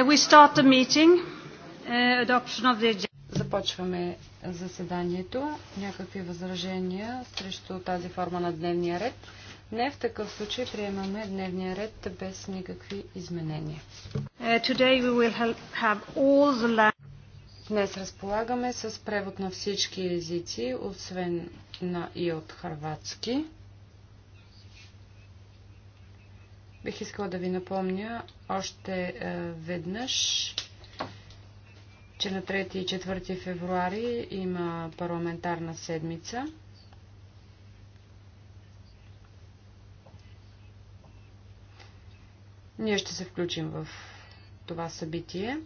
Uh, uh, Започваме заседанието. Някакви възражения срещу тази форма на дневния ред? Не, в такъв случай приемаме дневния ред без никакви изменения. Uh, Днес разполагаме с превод на всички езици, освен на и от хрватски. Бих искала да ви напомня още е, веднъж, че на 3 и 4 февруари има парламентарна седмица. Ние ще се включим в това събитие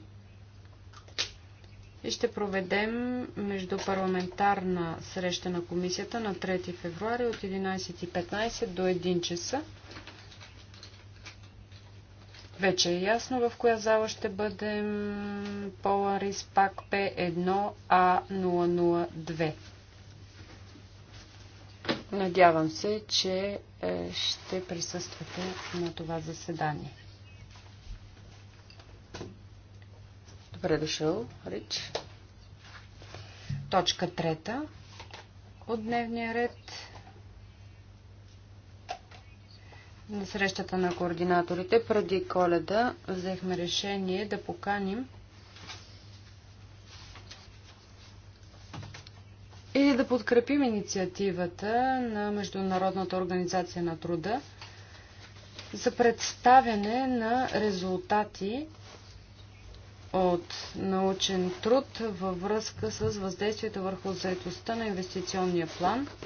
и ще проведем междупарламентарна среща на комисията на 3 февруари от 11.15 до 1 часа. Вече е ясно в коя зала ще бъдем. Polaris пак P1A002. Надявам се, че е, ще присъствате на това заседание. Добре дошъл, Рич. Точка трета от дневния ред На срещата на координаторите преди коледа взехме решение да поканим и да подкрепим инициативата на Международната организация на труда за представяне на резултати от научен труд във връзка с въздействието върху заедостта на инвестиционния план –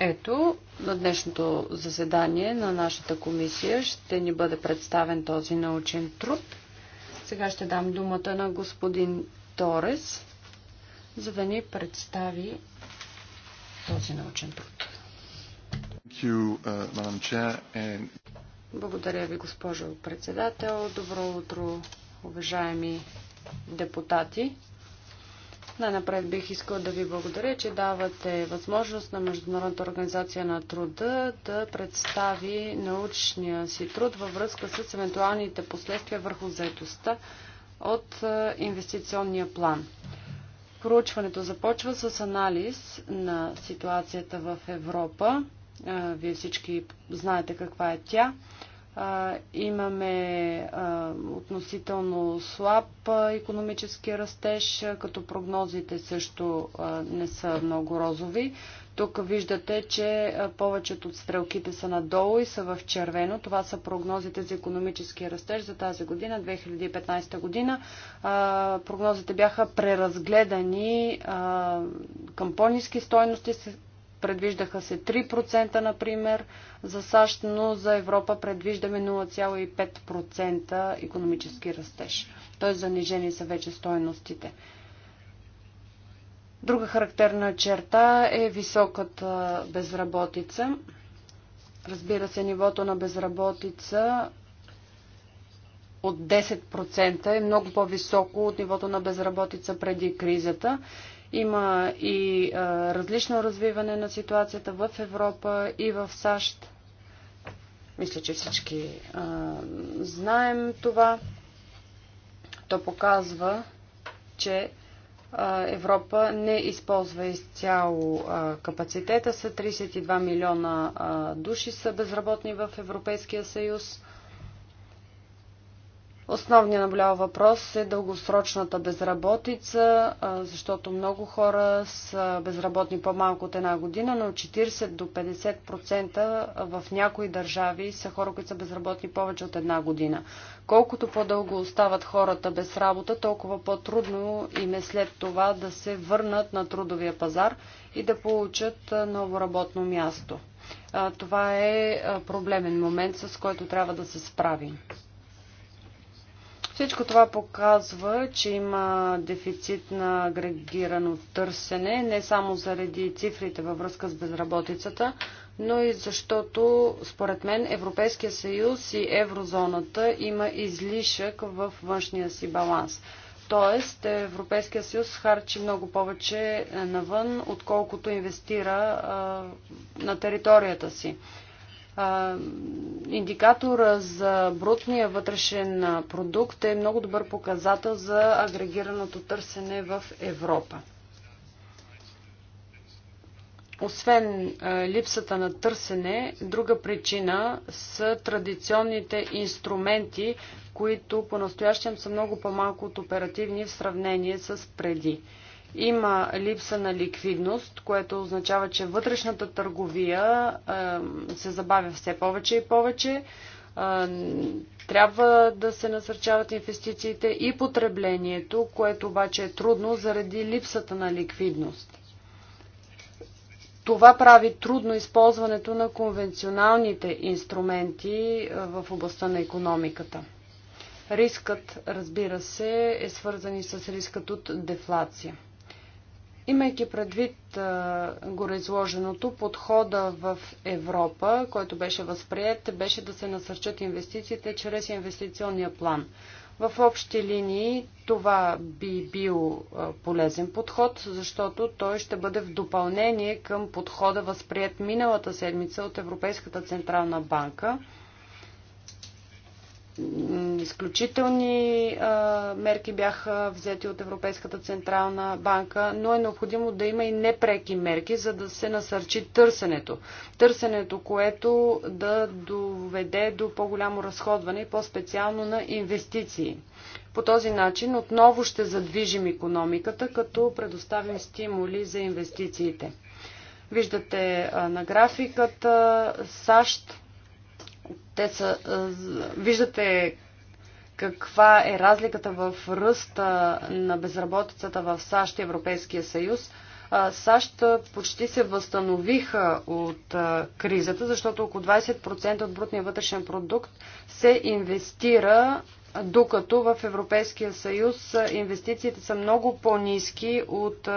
ето, на днешното заседание на нашата комисия ще ни бъде представен този научен труд. Сега ще дам думата на господин Торес, за да ни представи този научен труд. Uh, Благодаря ви, госпожо председател. Добро утро, уважаеми депутати. Най-напред бих искал да ви благодаря, че давате възможност на Международната организация на труда да представи научния си труд във връзка с евентуалните последствия върху заетостта от е, инвестиционния план. Проучването започва с анализ на ситуацията в Европа. Е, вие всички знаете каква е тя имаме относително слаб економически растеж, като прогнозите също не са много розови. Тук виждате, че повечето от стрелките са надолу и са в червено. Това са прогнозите за економически растеж за тази година, 2015 година. Прогнозите бяха преразгледани към по-низки стойности Предвиждаха се 3%, например, за САЩ, но за Европа предвиждаме 0,5% економически растеж. Т.е. занижени са вече стоеностите. Друга характерна черта е високата безработица. Разбира се, нивото на безработица от 10% е много по-високо от нивото на безработица преди кризата има и а, различно развиване на ситуацията в Европа и в САЩ. Мисля, че всички а, знаем това. То показва, че Европа не използва изцяло капацитета. Са 32 милиона души са безработни в Европейския съюз. Основният наблял въпрос е дългосрочната безработица, защото много хора са безработни по-малко от една година, но 40 до 50% в някои държави са хора, които са безработни повече от една година. Колкото по-дълго остават хората без работа, толкова по-трудно им е след това да се върнат на трудовия пазар и да получат ново работно място. Това е проблемен момент, с който трябва да се справим. Всичко това показва, че има дефицит на агрегирано търсене, не само заради цифрите във връзка с безработицата, но и защото, според мен, Европейския съюз и еврозоната има излишък в външния си баланс. Тоест, Европейския съюз харчи много повече навън, отколкото инвестира а, на територията си индикатора за брутния вътрешен продукт е много добър показател за агрегираното търсене в Европа. Освен липсата на търсене, друга причина са традиционните инструменти, които по-настоящем са много по-малко от оперативни в сравнение с преди. Има липса на ликвидност, което означава, че вътрешната търговия се забавя все повече и повече. Трябва да се насърчават инвестициите и потреблението, което обаче е трудно заради липсата на ликвидност. Това прави трудно използването на конвенционалните инструменти в областта на економиката. Рискът, разбира се, е свързан и с рискът от дефлация. Имайки предвид гореизложеното, подхода в Европа, който беше възприят, беше да се насърчат инвестициите чрез инвестиционния план. В общи линии това би бил полезен подход, защото той ще бъде в допълнение към подхода възприят миналата седмица от Европейската Централна банка – Изключителни а, мерки бяха взети от Европейската централна банка, но е необходимо да има и непреки мерки, за да се насърчи търсенето. Търсенето, което да доведе до по-голямо разходване и по-специално на инвестиции. По този начин отново ще задвижим економиката, като предоставим стимули за инвестициите. Виждате на графиката САЩ те са. Виждате каква е разликата в ръста на безработицата в САЩ и Европейския съюз. САЩ почти се възстановиха от кризата, защото около 20% от брутния вътрешен продукт се инвестира докато в Европейския съюз инвестициите са много по-низки от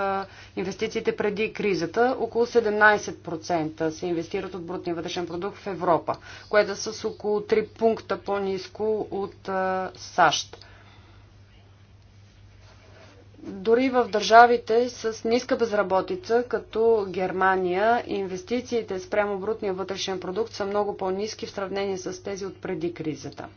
инвестициите преди кризата. Около 17% се инвестират от брутния вътрешен продукт в Европа, което са е с около 3 пункта по-низко от САЩ. Дори в държавите с ниска безработица, като Германия, инвестициите спрямо брутния вътрешен продукт са много по-низки в сравнение с тези от преди кризата.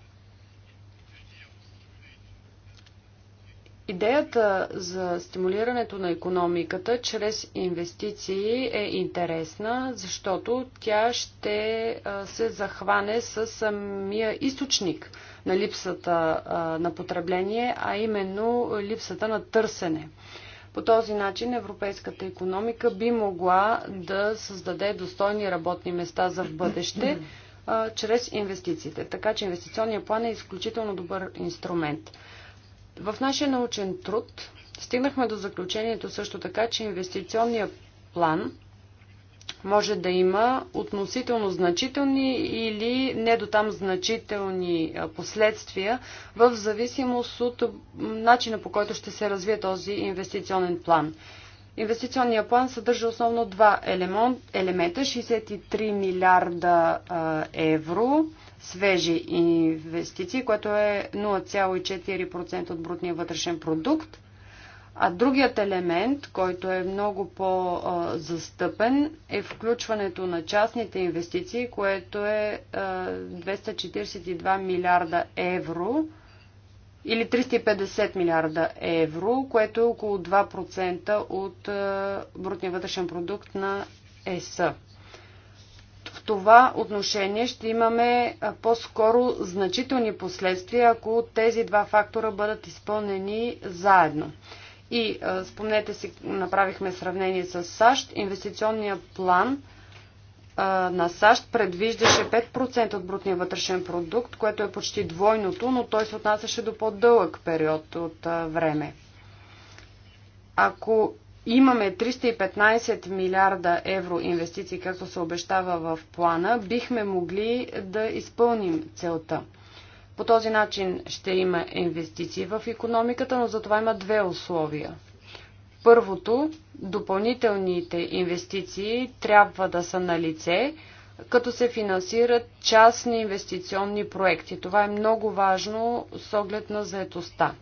Идеята за стимулирането на економиката чрез инвестиции е интересна, защото тя ще се захване с самия източник на липсата на потребление, а именно липсата на търсене. По този начин европейската економика би могла да създаде достойни работни места за в бъдеще чрез инвестициите. Така че инвестиционният план е изключително добър инструмент. В нашия научен труд стигнахме до заключението също така, че инвестиционният план може да има относително значителни или не до там значителни последствия в зависимост от начина по който ще се развие този инвестиционен план. Инвестиционният план съдържа основно два елемента 63 милиарда евро свежи инвестиции, което е 0,4% от брутния вътрешен продукт. А другият елемент, който е много по-застъпен, е включването на частните инвестиции, което е 242 милиарда евро или 350 милиарда евро, което е около 2% от брутния вътрешен продукт на ЕС това отношение ще имаме по-скоро значителни последствия, ако тези два фактора бъдат изпълнени заедно. И спомнете си, направихме сравнение с САЩ. Инвестиционният план на САЩ предвиждаше 5% от брутния вътрешен продукт, което е почти двойното, но той се отнасяше до по-дълъг период от време. Ако имаме 315 милиарда евро инвестиции, както се обещава в плана, бихме могли да изпълним целта. По този начин ще има инвестиции в економиката, но за това има две условия. Първото, допълнителните инвестиции трябва да са на лице, като се финансират частни инвестиционни проекти. Това е много важно с оглед на заетостта.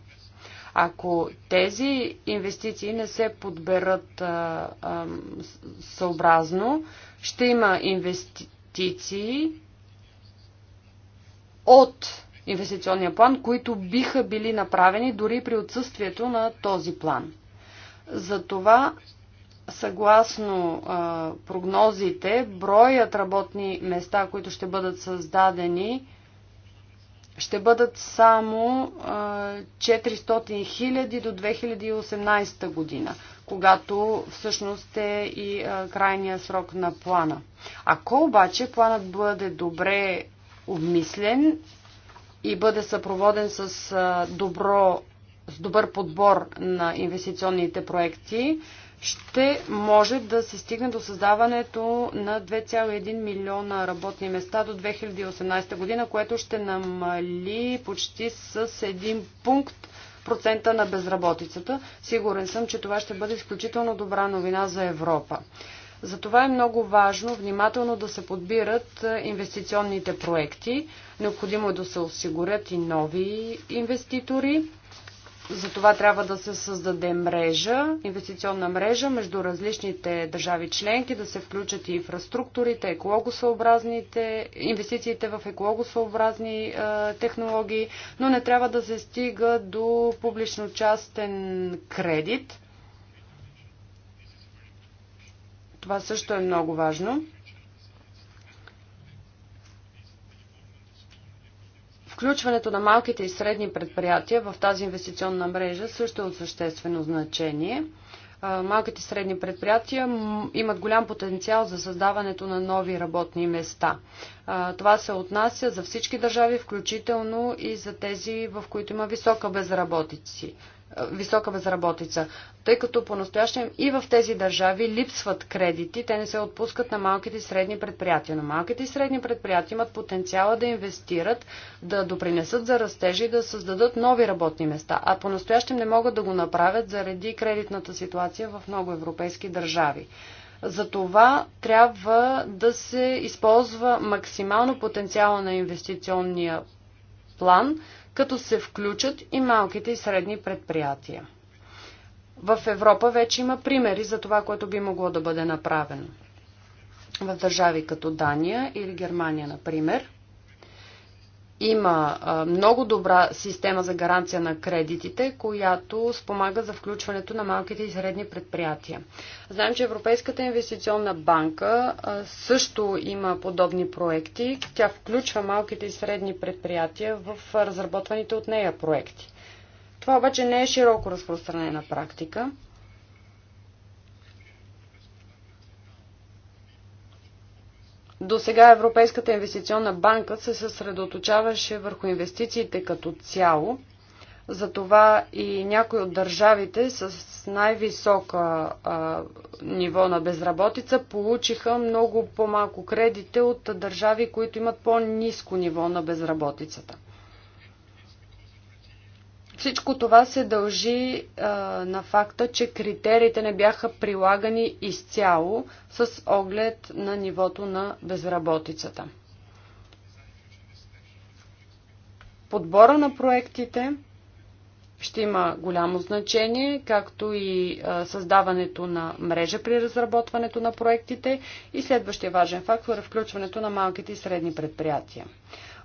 Ако тези инвестиции не се подберат а, а, съобразно, ще има инвестиции от инвестиционния план, които биха били направени дори при отсъствието на този план. Затова, съгласно а, прогнозите, броят работни места, които ще бъдат създадени, ще бъдат само 400 000 до 2018 година, когато всъщност е и крайния срок на плана. Ако обаче планът бъде добре обмислен и бъде съпроводен с, добро, с добър подбор на инвестиционните проекти, ще може да се стигне до създаването на 2,1 милиона работни места до 2018 година, което ще намали почти с един пункт процента на безработицата. Сигурен съм, че това ще бъде изключително добра новина за Европа. Затова е много важно внимателно да се подбират е, инвестиционните проекти. Необходимо е да се осигурят и нови инвеститори за това трябва да се създаде мрежа, инвестиционна мрежа между различните държави членки, да се включат и инфраструктурите, екологосъобразните, инвестициите в екологосъобразни е, технологии, но не трябва да се стига до публично-частен кредит. Това също е много важно. Включването на малките и средни предприятия в тази инвестиционна мрежа също е от съществено значение. Малките и средни предприятия имат голям потенциал за създаването на нови работни места. Това се отнася за всички държави, включително и за тези, в които има висока безработица висока безработица, тъй като по-настоящем и в тези държави липсват кредити, те не се отпускат на малките и средни предприятия. Но малките и средни предприятия имат потенциала да инвестират, да допринесат за растежи и да създадат нови работни места, а по-настоящем не могат да го направят заради кредитната ситуация в много европейски държави. За това трябва да се използва максимално потенциала на инвестиционния план – като се включат и малките и средни предприятия. В Европа вече има примери за това, което би могло да бъде направено. В държави като Дания или Германия, например, има много добра система за гаранция на кредитите, която спомага за включването на малките и средни предприятия. Знаем, че Европейската инвестиционна банка също има подобни проекти. Тя включва малките и средни предприятия в разработваните от нея проекти. Това обаче не е широко разпространена практика. До сега Европейската инвестиционна банка се съсредоточаваше върху инвестициите като цяло. Затова и някои от държавите с най-висока ниво на безработица получиха много по-малко кредите от държави, които имат по-низко ниво на безработицата. Всичко това се дължи а, на факта, че критериите не бяха прилагани изцяло с оглед на нивото на безработицата. Подбора на проектите ще има голямо значение, както и създаването на мрежа при разработването на проектите и следващия важен фактор е включването на малките и средни предприятия.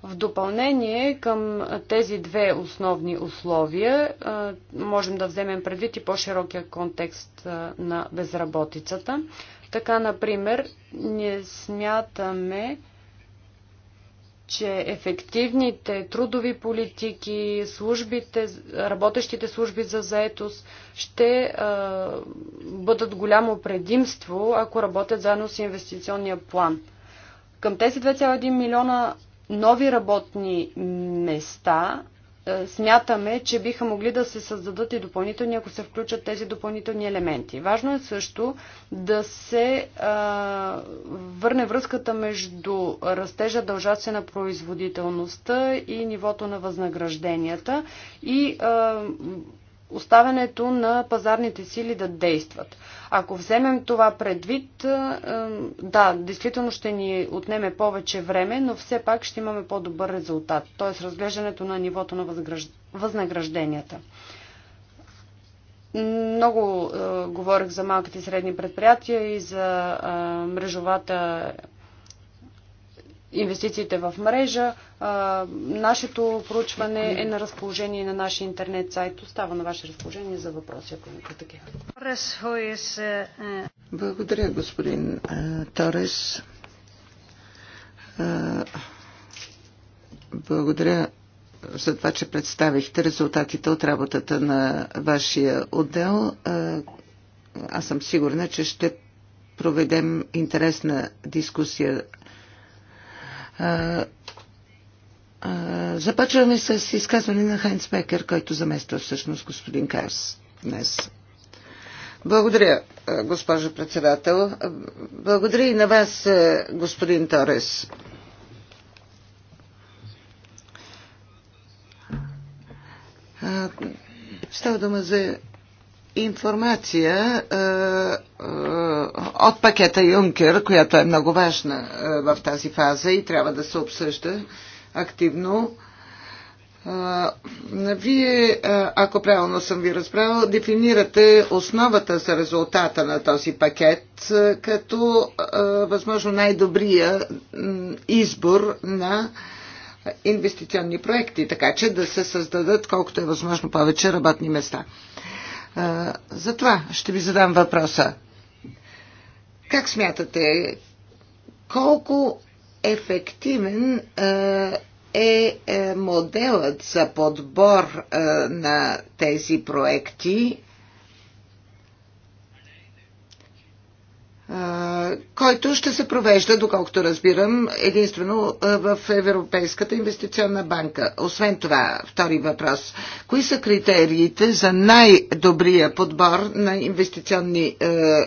В допълнение към тези две основни условия можем да вземем предвид и по-широкия контекст на безработицата. Така, например, ние смятаме, че ефективните трудови политики, службите, работещите служби за заетост ще бъдат голямо предимство, ако работят заедно с инвестиционния план. Към тези 2,1 милиона нови работни места е, смятаме, че биха могли да се създадат и допълнителни, ако се включат тези допълнителни елементи. Важно е също да се а, е, върне връзката между растежа, дължация на производителността и нивото на възнагражденията и а, е, оставянето на пазарните сили да действат. Ако вземем това предвид, е, е, да, действително ще ни отнеме повече време, но все пак ще имаме по-добър резултат, т.е. разглеждането на нивото на възнагражденията. Много е, говорих за малките и средни предприятия и за е, мрежовата инвестициите в мрежа. нашето проучване е на разположение на нашия интернет сайт. Остава на ваше разположение за въпроси, ако имате такива. Е, е? Благодаря, господин е, Торес. Благодаря за това, че представихте резултатите от работата на вашия отдел. Аз съм сигурна, че ще проведем интересна дискусия Започваме с изказване на Хайнц Пекер, който замества всъщност господин Карс днес. Благодаря, госпожо председател. Благодаря и на вас, господин Торес. Става дума за информация е, е, от пакета Юнкер, която е много важна е, в тази фаза и трябва да се обсъжда активно. Е, вие, е, ако правилно съм ви разбрал, дефинирате основата за резултата на този пакет е, като възможно най-добрия избор на инвестиционни проекти, така че да се създадат колкото е възможно повече работни места. Затова ще ви задам въпроса. Как смятате, колко ефективен е, е моделът за подбор на тези проекти който ще се провежда, доколкото разбирам, единствено в Европейската инвестиционна банка. Освен това, втори въпрос. Кои са критериите за най-добрия подбор на инвестиционни е, е,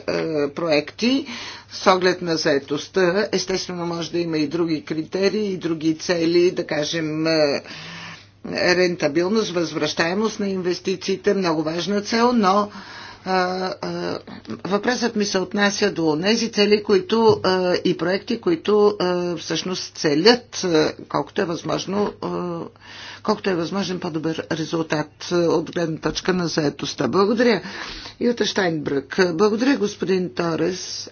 проекти с оглед на заетостта? Естествено, може да има и други критерии, и други цели, да кажем. Е, рентабилност, възвръщаемост на инвестициите, много важна цел, но въпросът ми се отнася до тези цели които, и проекти, които всъщност целят колкото е възможно колкото е възможен по-добър резултат от гледна точка на заедостта. Благодаря. Юта Штайнбрък. Благодаря, господин Торес.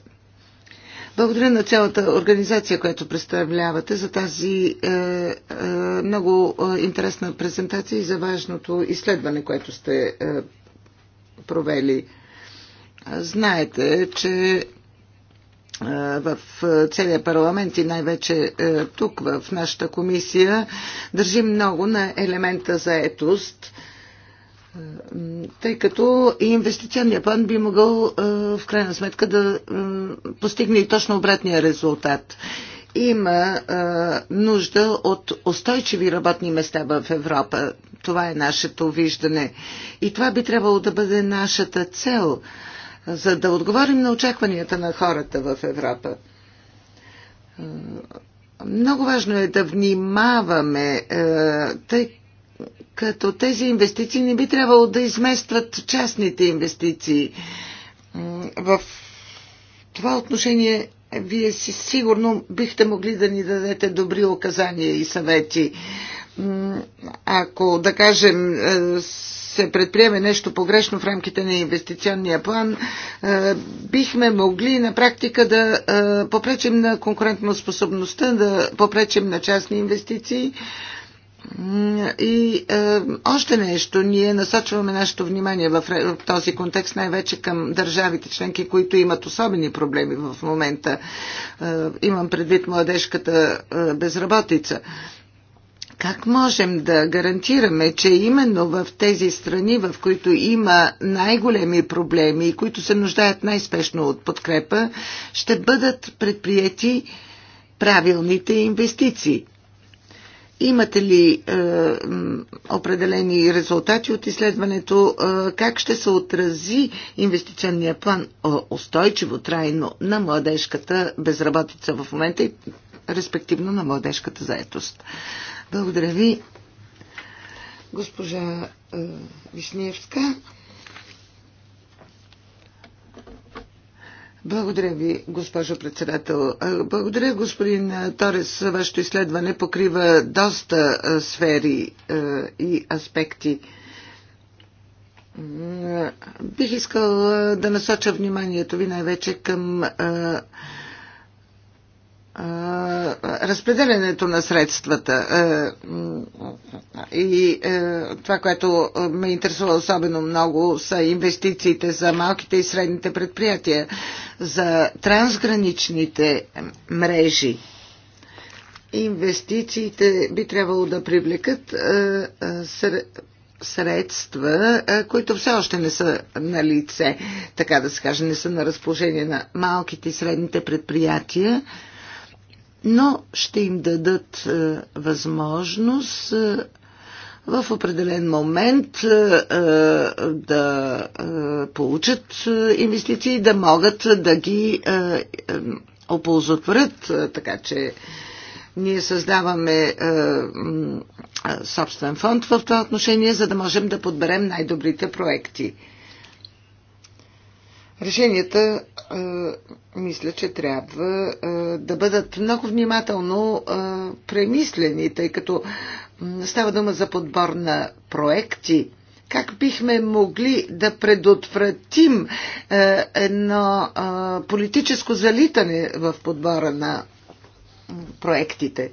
Благодаря на цялата организация, която представлявате за тази е, е, много е, интересна презентация и за важното изследване, което сте е, провели. Знаете, че в целия парламент и най-вече тук в нашата комисия държим много на елемента за етост, тъй като и инвестиционния план би могъл в крайна сметка да постигне и точно обратния резултат има а, нужда от устойчиви работни места в Европа. Това е нашето виждане. И това би трябвало да бъде нашата цел, за да отговорим на очакванията на хората в Европа. много важно е да внимаваме, е, тъй като тези инвестиции не би трябвало да изместват частните инвестиции. В това отношение вие си сигурно бихте могли да ни дадете добри указания и съвети. Ако, да кажем, е, се предприеме нещо погрешно в рамките на инвестиционния план, е, бихме могли на практика да е, попречим на способността, да попречим на частни инвестиции и е, още нещо, ние насочваме нашето внимание в, в този контекст най-вече към държавите членки, които имат особени проблеми в момента. Е, имам предвид младежката е, безработица. Как можем да гарантираме, че именно в тези страни, в които има най-големи проблеми и които се нуждаят най-спешно от подкрепа, ще бъдат предприяти правилните инвестиции? Имате ли е, определени резултати от изследването? Е, как ще се отрази инвестиционния план е, устойчиво, трайно на младежката безработица в момента и респективно на младежката заетост? Благодаря ви, госпожа е, Вишневска. Благодаря ви, госпожо председател. Благодаря, господин Торес, вашето изследване покрива доста сфери и аспекти. Бих искал да насоча вниманието ви най-вече към разпределенето на средствата и това, което ме интересува особено много са инвестициите за малките и средните предприятия, за трансграничните мрежи. Инвестициите би трябвало да привлекат средства, които все още не са на лице, така да се каже, не са на разположение на малките и средните предприятия но ще им дадат е, възможност е, в определен момент е, да получат инвестиции, да могат да ги оползотворят, така че ние създаваме е, собствен фонд в това отношение, за да можем да подберем най-добрите проекти. Решенията, мисля, че трябва да бъдат много внимателно премислени, тъй като става дума за подбор на проекти. Как бихме могли да предотвратим едно политическо залитане в подбора на проектите?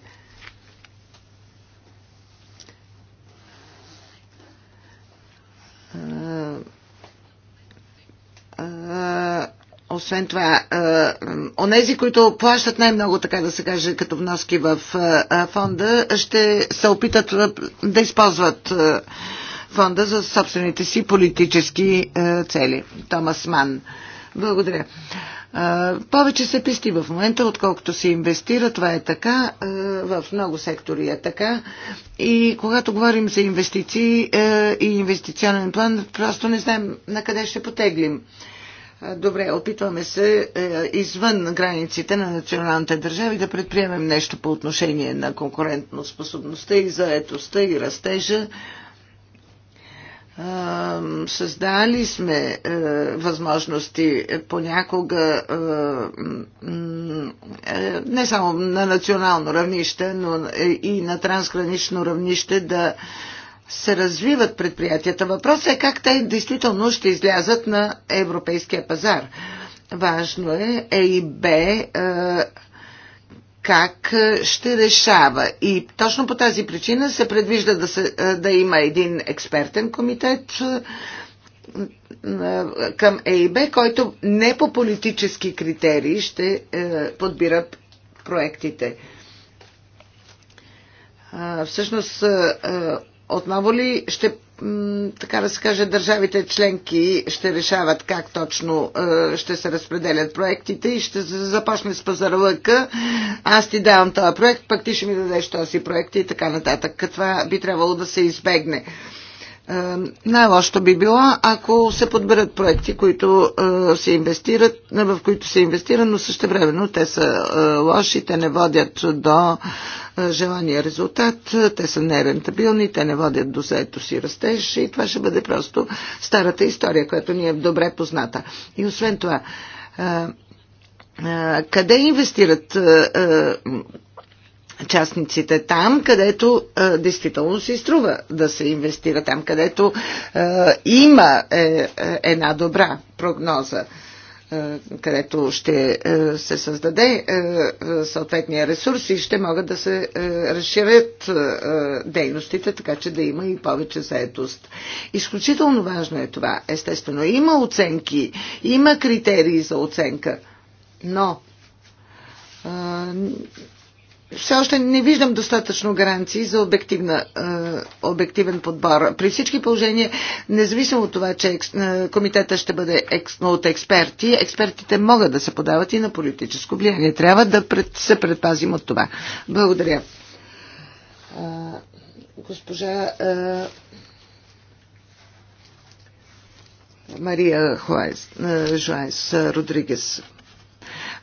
освен това, онези, които плащат най-много, така да се каже, като вноски в фонда, ще се опитат да използват фонда за собствените си политически цели. Томас Ман. Благодаря. Повече се пести в момента, отколкото се инвестира. Това е така. В много сектори е така. И когато говорим за инвестиции и инвестиционен план, просто не знаем на къде ще потеглим. Добре, опитваме се извън границите на националните държави да предприемем нещо по отношение на конкурентно способността и заетостта и растежа създали сме е, възможности понякога е, е, не само на национално равнище, но и на трансгранично равнище да се развиват предприятията. Въпросът е как те действително ще излязат на европейския пазар. Важно е Е и Б как е, ще решава. И точно по тази причина се предвижда да, се, е, да има един експертен комитет е, към ЕИБ, който не по политически критерии ще подбира проектите. Всъщност, отново ли ще така да се каже, държавите членки ще решават как точно е, ще се разпределят проектите и ще започне с пазарлъка. Аз ти давам този проект, пък ти ще ми дадеш този проект и така нататък. Това би трябвало да се избегне. Е, най-лошото би било, ако се подберат проекти, които е, се инвестират, е, в които се инвестира, но също времено те са лоши, те не водят до желания резултат, те са нерентабилни, те не водят до заето си растеж и това ще бъде просто старата история, която ни е добре позната. И освен това, къде инвестират частниците там, където а, е, действително се струва да се инвестира, там където а, е, има е, е, една добра прогноза, а, където ще е, се създаде е, съответния ресурс и ще могат да се е, разширят е, дейностите, така че да има и повече заедост. Изключително важно е това, естествено. Има оценки, има критерии за оценка, но все още не виждам достатъчно гаранции за обективна, е, обективен подбор. При всички положения, независимо от това, че екс, е, комитета ще бъде екс, от експерти, експертите могат да се подават и на политическо влияние. Трябва да пред, се предпазим от това. Благодаря. А, е, госпожа а, е, Мария Хуайс, е, Жуайс Родригес.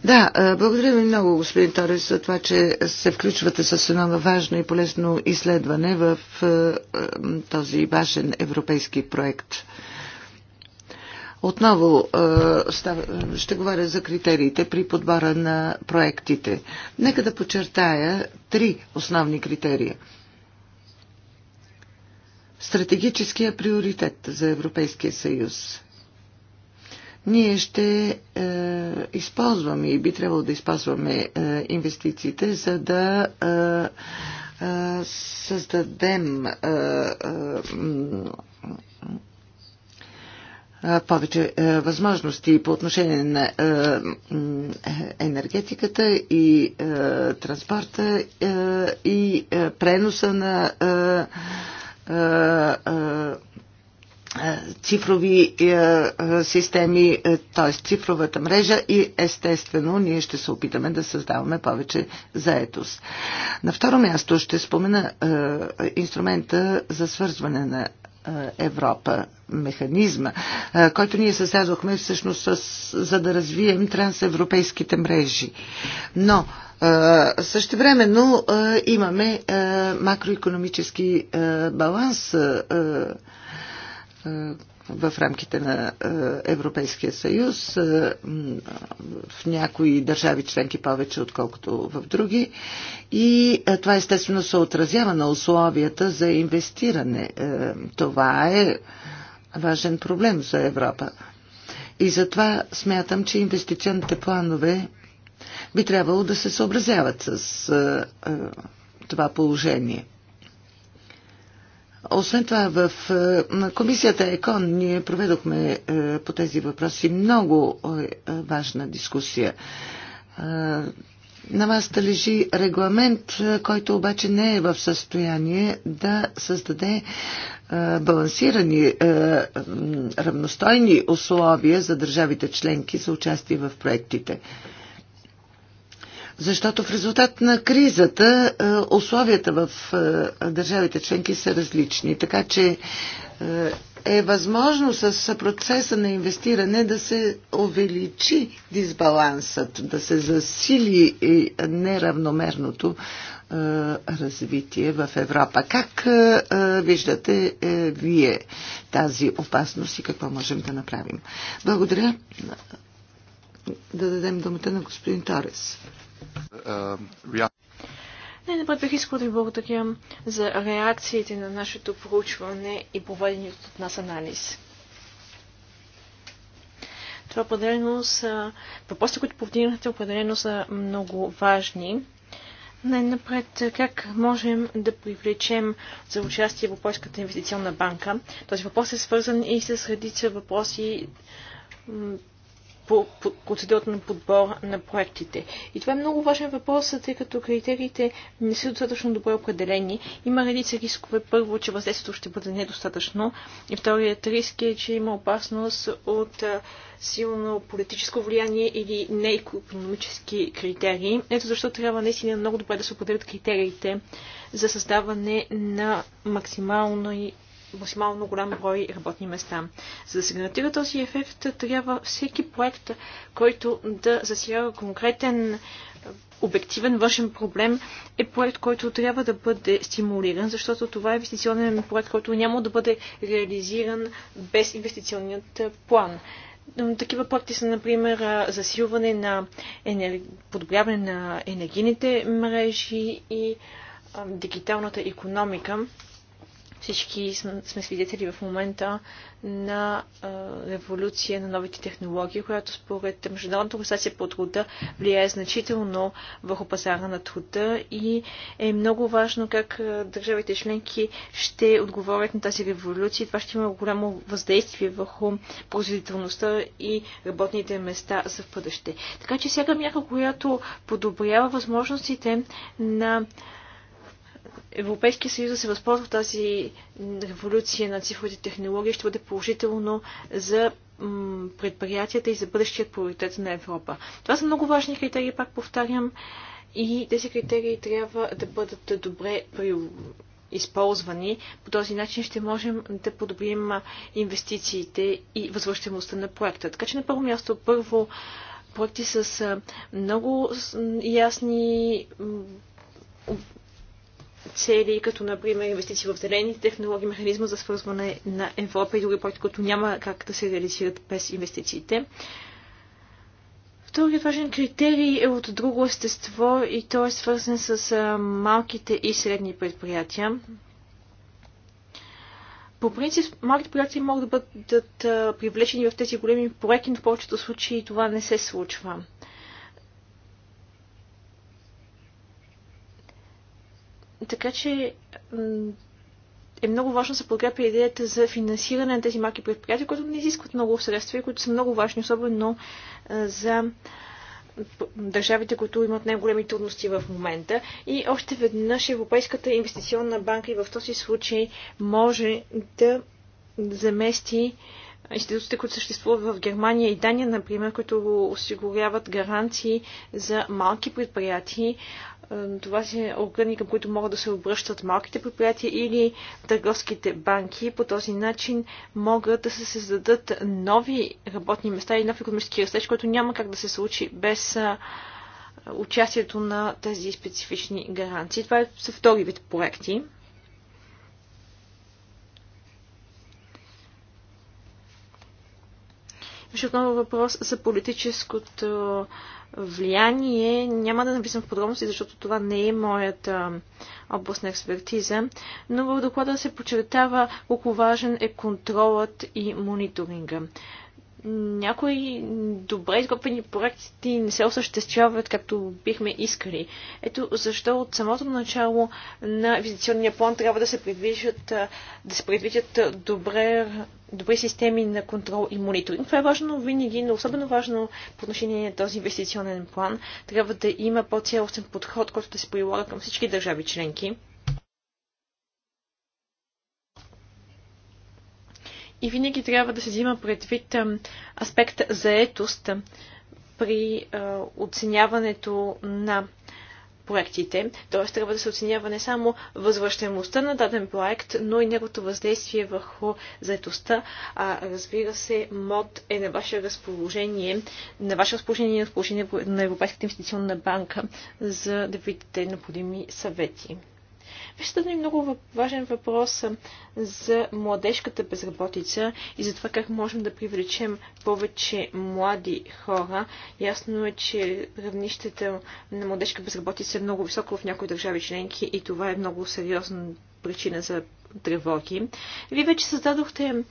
Да, благодаря ви много, господин Торес, за това, че се включвате с едно важно и полезно изследване в този важен европейски проект. Отново ще говоря за критериите при подбора на проектите. Нека да подчертая три основни критерия. Стратегическия приоритет за Европейския съюз – ние ще е, използваме и би трябвало да използваме е, инвестициите, за да е, е, създадем е, е, повече е, възможности по отношение на е, енергетиката и е, транспорта е, и е, преноса на. Е, е, е е, цифрови е, е, системи, т.е. цифровата мрежа и естествено ние ще се опитаме да създаваме повече заетост. На второ място ще спомена инструмента за свързване на Европа, механизма, който ние създадохме всъщност с, за да развием трансевропейските мрежи. Но но имаме макроекономически баланс е, в рамките на е, Европейския съюз, е, в някои държави членки повече, отколкото в други. И това естествено се отразява на условията за инвестиране. Това е важен проблем за Европа. И затова смятам, че инвестиционните планове би трябвало да се съобразяват с това положение. Освен това, в е, комисията ЕКОН ние проведохме е, по тези въпроси много е, важна дискусия. На вас да лежи регламент, който обаче не е в състояние да създаде балансирани, равностойни условия за държавите членки за участие в проектите. Защото в резултат на кризата е, условията в е, държавите членки са различни. Така че е, е възможно с процеса на инвестиране да се увеличи дисбалансът, да се засили неравномерното развитие в Европа. Как виждате вие тази опасност и какво можем да направим? Благодаря. Да дадем думата на господин Торес. Най-напред е, бих искал да ви благодаря за реакциите на нашето проучване и проведеният от нас анализ. Това определено са... Въпросите, които повдигнахте, определено са много важни. Най-напред, как можем да привлечем за участие в Европейската инвестиционна банка? Този въпрос е свързан и с редица въпроси, по, по процедурата на подбор на проектите. И това е много важен въпрос, тъй като критериите не са достатъчно добре определени. Има редица рискове. Първо, че въздействието ще бъде недостатъчно. И вторият риск е, че има опасност от силно политическо влияние или неекономически критерии. Ето защо трябва наистина много добре да се определят критериите за създаване на и максимално голям брой работни места. За да се гарантира този ефект, трябва всеки проект, който да засяга конкретен обективен външен проблем, е проект, който трябва да бъде стимулиран, защото това е инвестиционен проект, който няма да бъде реализиран без инвестиционният план. Такива проекти са, например, засилване на енер... подобряване на енергийните мрежи и дигиталната економика. Всички сме свидетели в момента на революция на новите технологии, която според Международната организация по труда влияе значително върху пазара на труда и е много важно как държавите членки ще отговорят на тази революция. Това ще има голямо въздействие върху производителността и работните места за бъдеще. Така че всяка мяка, която подобрява възможностите на Европейския съюз да се възползва тази революция на цифровите технологии ще бъде положително за предприятията и за бъдещият приоритет на Европа. Това са много важни критерии, пак повтарям, и тези критерии трябва да бъдат добре при използвани. По този начин ще можем да подобрим инвестициите и възвръщаемостта на проекта. Така че на първо място, първо, проекти с много ясни цели, като например инвестиции в зелените технологии, механизма за свързване на Европа и други проекти, които няма как да се реализират без инвестициите. Вторият важен критерий е от друго естество и той е свързан с малките и средни предприятия. По принцип, малките предприятия могат да бъдат привлечени в тези големи проекти, но в повечето случаи това не се случва. Така че е много важно да се подкрепя идеята за финансиране на тези малки предприятия, които не изискват много средства и които са много важни, особено за държавите, които имат най-големи трудности в момента. И още веднъж Европейската инвестиционна банка и в този случай може да замести институциите, които съществуват в Германия и Дания, например, които осигуряват гаранции за малки предприятия, е, това са е органи, към които могат да се обръщат малките предприятия или търговските банки. По този начин могат да се създадат нови работни места и нов економически растеж, който няма как да се случи без е, участието на тези специфични гаранции. Това са втори вид проекти. Ще отново въпрос за политическото влияние. Няма да написам в подробности, защото това не е моята област на експертиза, но в доклада се подчертава колко важен е контролът и мониторинга някои добре изготвени проекти не се осъществяват както бихме искали. Ето защо от самото начало на инвестиционния план трябва да се предвижат, да се предвижат добре, добри системи на контрол и мониторинг. Това е важно винаги, но особено важно по отношение на този инвестиционен план. Трябва да има по-цялостен подход, който да се прилага към всички държави членки. И винаги трябва да се взима предвид аспект заетост при оценяването на проектите. Т.е. трябва да се оценява не само възвръщаемостта на даден проект, но и неговото въздействие върху заетостта. А, разбира се, МОД е на ваше разположение, на ваше разположение и на разположение на Европейската инвестиционна банка, за да видите необходими съвети. Вижте да е много важен въпрос за младежката безработица и за това как можем да привлечем повече млади хора. Ясно е, че равнището на младежка безработица е много високо в някои държави членки и това е много сериозна причина за тревоги. Вие вече създадохте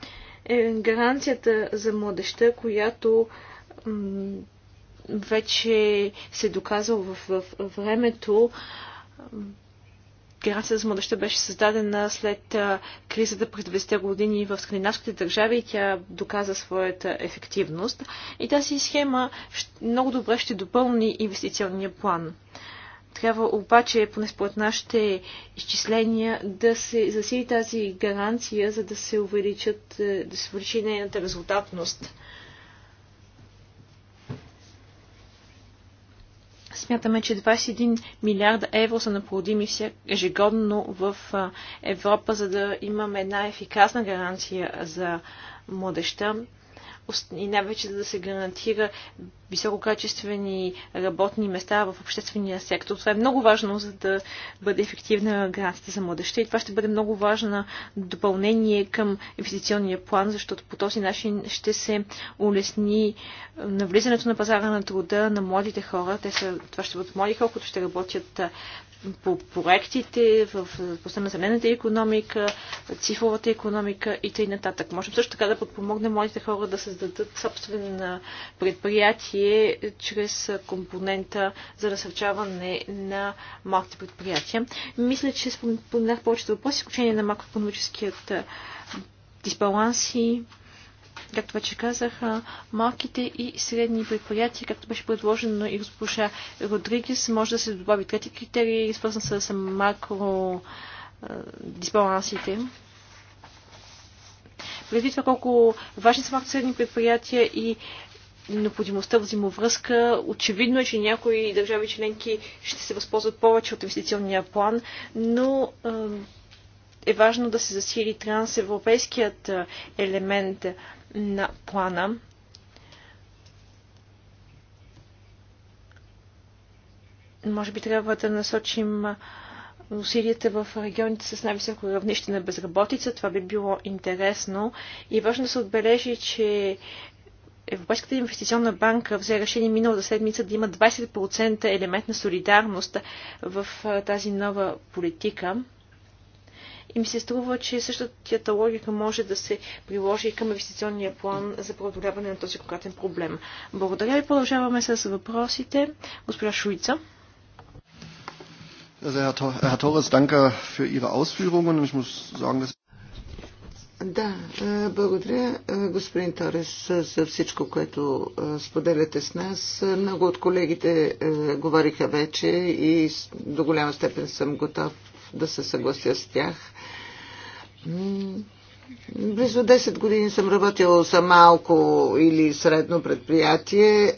е, гаранцията за младеща, която вече се е доказал в, в, в времето. Гаранцията за младеща беше създадена след кризата през 20-те години в скандинавските държави и тя доказа своята ефективност. И тази схема много добре ще допълни инвестиционния план. Трябва обаче, поне според нашите изчисления, да се засили тази гаранция, за да се увеличат, е, да се увеличи нейната резултатност. Смятаме, че 21 милиарда евро са наплодими ежегодно в Европа, за да имаме една ефикасна гаранция за младеща и най-вече за да се гарантира висококачествени работни места в обществения сектор. Това е много важно, за да бъде ефективна гарантията за младеща и това ще бъде много важно допълнение към инвестиционния план, защото по този начин ще се улесни навлизането на пазара на труда на младите хора. Те са, това ще бъдат млади хора, които ще работят по проектите в областта на зелената економика, цифровата економика и т.н. Можем също така да подпомогнем младите хора да създадат собствено предприятие чрез компонента за разсърчаване на малките предприятия. Мисля, че споменах повечето въпроси, изключение на макроекономическият дисбаланс и Както вече казах, малките и средни предприятия, както беше предложено и госпожа Родригес, може да се добави трети критерии, свързан с макро дисбалансите. Предвид това колко важни са малко средни предприятия и необходимостта взаимовръзка. Очевидно е, че някои държави членки ще се възползват повече от инвестиционния план, но е важно да се засили трансевропейският елемент на плана. Може би трябва да насочим усилията в регионите с най-високо равнище на безработица. Това би било интересно. И важно да се отбележи, че Европейската инвестиционна банка взе решение миналата седмица да има 20% елемент на солидарност в тази нова политика и ми се струва, че същата логика може да се приложи и към инвестиционния план за преодоляване на този конкретен проблем. Благодаря ви. Продължаваме с въпросите. Госпожа Шуица. Herr Torres, danke für Ihre Ausführungen. Ich muss sagen, dass да, е, благодаря е, господин Торес за всичко, което е, споделяте с нас. Много от колегите говориха вече и до голяма степен съм готов да се съглася с тях. Близо 10 години съм работила за малко или средно предприятие, е,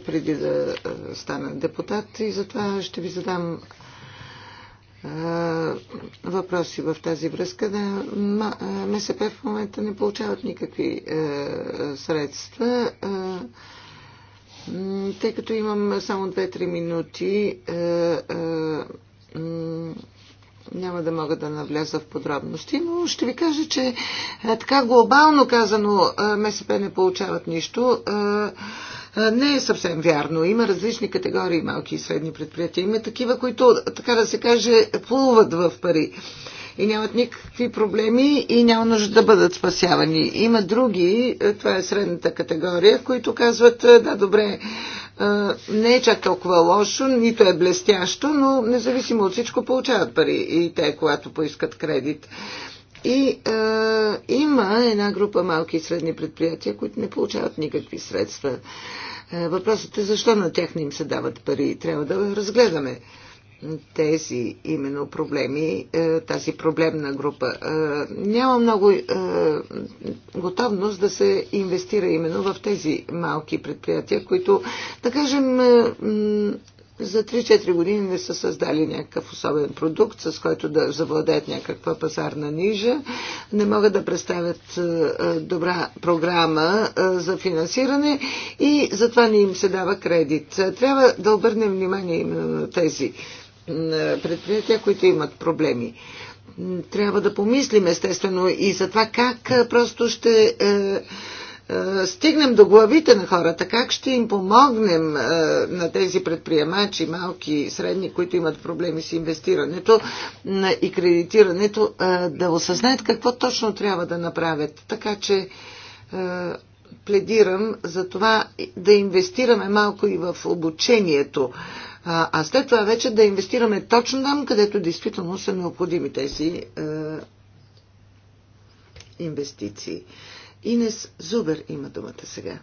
преди да е, стана депутат и затова ще ви задам е, въпроси в тази връзка. Да, МСП в момента не получават никакви средства. Тъй като имам само 2-3 минути, няма да мога да навляза в подробности, но ще ви кажа, че е, така глобално казано е, МСП не получават нищо. Е, не е съвсем вярно. Има различни категории малки и средни предприятия. Има такива, които, така да се каже, плуват в пари и нямат никакви проблеми и няма нужда да бъдат спасявани. Има други, е, това е средната категория, които казват, е, да, добре, е, не е чак толкова лошо, нито е блестящо, но независимо от всичко получават пари и те, когато поискат кредит. И е, има една група малки и средни предприятия, които не получават никакви средства. Въпросът е защо на тях не им се дават пари. Трябва да разгледаме тези именно проблеми, е, тази проблемна група. Е, няма много е, готовност да се инвестира именно в тези малки предприятия, които, да кажем, за 3-4 години не са създали някакъв особен продукт, с който да завладеят някаква пазарна нижа, не могат да представят добра програма за финансиране и затова не им се дава кредит. Трябва да обърнем внимание именно на тези предприятия, които имат проблеми. Трябва да помислим естествено и за това как просто ще е, е, стигнем до главите на хората, как ще им помогнем е, на тези предприемачи, малки и средни, които имат проблеми с инвестирането и кредитирането, да осъзнаят какво точно трябва да направят. Така че пледирам за това да инвестираме малко и в обучението а, а след това вече да инвестираме точно там, където действително са необходими тези е, инвестиции. Инес Зубер има думата сега.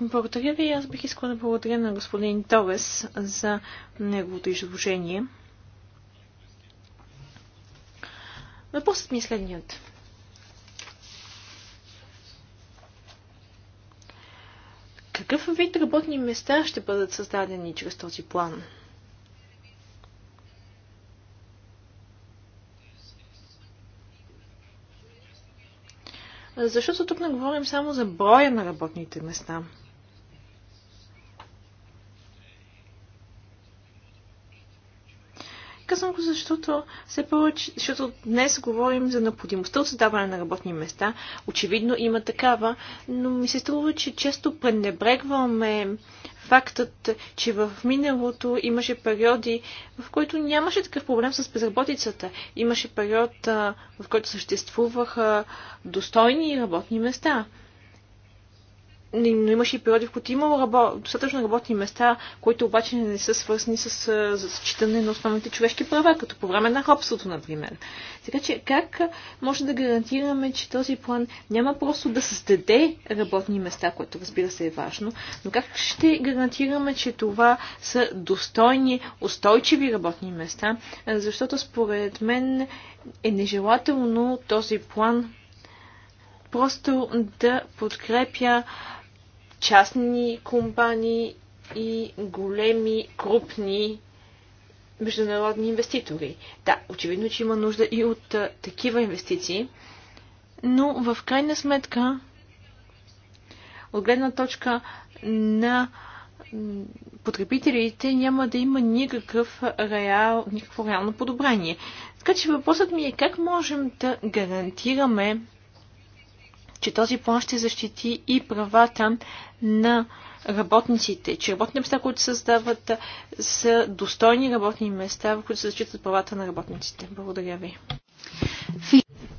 Благодаря ви. Аз бих искала да благодаря на господин Товес за неговото изложение. Въпросът ми е следният. Какъв вид работни места ще бъдат създадени чрез този план? Защото тук не говорим само за броя на работните места. Казвам го, защото все повече, защото днес говорим за необходимостта от създаване на работни места. Очевидно има такава, но ми се струва, че често пренебрегваме фактът, че в миналото имаше периоди, в които нямаше такъв проблем с безработицата. Имаше период, в който съществуваха достойни работни места но имаше и периоди, в които имало рабо... достатъчно работни места, които обаче не са свързани с зачитане на основните човешки права, като по време на робството, например. Така че как може да гарантираме, че този план няма просто да създаде работни места, което разбира се е важно, но как ще гарантираме, че това са достойни, устойчиви работни места, защото според мен е нежелателно този план просто да подкрепя частни компании и големи, крупни международни инвеститори. Да, очевидно, че има нужда и от а, такива инвестиции, но в крайна сметка, от гледна точка на потребителите няма да има никакъв реал, никакво реално подобрение. Така че въпросът ми е как можем да гарантираме че този план ще защити и правата на работниците, че работните места, които създават, са достойни работни места, в които се защитат правата на работниците. Благодаря ви.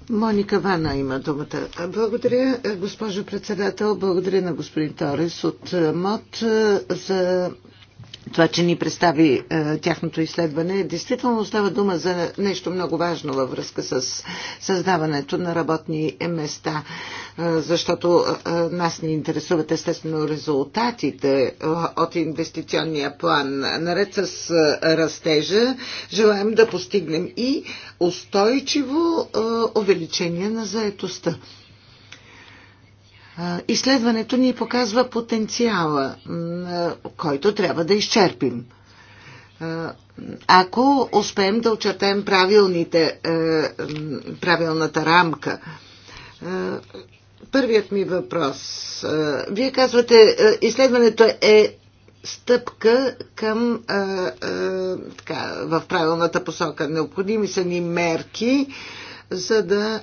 Моника Вана има думата. Благодаря, госпожо председател. Благодаря на господин Торес от МОД за това, че ни представи е, тяхното изследване. Действително става дума за нещо много важно във връзка с създаването на работни места, е, защото е, нас ни интересуват естествено резултатите е, от инвестиционния план. Наред с е, растежа желаем да постигнем и устойчиво е, увеличение на заетостта. Изследването ни показва потенциала, който трябва да изчерпим. Ако успеем да очертаем правилните, правилната рамка, първият ми въпрос. Вие казвате, изследването е стъпка към така, в правилната посока. Необходими са ни мерки, за да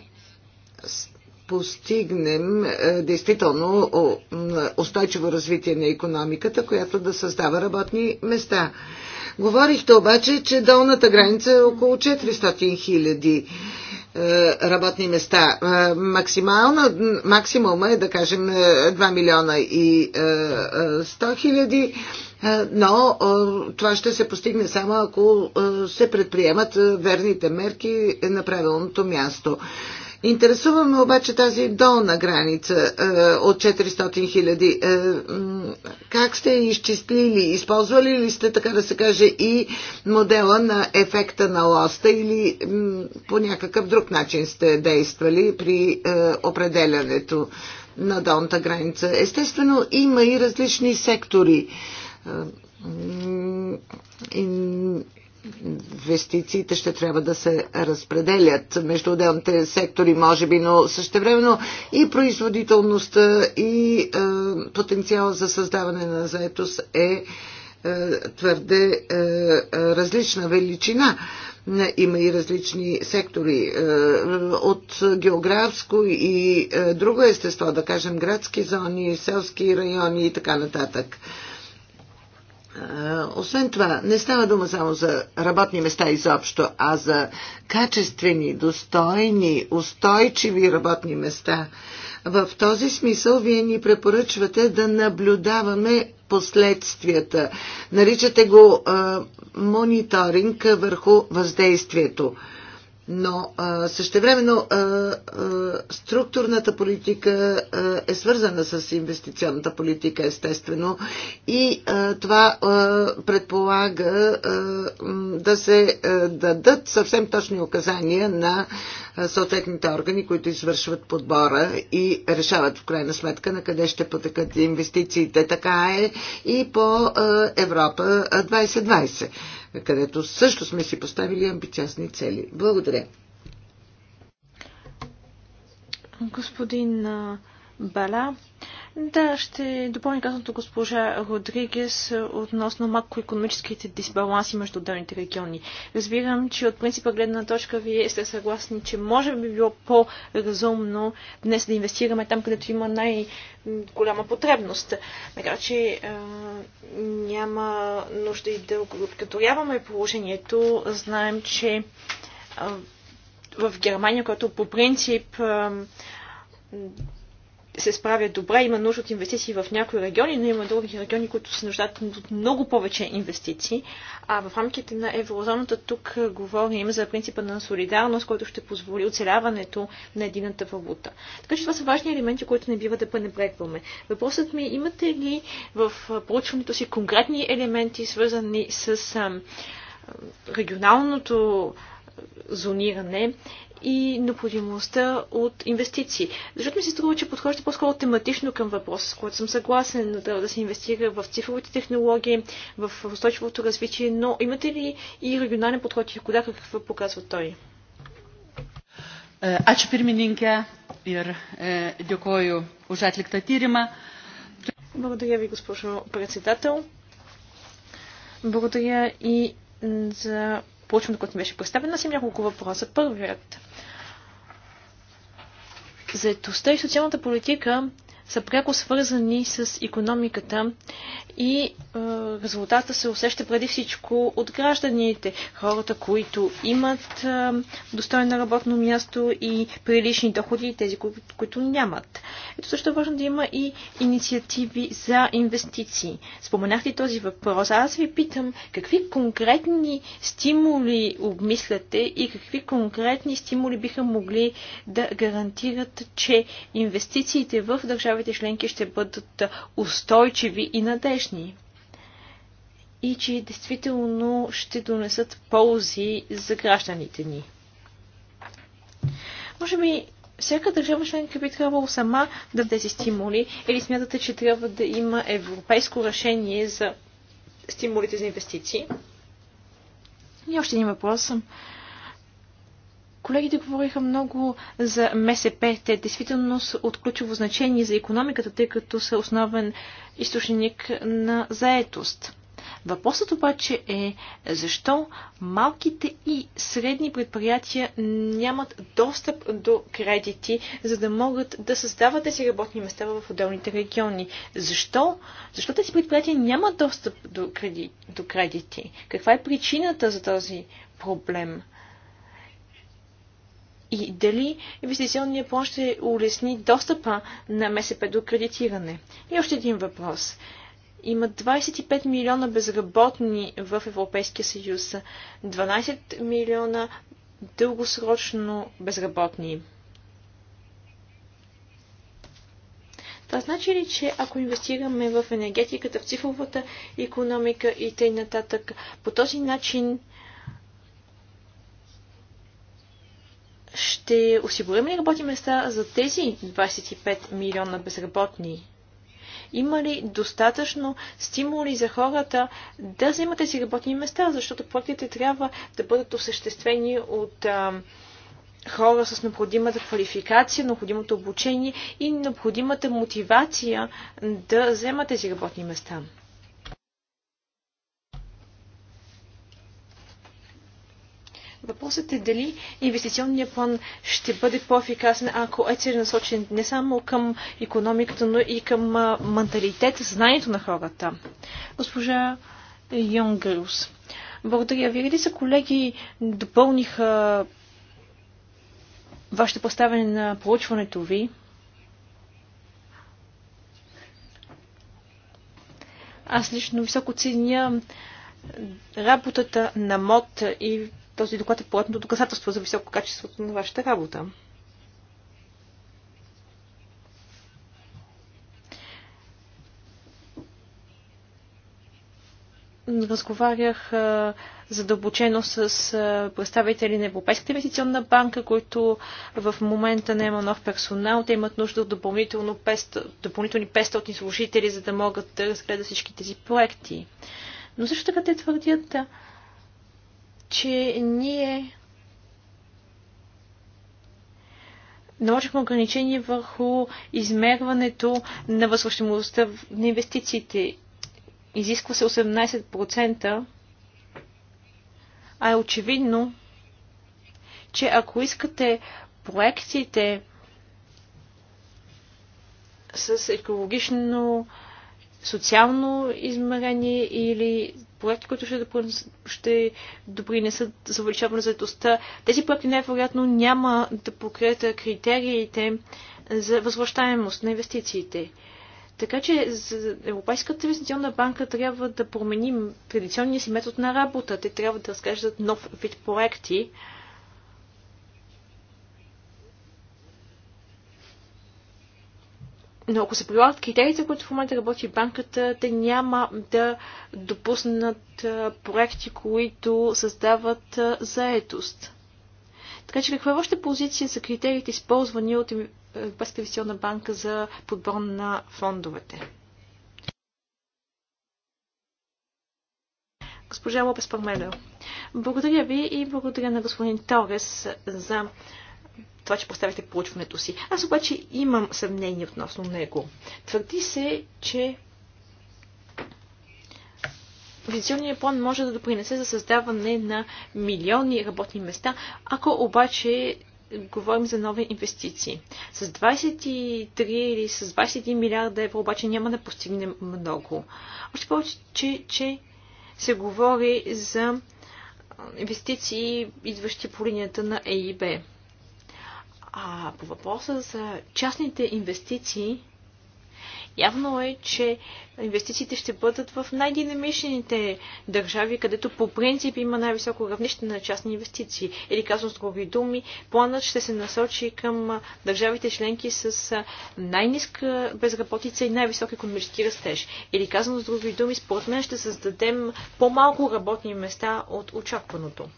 постигнем е, действително устойчиво развитие на економиката, която да създава работни места. Говорихте обаче, че долната граница е около 400 хиляди е, работни места. Е, максимална, максимума е, да кажем, 2 милиона и 100 хиляди, но това ще се постигне само ако се предприемат верните мерки на правилното място. Интересуваме обаче тази долна граница е, от 400 хиляди. Е, как сте изчислили? Използвали ли сте, така да се каже, и модела на ефекта на лоста или е, по някакъв друг начин сте действали при е, определянето на долната граница? Естествено, има и различни сектори. Е, е, инвестициите ще трябва да се разпределят между отделните сектори, може би, но същевременно и производителността, и е, потенциала за създаване на заетост е, е твърде е, е различна величина. Има и различни сектори е, от географско и е, друго естество, да кажем градски зони, селски райони и така нататък. Е, освен това, не става дума само за работни места изобщо, а за качествени, достойни, устойчиви работни места. В този смисъл вие ни препоръчвате да наблюдаваме последствията. Наричате го а, е, мониторинг върху въздействието. А, но същевременно структурната политика е свързана с инвестиционната политика, естествено. И това предполага да се дадат съвсем точни указания на съответните органи, които извършват подбора и решават в крайна сметка на къде ще потекат инвестициите. Така е и по Европа 2020 където също сме си поставили амбициозни цели. Благодаря. Господин Бала, да, ще допълня казаното госпожа Родригес относно макроекономическите дисбаланси между отделните региони. Разбирам, че от принципа гледна точка вие сте съгласни, че може би било по-разумно днес да инвестираме там, където има най-голяма потребност. Така че е, няма нужда и да откаторяваме положението. Знаем, че е, в Германия, която по принцип е, се справят добре, има нужда от инвестиции в някои региони, но има други региони, които се нуждаят от много повече инвестиции. А в рамките на еврозоната тук говорим за принципа на солидарност, който ще позволи оцеляването на едината валута. Така че това са важни елементи, които не бива да пренебрегваме. Въпросът ми е, имате ли в проучването си конкретни елементи, свързани с регионалното зониране и необходимостта от инвестиции. Защото ми се струва, че подхожда по-скоро тематично към въпроса, с който съм съгласен. Трябва да се инвестира в цифровите технологии, в устойчивото развитие, но имате ли и регионален подход и кода какво показва той? Ačiū pirmininkė ir dėkoju už atliktą tyrimą. Благодаря ви, госпожо председател. Благодаря и за проучването, което беше представено, си няколко въпроса. Първият. Заедостта и социалната политика са пряко свързани с економиката и е, резултата се усеща преди всичко от гражданите, хората, които имат е, достойно работно място и прилични доходи, тези, които, които нямат. Ето също е важно да има и инициативи за инвестиции. Споменахте този въпрос. аз ви питам, какви конкретни стимули обмисляте и какви конкретни стимули биха могли да гарантират, че инвестициите в държавата държавите членки ще бъдат устойчиви и надежни и че действително ще донесат ползи за гражданите ни. Може би всяка държава членка би трябвало сама да тези стимули или смятате, че трябва да има европейско решение за стимулите за инвестиции? И още един въпрос. Колегите говориха много за МСП. Те действително са от ключово значение за економиката, тъй като са основен източник на заетост. Въпросът обаче е защо малките и средни предприятия нямат достъп до кредити, за да могат да създават тези работни места в отделните региони. Защо? Защо тези предприятия нямат достъп до, креди, до кредити? Каква е причината за този проблем? и дали инвестиционният план ще улесни достъпа на МСП до кредитиране. И още един въпрос. Има 25 милиона безработни в Европейския съюз, 12 милиона дългосрочно безработни. Това значи ли, че ако инвестираме в енергетиката, в цифровата економика и т.н. по този начин ще осигурим ли работни места за тези 25 милиона безработни? Има ли достатъчно стимули за хората да вземат тези работни места, защото проектите трябва да бъдат осъществени от а, хора с необходимата квалификация, необходимото обучение и необходимата мотивация да вземат тези работни места? Въпросът е дали инвестиционният план ще бъде по-ефикасен, ако е целенасочен не само към економиката, но и към менталитета, знанието на хората. Госпожа Йонгърус. Благодаря вие ли са колеги допълниха вашето поставяне на проучването ви. Аз лично високо ценя работата на МОД и този доклад е плотното доказателство за високо качество на вашата работа. разговарях задълбочено с представители на Европейската инвестиционна банка, които в момента не има нов персонал. Те имат нужда от допълнително 500, допълнителни 500 служители, за да могат да разгледат всички тези проекти. Но също така те твърдят, че ние наложихме ограничение върху измерването на възвръщаемостта на инвестициите. Изисква се 18%, а е очевидно, че ако искате проекциите с екологично социално измерение или проекти, които ще, допринесат, ще допринесат за увеличаване на заедостта. Тези проекти най-вероятно няма да покрият критериите за възвръщаемост на инвестициите. Така че за Европейската инвестиционна банка трябва да променим традиционния си метод на работа. Те трябва да разглеждат нов вид проекти, Но ако се прилагат критериите, които в момента работи банката, те няма да допуснат проекти, които създават заетост. Така че каква е вашата позиция за критериите, използвани от е, Европейската инвестиционна банка за подбор на фондовете? Госпожа Лопес Пармедо, Благодаря ви и благодаря на господин Торес за това, че поставяте получването си. Аз обаче имам съмнение относно него. Твърди се, че визионният план може да допринесе за създаване на милиони работни места, ако обаче говорим за нови инвестиции. С 23 или с 21 милиарда евро обаче няма да постигнем много. Още повече, че, че се говори за инвестиции, идващи по линията на ЕИБ. А по въпроса за частните инвестиции, Явно е, че инвестициите ще бъдат в най-динамичните държави, където по принцип има най-високо равнище на частни инвестиции. Или казвам с други думи, планът ще се насочи към държавите членки с най ниска безработица и най-висок економически растеж. Или казвам с други думи, според мен ще създадем по-малко работни места от очакваното.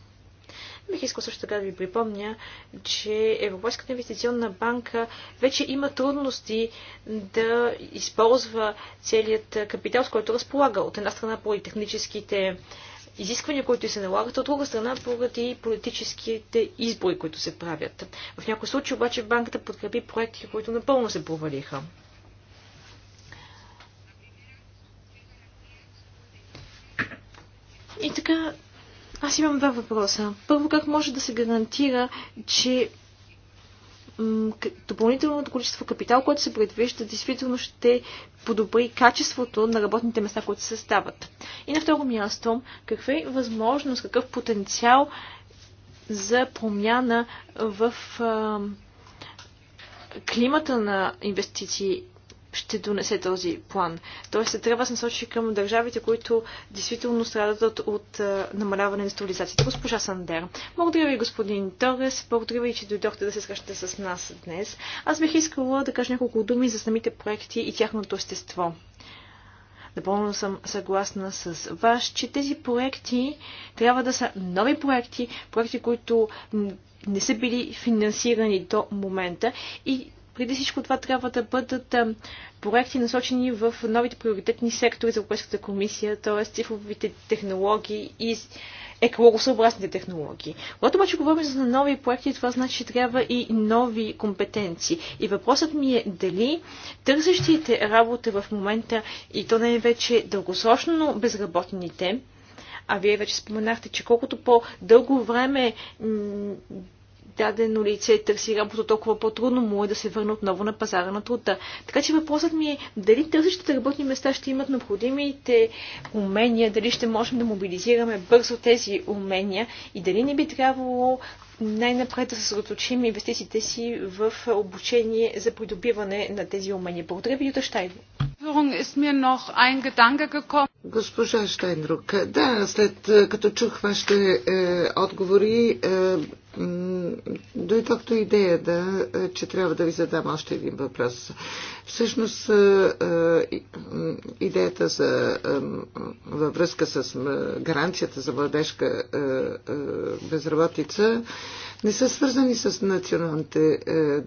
Бих искал също така да ви припомня, че Европейската инвестиционна банка вече има трудности да използва целият капитал, с който разполага. От една страна по техническите изисквания, които се налагат, от друга страна поради политическите избори, които се правят. В някои случаи обаче банката подкрепи проекти, които напълно се провалиха. И така, аз имам два въпроса. Първо, как може да се гарантира, че допълнителното количество капитал, което се предвижда, действително ще подобри качеството на работните места, които се състават. И на второ място, каква е възможност, какъв потенциал за промяна в климата на инвестиции ще донесе този план. Тоест, трябва да се насочи към държавите, които действително страдат от намаляване на стабилизацията. Госпожа Сандер, благодаря ви, господин Торес, благодаря ви, че дойдохте да се срещате с нас днес. Аз бих искала да кажа няколко думи за самите проекти и тяхното естество. Напълно съм съгласна с вас, че тези проекти трябва да са нови проекти, проекти, които не са били финансирани до момента и преди всичко това трябва да бъдат проекти насочени в новите приоритетни сектори за Европейската комисия, т.е. цифровите технологии и екологосъобразните технологии. Когато обаче говорим за нови проекти, това значи, че трябва и нови компетенции. И въпросът ми е дали търсещите работа в момента и то не е вече дългосрочно безработните, а вие вече споменахте, че колкото по-дълго време дадено лице търси работа, толкова по-трудно му е да се върне отново на пазара на труда. Така че въпросът ми е дали търсещите работни места ще имат необходимите умения, дали ще можем да мобилизираме бързо тези умения и дали не би трябвало най-напред да съсредоточим инвестициите си в обучение за придобиване на тези умения. Благодаря ви, Юта Штайдо. Госпожа Штайнрук, да, след като чух вашите е, отговори, е, както идея да, че трябва да ви задам още един въпрос. Всъщност, е, е, идеята за, е, във връзка с гаранцията за младежка безработица не са свързани с националните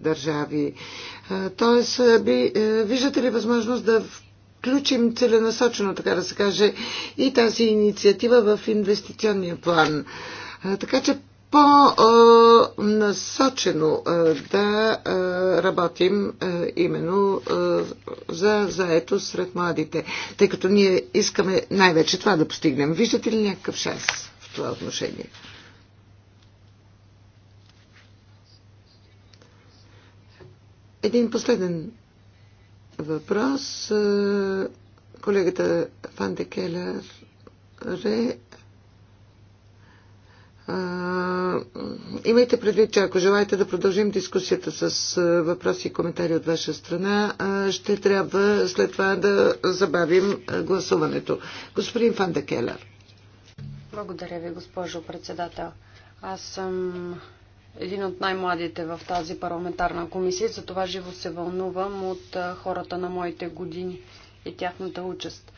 държави. Тоест, би, виждате ли възможност да включим целенасочено, така да се каже, и тази инициатива в инвестиционния план? Така че по-насочено да работим именно за заето сред младите, тъй като ние искаме най-вече това да постигнем. Виждате ли някакъв шанс в това отношение? Един последен въпрос. Колегата Ван Декелер е Имайте предвид, че ако желаете да продължим дискусията с въпроси и коментари от ваша страна, ще трябва след това да забавим гласуването. Господин Фанда Келер. Благодаря ви, госпожо председател. Аз съм един от най-младите в тази парламентарна комисия, затова живо се вълнувам от хората на моите години и тяхната участ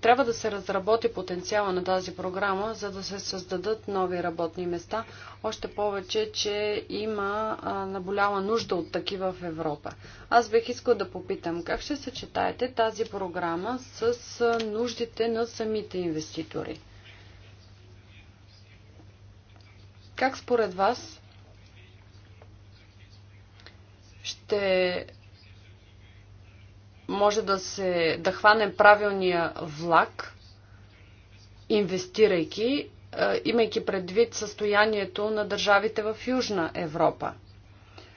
трябва да се разработи потенциала на тази програма, за да се създадат нови работни места, още повече, че има наболяла нужда от такива в Европа. Аз бих искал да попитам, как ще съчетаете тази програма с нуждите на самите инвеститори? Как според вас ще може да, се, да хване правилния влак, инвестирайки, е, имайки предвид състоянието на държавите в Южна Европа.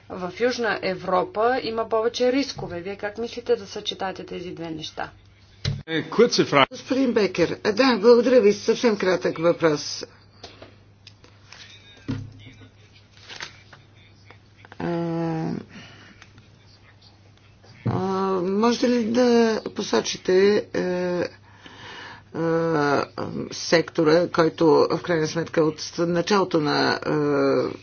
В Южна Европа има повече рискове. Вие как мислите да съчетаете тези две неща? Е, Господин Бекер, да, благодаря ви. Съвсем кратък въпрос. Можете ли да посочите е, е, сектора, който в крайна сметка от началото на е,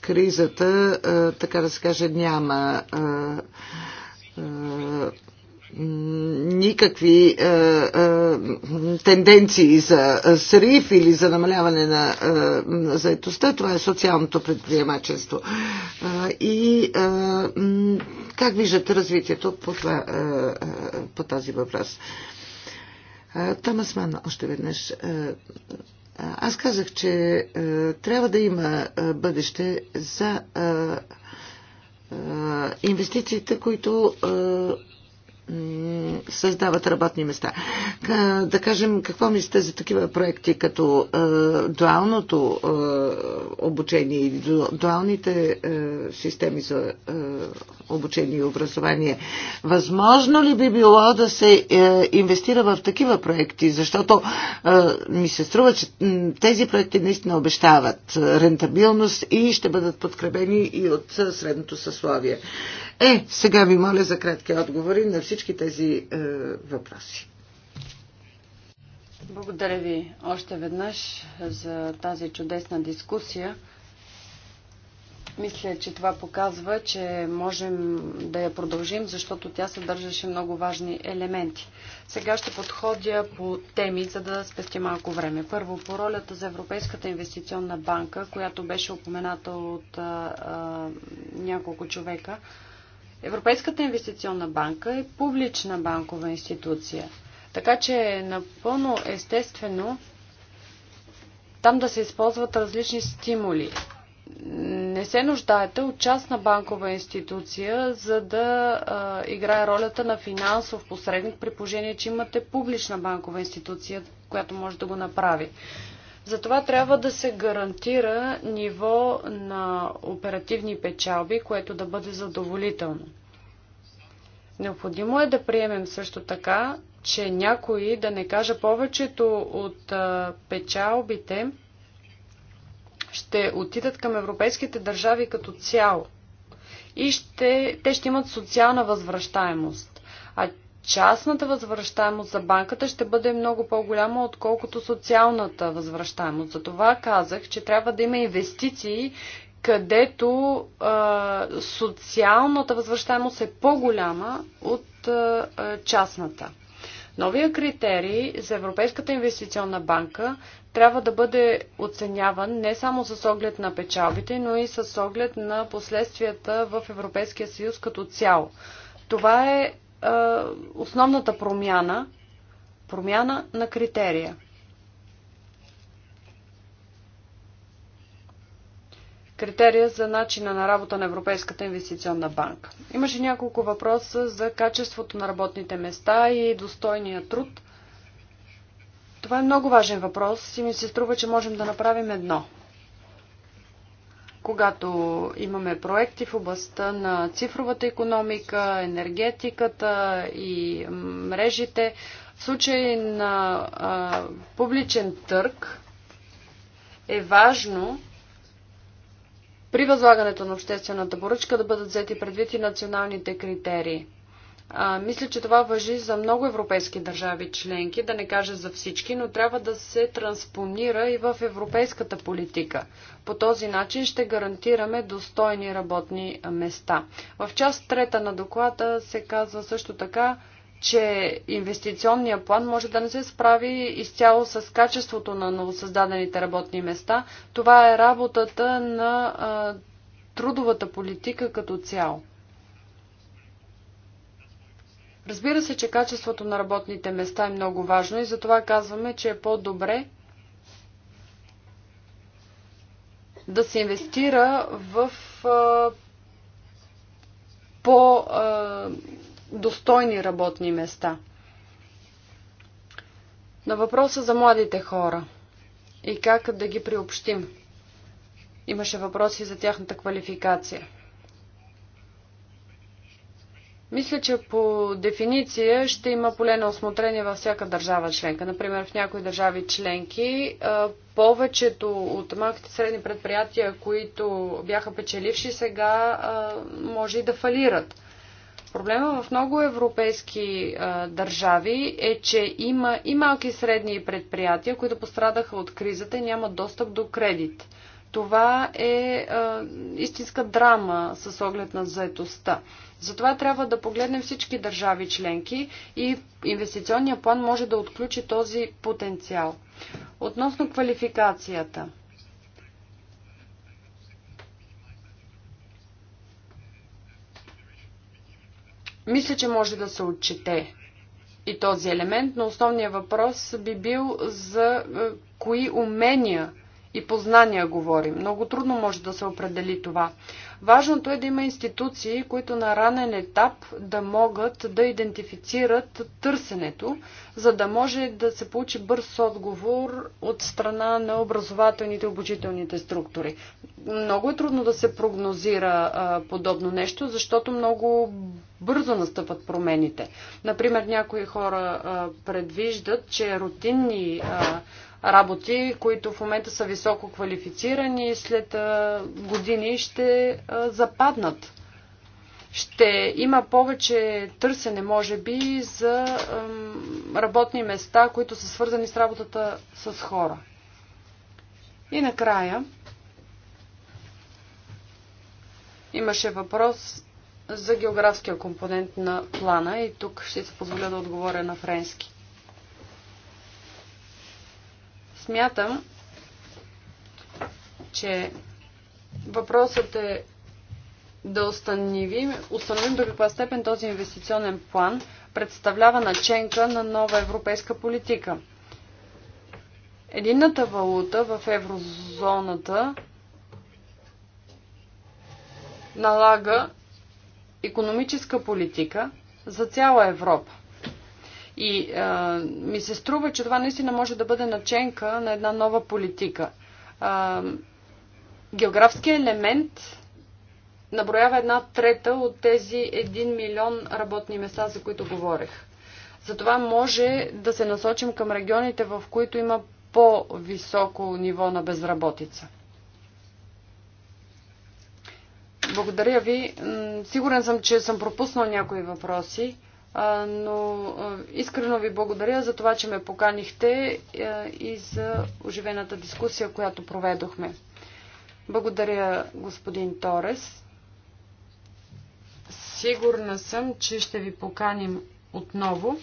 кризата, така да се каже, няма никакви е, е, тенденции за срив или за намаляване на е, заетостта. Това е социалното предприемачество. Е, и е, как виждате развитието по, това, е, е по тази въпрос? Е, Томас Ман, още веднъж. Е, аз казах, че е, трябва да има е, бъдеще за е, е, инвестициите, които е, създават работни места. Да кажем, какво мислите за такива проекти, като е, дуалното е, обучение или дуалните е, системи за обучение и образование? Възможно ли би било да се инвестира в такива проекти? Защото ми се струва, че тези проекти наистина обещават рентабилност и ще бъдат подкрепени и от средното съсловие. Е, сега ви моля за кратки отговори на всички тези е, въпроси. Благодаря ви още веднъж за тази чудесна дискусия. Мисля, че това показва, че можем да я продължим, защото тя съдържаше много важни елементи. Сега ще подходя по теми, за да спести малко време. Първо, по ролята за Европейската инвестиционна банка, която беше упомената от а, а, няколко човека. Европейската инвестиционна банка е публична банкова институция. Така че е напълно естествено там да се използват различни стимули. Не се нуждаете от частна банкова институция, за да а, играе ролята на финансов посредник, при положение, че имате публична банкова институция, която може да го направи. Затова трябва да се гарантира ниво на оперативни печалби, което да бъде задоволително. Необходимо е да приемем също така, че някои, да не кажа повечето от печалбите, ще отидат към европейските държави като цяло. И ще, те ще имат социална възвръщаемост. А частната възвръщаемост за банката ще бъде много по-голяма, отколкото социалната възвръщаемост. Затова казах, че трябва да има инвестиции, където а, социалната възвръщаемост е по-голяма от а, частната. Новия критерий за Европейската инвестиционна банка трябва да бъде оценяван не само с оглед на печалбите, но и с оглед на последствията в Европейския съюз като цяло. Това е основната промяна промяна на критерия. критерия за начина на работа на Европейската инвестиционна банка. Имаше няколко въпроса за качеството на работните места и достойния труд. Това е много важен въпрос и ми се струва, че можем да направим едно – когато имаме проекти в областта на цифровата економика, енергетиката и мрежите. В случай на а, публичен търг е важно при възлагането на обществената поръчка да бъдат взети предвид и националните критерии. А, мисля, че това въжи за много европейски държави членки, да не кажа за всички, но трябва да се транспонира и в европейската политика. По този начин ще гарантираме достойни работни места. В част трета на доклада се казва също така, че инвестиционния план може да не се справи изцяло с качеството на новосъздадените работни места. Това е работата на а, трудовата политика като цяло. Разбира се, че качеството на работните места е много важно и затова казваме, че е по-добре да се инвестира в по достойни работни места. На въпроса за младите хора и как да ги приобщим. Имаше въпроси за тяхната квалификация. Мисля, че по дефиниция ще има поле на осмотрение във всяка държава членка. Например, в някои държави членки повечето от малките средни предприятия, които бяха печеливши, сега може и да фалират. Проблема в много европейски държави е, че има и малки и средни предприятия, които пострадаха от кризата и нямат достъп до кредит. Това е а, истинска драма с оглед на заетостта. Затова трябва да погледнем всички държави членки и инвестиционния план може да отключи този потенциал. Относно квалификацията. Мисля, че може да се отчете и този елемент, но основният въпрос би бил за кои умения и познания говорим. Много трудно може да се определи това. Важното е да има институции, които на ранен етап да могат да идентифицират търсенето, за да може да се получи бърз отговор от страна на образователните и обучителните структури. Много е трудно да се прогнозира а, подобно нещо, защото много бързо настъпват промените. Например, някои хора а, предвиждат, че рутинни а, работи, които в момента са високо квалифицирани и след години ще западнат. Ще има повече търсене, може би, за работни места, които са свързани с работата с хора. И накрая имаше въпрос за географския компонент на плана и тук ще се позволя да отговоря на френски. смятам, че въпросът е да установим, установим до каква степен този инвестиционен план представлява наченка на нова европейска политика. Единната валута в еврозоната налага економическа политика за цяла Европа. И а, ми се струва, че това наистина може да бъде наченка на една нова политика. А, географския елемент наброява една трета от тези 1 милион работни места, за които говорех. Затова може да се насочим към регионите, в които има по-високо ниво на безработица. Благодаря ви. Сигурен съм, че съм пропуснал някои въпроси но искрено ви благодаря за това, че ме поканихте и за оживената дискусия, която проведохме. Благодаря, господин Торес. Сигурна съм, че ще ви поканим отново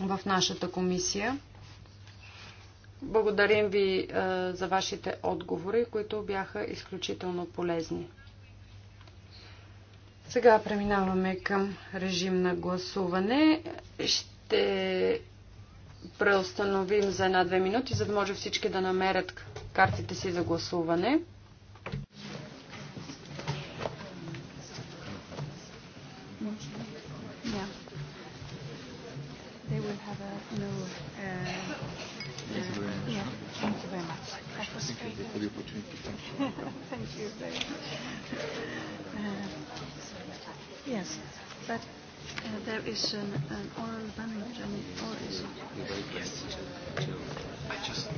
в нашата комисия. Благодарим ви за вашите отговори, които бяха изключително полезни. Сега преминаваме към режим на гласуване. Ще преустановим за една-две минути, за да може всички да намерят картите си за гласуване. Uh, uh, Thank you very much. That was very Thank you very much. Uh, Yes, but uh, there is an, an oral amendment, or is it? Yes. I just.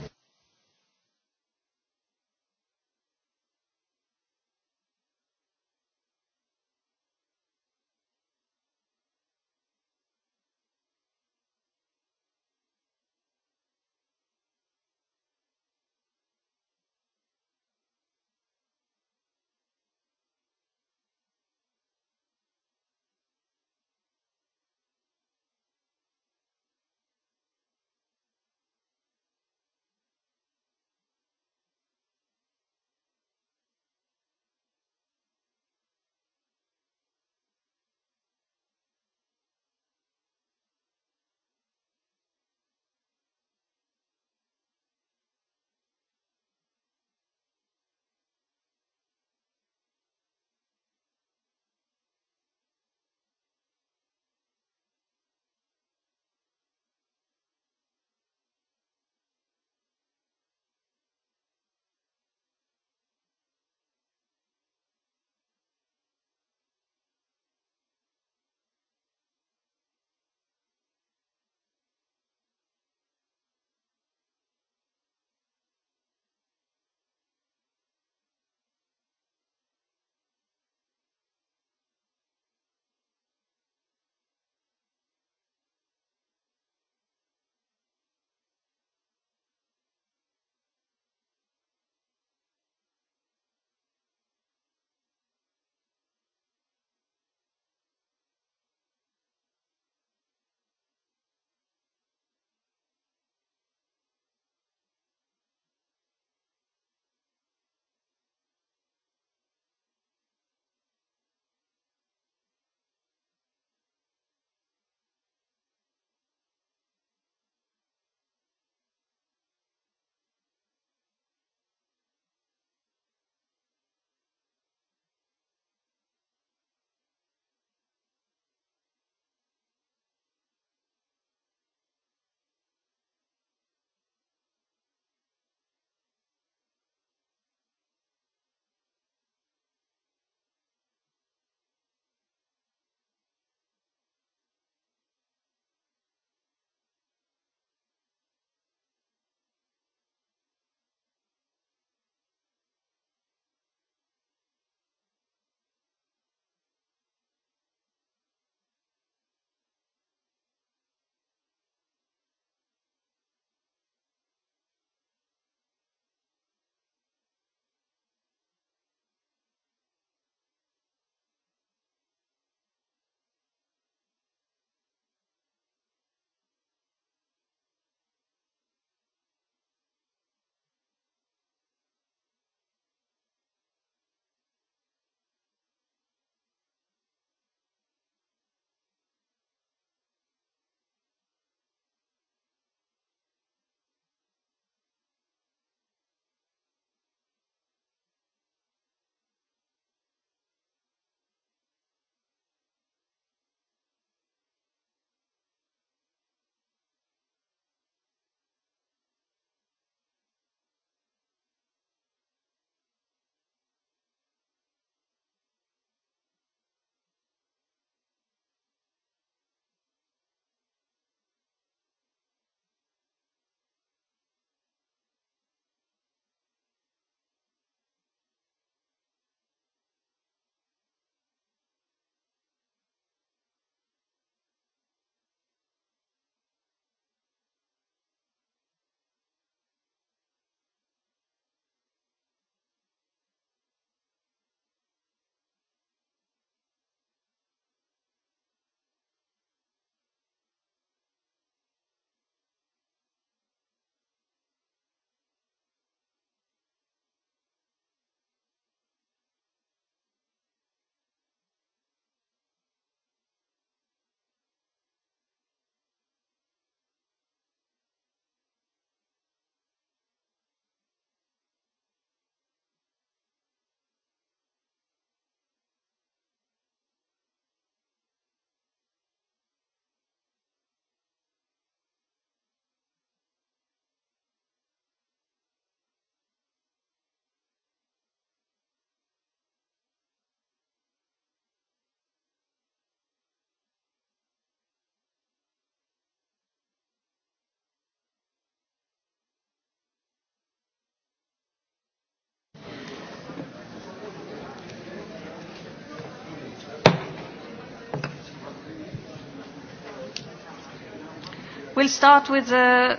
We'll start with the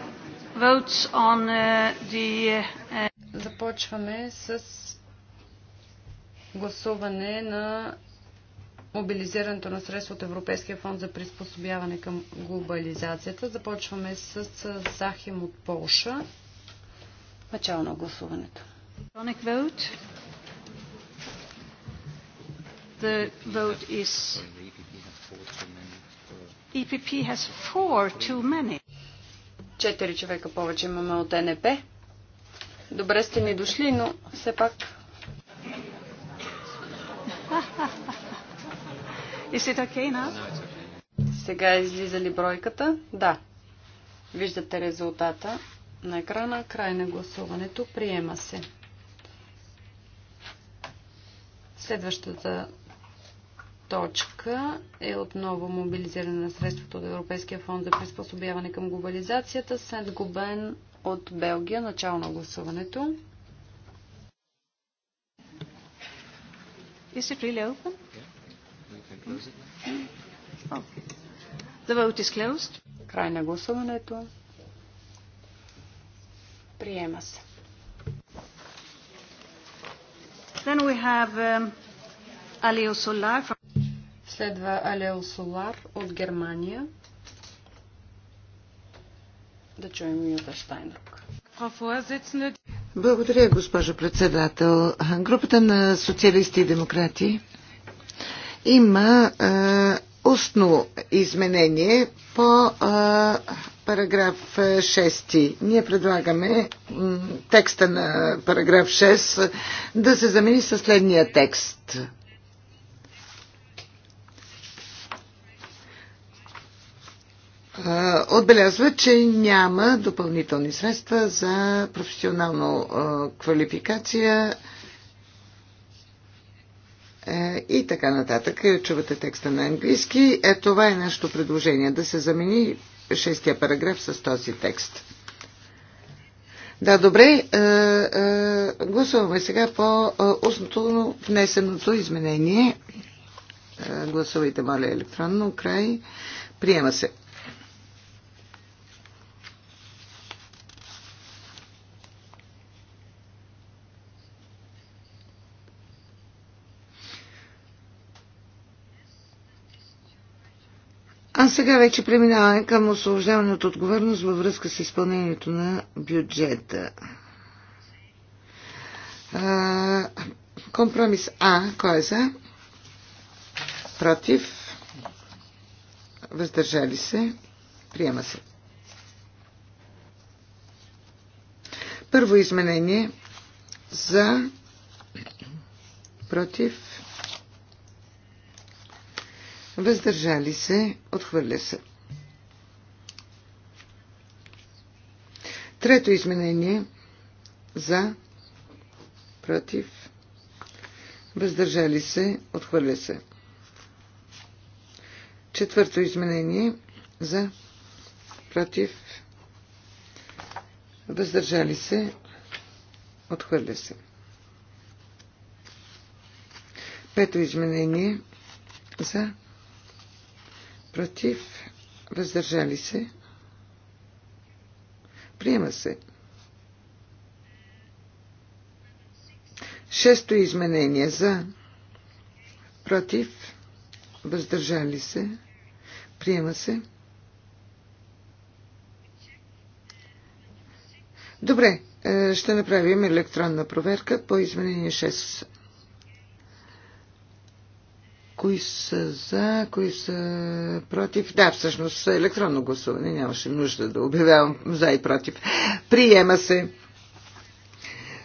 votes on uh, the... Uh, Започваме с гласуване на мобилизирането на средства от Европейския фонд за приспособяване към глобализацията. Започваме с Захим от Полша. Начало на гласуването. The vote is EPP has four too many. Четири човека повече имаме от НП. Добре сте ни дошли, но все пак... Is it okay now? Сега е излиза ли бройката? Да. Виждате резултата на екрана. Край на гласуването. Приема се. Следващата точка е отново мобилизиране на средството от Европейския фонд за приспособяване към глобализацията. Сент Губен от Белгия. Начало на гласуването. Is it really open? Yeah. The vote is closed. Край на гласуването. Приема се. Then we have um, Alio Solar from Следва Алео Солар от Германия. Да чуем Юта Штайнрук. Благодаря, госпожо председател. Групата на социалисти и демократи има е, устно изменение по е, параграф 6. Ние предлагаме текста на параграф 6 да се замени със следния текст – отбелязва, че няма допълнителни средства за професионална квалификация е, и така нататък. Чувате текста на английски. Е, това е нашето предложение да се замени шестия параграф с този текст. Да, добре. Е, е, гласуваме сега по е, устното внесеното изменение. Е, гласувайте, моля, електронно край. Приема се. Сега вече преминаваме към освобождаване от отговорност във връзка с изпълнението на бюджета. А, компромис А. Кой е за? Против? Въздържали се? Приема се. Първо изменение за против въздържали се, отхвърля се. Трето изменение за, против, въздържали се, отхвърля се. Четвърто изменение за, против, въздържали се, отхвърля се. Пето изменение за, против, въздържали се, приема се. Шесто изменение за, против, въздържали се, приема се. Добре, е, ще направим електронна проверка по изменение 6. Кои са за, кои са против? Да, всъщност електронно гласуване. Нямаше нужда да обявявам за и против. Приема се.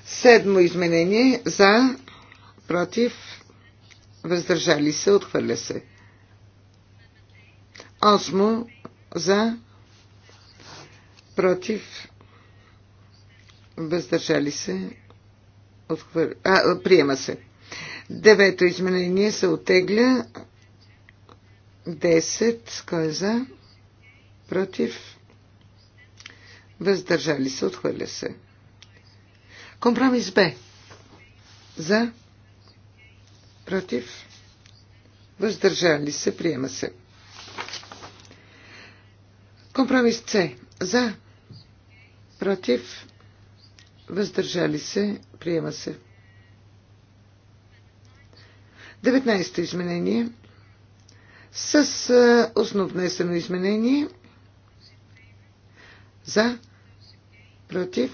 Седмо изменение. За, против, въздържали се, отхвърля се. Осмо. За, против, въздържали се, отхвърля. А, приема се. Девето изменение се отегля. 10. Кой е за? Против? Въздържали се, отхвърля се. Компромис Б. За? Против? Въздържали се, приема се. Компромис С. За? Против? Въздържали се, приема се. 19-то изменение с основно внесено изменение за, против,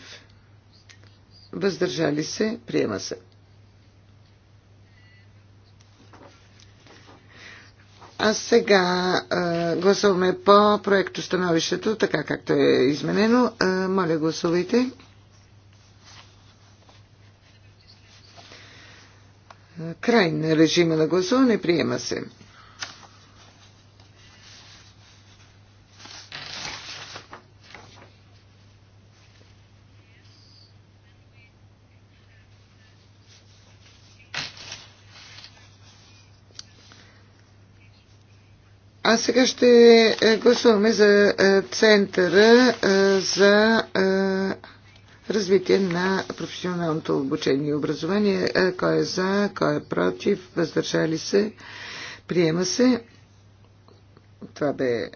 въздържали се, приема се. А сега а, гласуваме по проекто становището, така както е изменено. А, моля, гласувайте. Край на режима на гласуване приема се. А сега ще е, гласуваме за е, Центъра е, за развитие на професионалното обучение и образование. Кой е за, кой е против, въздържали се, приема се. Това бе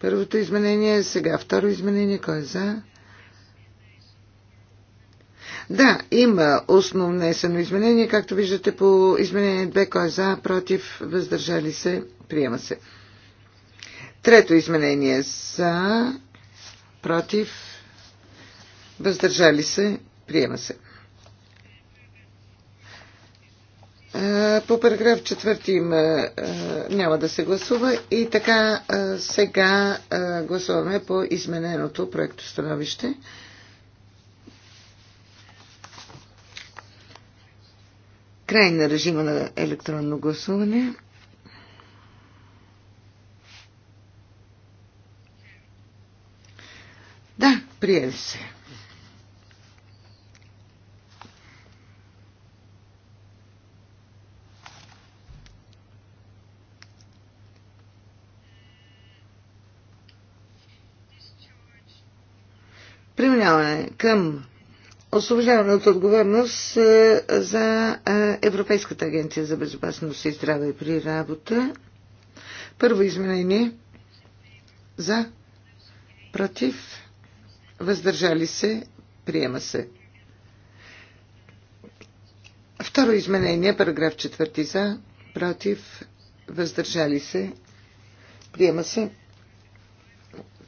първото изменение, сега второ изменение, кой е за? Да, има основнесено изменение, както виждате по изменение 2, кой е за, против, въздържали се, приема се. Трето изменение за, против, въздържали се, приема се. По параграф 4 има, няма да се гласува и така сега гласуваме по измененото проекто становище. Край на режима на електронно гласуване. Да, приели се. преминаване към освобождаване от отговорност е, за е, Европейската агенция за безопасност и здраве при работа. Първо изменение за, против, въздържали се, приема се. Второ изменение, параграф 4 за, против, въздържали се, приема се.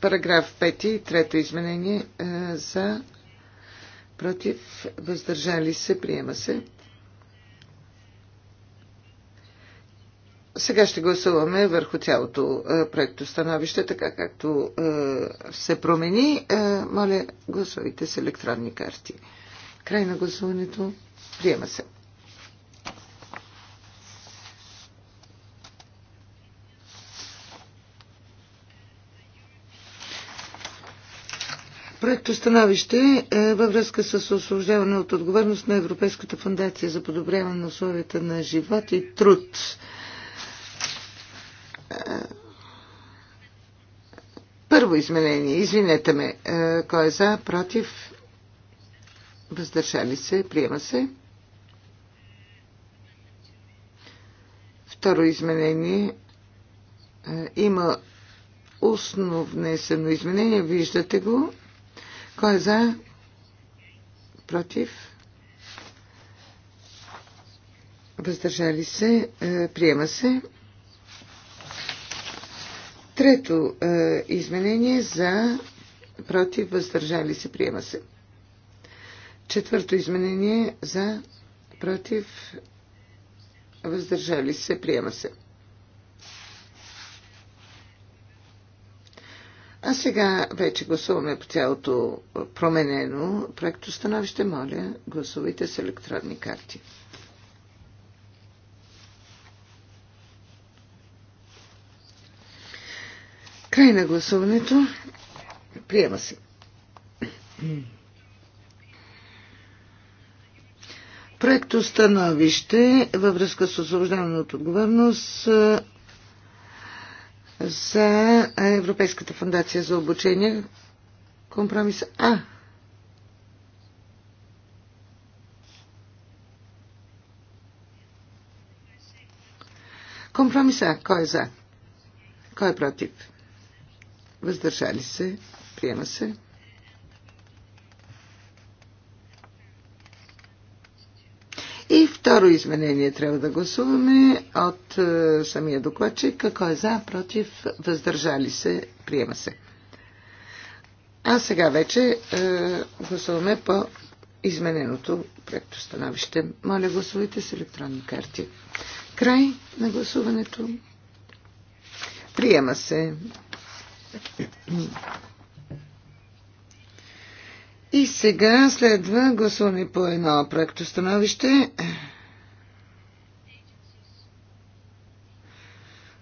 Параграф 5, трето изменение е, за против, въздържали се, приема се. Сега ще гласуваме върху цялото е, проекто становище, така както е, се промени. Моля, гласувайте с електронни карти. Край на гласуването. Приема се. проекто становище е, във връзка с освобождаване от отговорност на Европейската фундация за подобряване на условията на живот и труд. Е, първо изменение. Извинете ме. Е, кой е за? Против? Въздържали се? Приема се. Второ изменение. Има основнесено изменение. Виждате го. Кой е за? Против? Въздържали се? Е, приема се. Трето е, изменение за против, въздържали се, приема се. Четвърто изменение за против, въздържали се, приема се. сега вече гласуваме по цялото променено проекто становище. Моля, гласувайте с електронни карти. Край на гласуването. Приема се. Проекто становище във връзка с освобождаване от отговорност за Европейската фундация за обучение. Компромис А. Компромис А. Кой е за? Кой е против? Въздържали се? Приема се. Второ изменение трябва да гласуваме от е, самия докладчик. Кой е за, против, въздържали се, приема се. А сега вече е, гласуваме по измененото проекто становище. Моля, гласувайте с електронни карти. Край на гласуването. Приема се. И сега следва гласуване по едно проекто становище.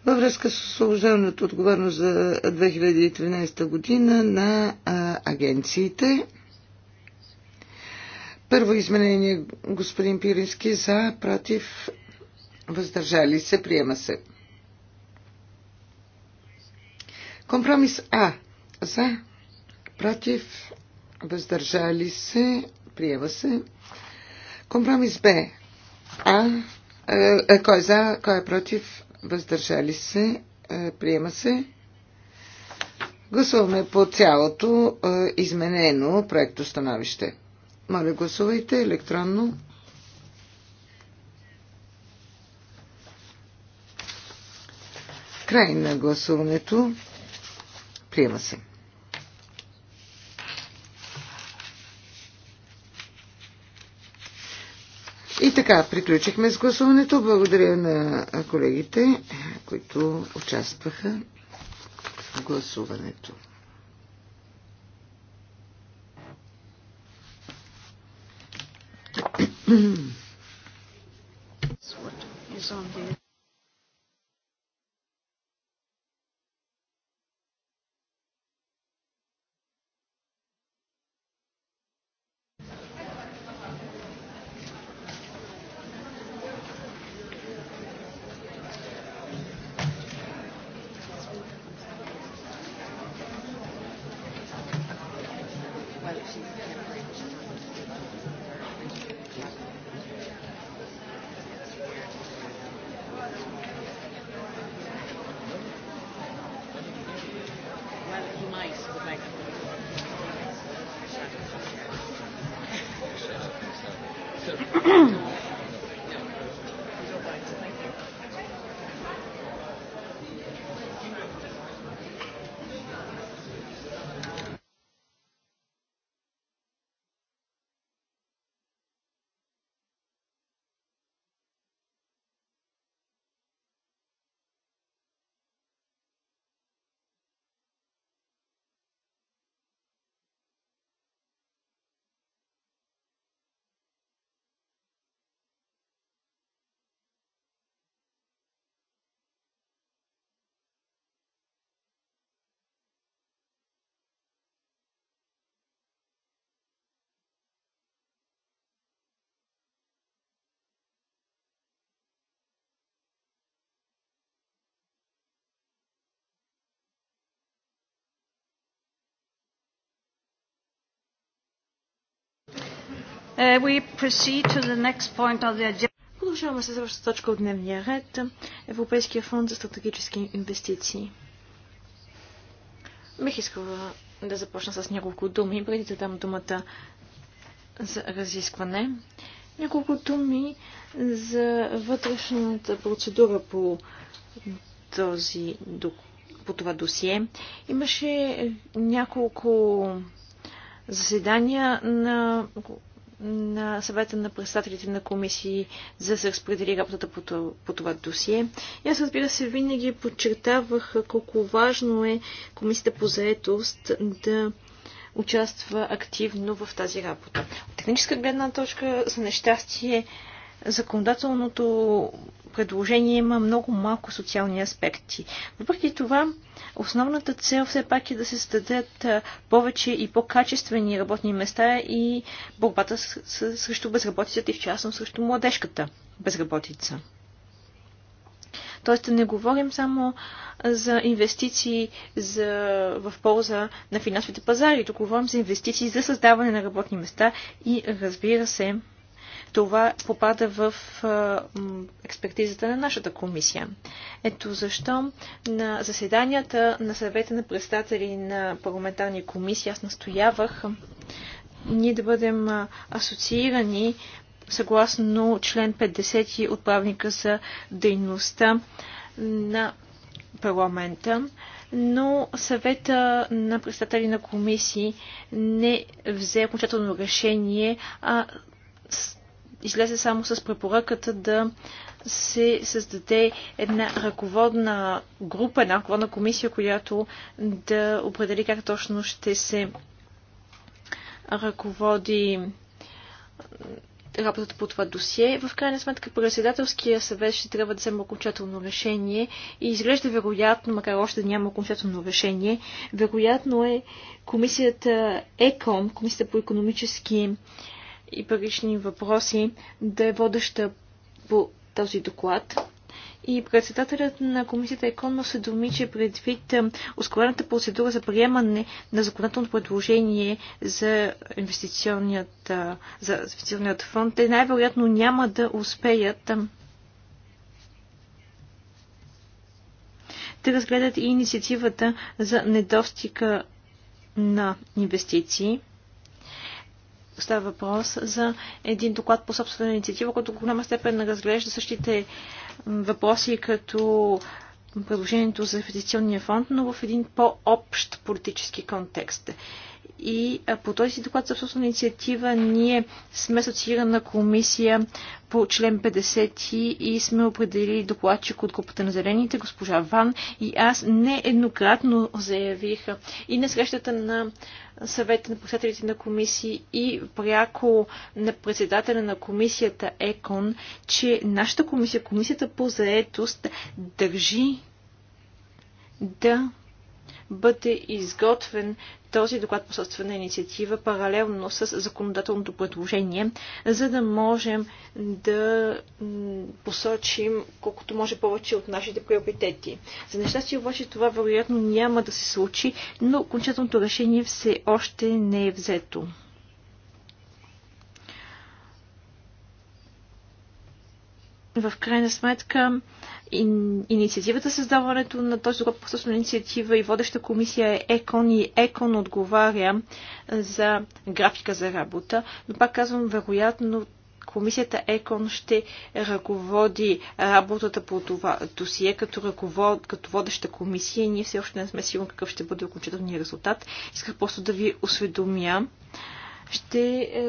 във връзка с освобождаването отговорност за 2013 година на а, агенциите. Първо изменение господин Пирински за, против, въздържали се, приема се. Компромис А за, против, въздържали се, приема се. Компромис Б. А, е, е, кой е за, кой е против, въздържали се, е, приема се. Гласуваме по цялото е, изменено проекто становище. Моля, гласувайте електронно. Край на гласуването. Приема се. така, приключихме с гласуването. Благодаря на колегите, които участваха в гласуването. is on the Е, Продължаваме с следващата точка от дневния ред Европейския фонд за стратегически инвестиции. Бих искала да започна с няколко думи, преди да дам думата за разискване. Няколко думи за вътрешната процедура по този по това досие. Имаше няколко заседания на на съвета на представителите на комисии, за да се разпредели работата по, по това досие. И аз разбира се винаги подчертавах колко важно е комисията по заетост да участва активно в тази работа. От техническа гледна точка за нещастие законодателното предложение има много малко социални аспекти. Въпреки това, основната цел все пак е да се създадат повече и по-качествени работни места и борбата срещу безработицата и в частност срещу младежката безработица. Тоест да не говорим само за инвестиции за, в полза на финансовите пазари, тук говорим за инвестиции за създаване на работни места и разбира се, това попада в експертизата на нашата комисия. Ето защо на заседанията на съвета на представители на парламентарни комисии аз настоявах ние да бъдем асоциирани съгласно член 50 от правника за дейността на парламента, но съвета на представители на комисии не взе окончателно решение, а излезе само с препоръката да се създаде една ръководна група, една ръководна комисия, която да определи как точно ще се ръководи работата по това досие. В крайна сметка председателския съвет ще трябва да вземе окончателно решение и изглежда вероятно, макар още да няма окончателно решение, вероятно е комисията ЕКОМ, комисията по економически и парични въпроси да е водеща по този доклад. И председателят на комисията Еконно се думи, че предвид ускорената процедура за приемане на законодателно предложение за инвестиционният, за инвестиционният фонд, те най-вероятно няма да успеят да разгледат и инициативата за недостига на инвестиции. Става въпрос за един доклад по собствена инициатива, който в голяма степен разглежда същите въпроси като предложението за инвестиционния фонд, но в един по-общ политически контекст. И по този си доклад за собствена инициатива ние сме асоциирана комисия по член 50 и сме определили докладчик от групата на зелените, госпожа Ван. И аз нееднократно заявих и на срещата на съвета на председателите на комисии и пряко на председателя на комисията ЕКОН, че нашата комисия, комисията по заетост, държи да бъде изготвен този доклад по собствена инициатива паралелно с законодателното предложение, за да можем да посочим колкото може повече от нашите приоритети. За нещастие обаче това вероятно няма да се случи, но окончателното решение все още не е взето. В крайна сметка, инициативата за създаването на този доклад по инициатива и водеща комисия е ЕКОН и ЕКОН отговаря за графика за работа. Но пак казвам, вероятно комисията ЕКОН ще ръководи работата по това досие като, ръковод, като водеща комисия и ние все още не сме сигурни какъв ще бъде окончателният резултат. Исках просто да ви осведомя. Ще е,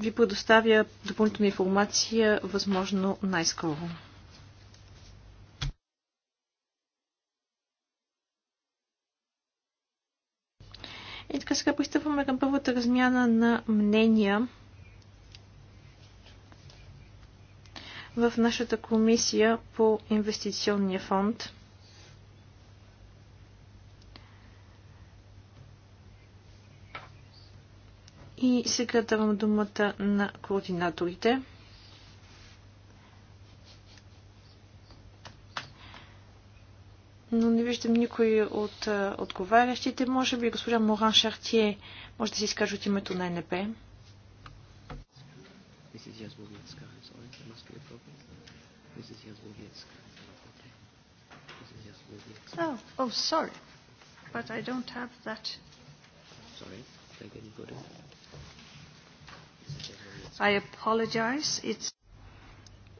ви предоставя допълнителна информация възможно най-скоро. И така сега пристъпваме към първата размяна на мнения в нашата комисия по инвестиционния фонд. И сега давам думата на координаторите. но не виждам никой от отговарящите. Може би госпожа Моран Шартие може да се изкаже от името на НП. Oh, oh, sorry, but I don't have that. Sorry, I didn't put it. I apologize. It's.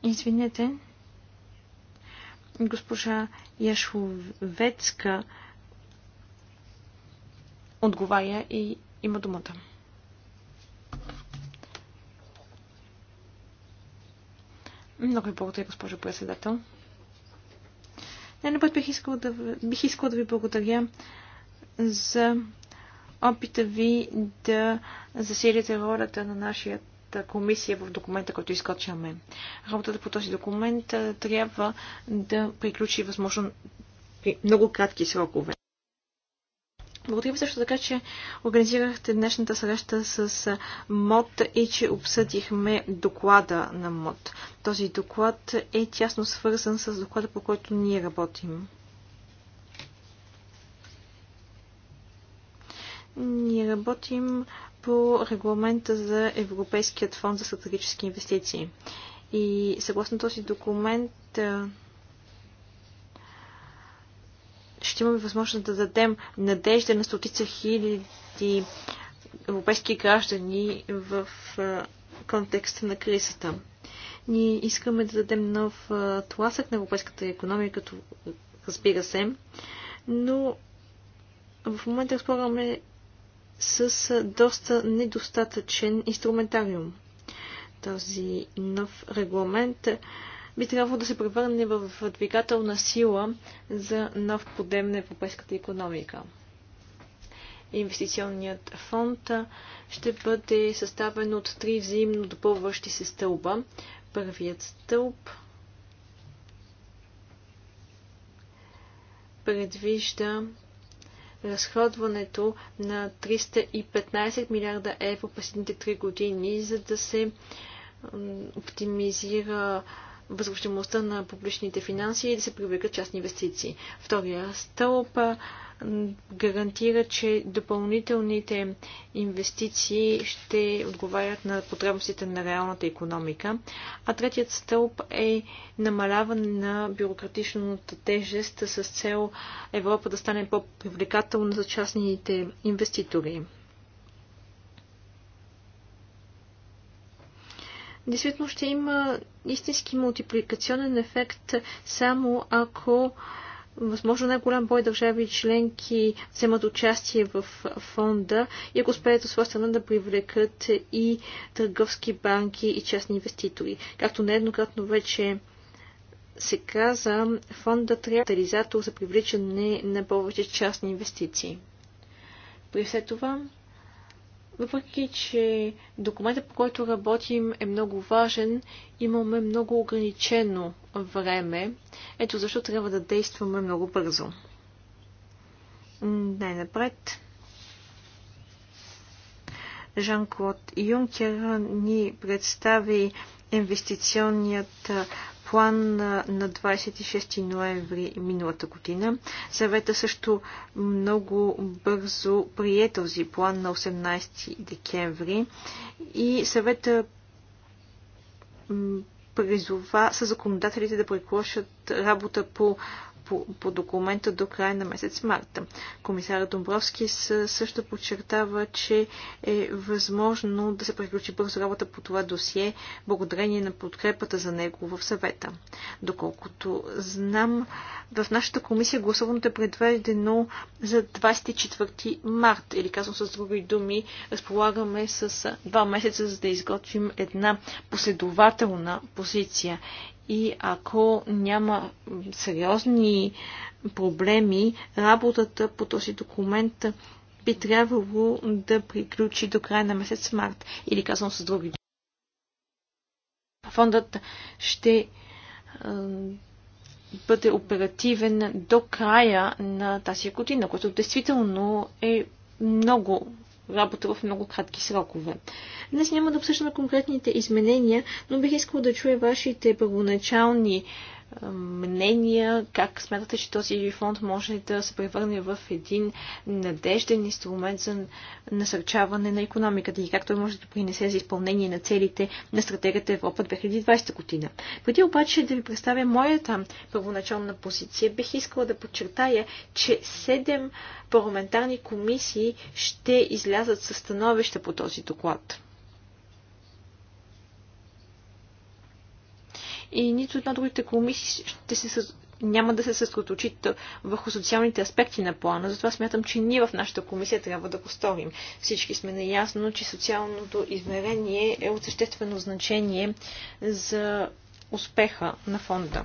Извинете. Госпожа Яшовецка отговаря и има думата. Много ви благодаря, госпожо председател. Не, път бих искал да, бих искала да ви благодаря за опита ви да засилите ролята на нашия комисия в документа, който изкочваме. Работата по този документ трябва да приключи възможно при много кратки срокове. Благодаря ви също така, че организирахте днешната среща с МОД и че обсъдихме доклада на МОД. Този доклад е тясно свързан с доклада, по който ние работим. Ние работим по регламента за Европейският фонд за стратегически инвестиции. И съгласно този документ ще имаме възможност да дадем надежда на стотица хиляди европейски граждани в контекста на кризата. Ние искаме да дадем нов тласък на европейската економия като разбира се, но в момента разполагаме с доста недостатъчен инструментариум. Този нов регламент би трябвало да се превърне в двигателна сила за нов подем на европейската економика. Инвестиционният фонд ще бъде съставен от три взаимно допълващи се стълба. Първият стълб предвижда разходването на 315 милиарда евро последните 3 години, за да се оптимизира възможността на публичните финанси и да се привлекат частни инвестиции. Втория стълб гарантира, че допълнителните инвестиции ще отговарят на потребностите на реалната економика. А третият стълб е намаляване на бюрократичната тежест с цел Европа да стане по-привлекателна за частните инвеститори. действително ще има истински мултипликационен ефект само ако възможно най-голям брой държави и членки вземат участие в фонда и ако успеят от своя страна да привлекат и търговски банки и частни инвеститори. Както нееднократно вече се каза, фонда трябва катализатор за привличане на повече частни инвестиции. При все това, въпреки, че документът, по който работим, е много важен, имаме много ограничено време. Ето защо трябва да действаме много бързо. Най-напред. Жан-Клод Юнкер ни представи инвестиционният план на 26 ноември миналата година. Съвета също много бързо прие този план на 18 декември и съвета призова са законодателите да приклошат работа по по, по документа до края на месец марта. Комисарът Домбровски също подчертава, че е възможно да се приключи бързо работа по това досие, благодарение на подкрепата за него в съвета. Доколкото знам, в нашата комисия гласуването е предведено за 24 март, или казвам с други думи, разполагаме с два месеца, за да изготвим една последователна позиция. И ако няма сериозни проблеми, работата по този документ би трябвало да приключи до края на месец март. Или казвам с други. Фондът ще бъде оперативен до края на тази година, което действително е много работа в много кратки срокове. Днес няма да обсъждаме конкретните изменения, но бих искала да чуя вашите първоначални мнения, как смятате, че този фонд може да се превърне в един надежден инструмент за насърчаване на економиката и както може да принесе за изпълнение на целите на стратегията Европа 2020 година. Преди обаче да ви представя моята първоначална позиция, бих искала да подчертая, че 7 парламентарни комисии ще излязат със становища по този доклад. и нито една от другите комисии ще се, няма да се съсредоточат върху социалните аспекти на плана. Затова смятам, че ние в нашата комисия трябва да го стовим. Всички сме наясно, че социалното измерение е от съществено значение за успеха на фонда.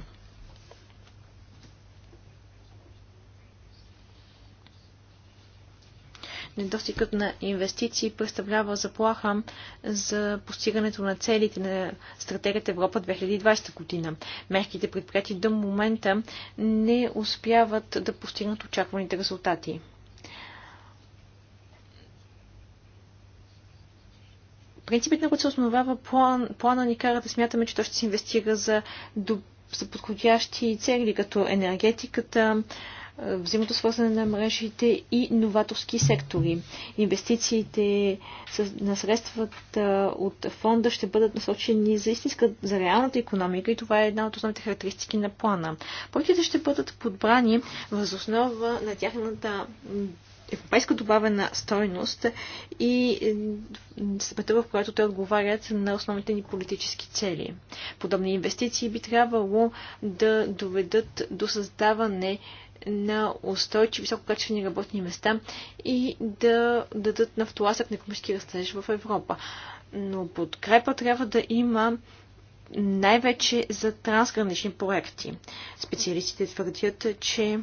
недостигът на инвестиции представлява заплаха за постигането на целите на стратегията Европа 2020 година. Мерките предприяти до момента не успяват да постигнат очакваните резултати. Принципите, на които се основава план, плана ни кара да смятаме, че той ще се инвестира за, за подходящи цели, като енергетиката, взаимното свързане на мрежите и новаторски сектори. Инвестициите на средствата от фонда ще бъдат насочени за истинска, за реалната економика и това е една от основните характеристики на плана. Проектите ще бъдат подбрани въз основа на тяхната европейска добавена стойност и е, степента, в която те отговарят на основните ни политически цели. Подобни инвестиции би трябвало да доведат до създаване на устойчиви, висококачествени работни места и да дадат на втоласък на економически растеж в Европа. Но подкрепа трябва да има най-вече за трансгранични проекти. Специалистите твърдят, че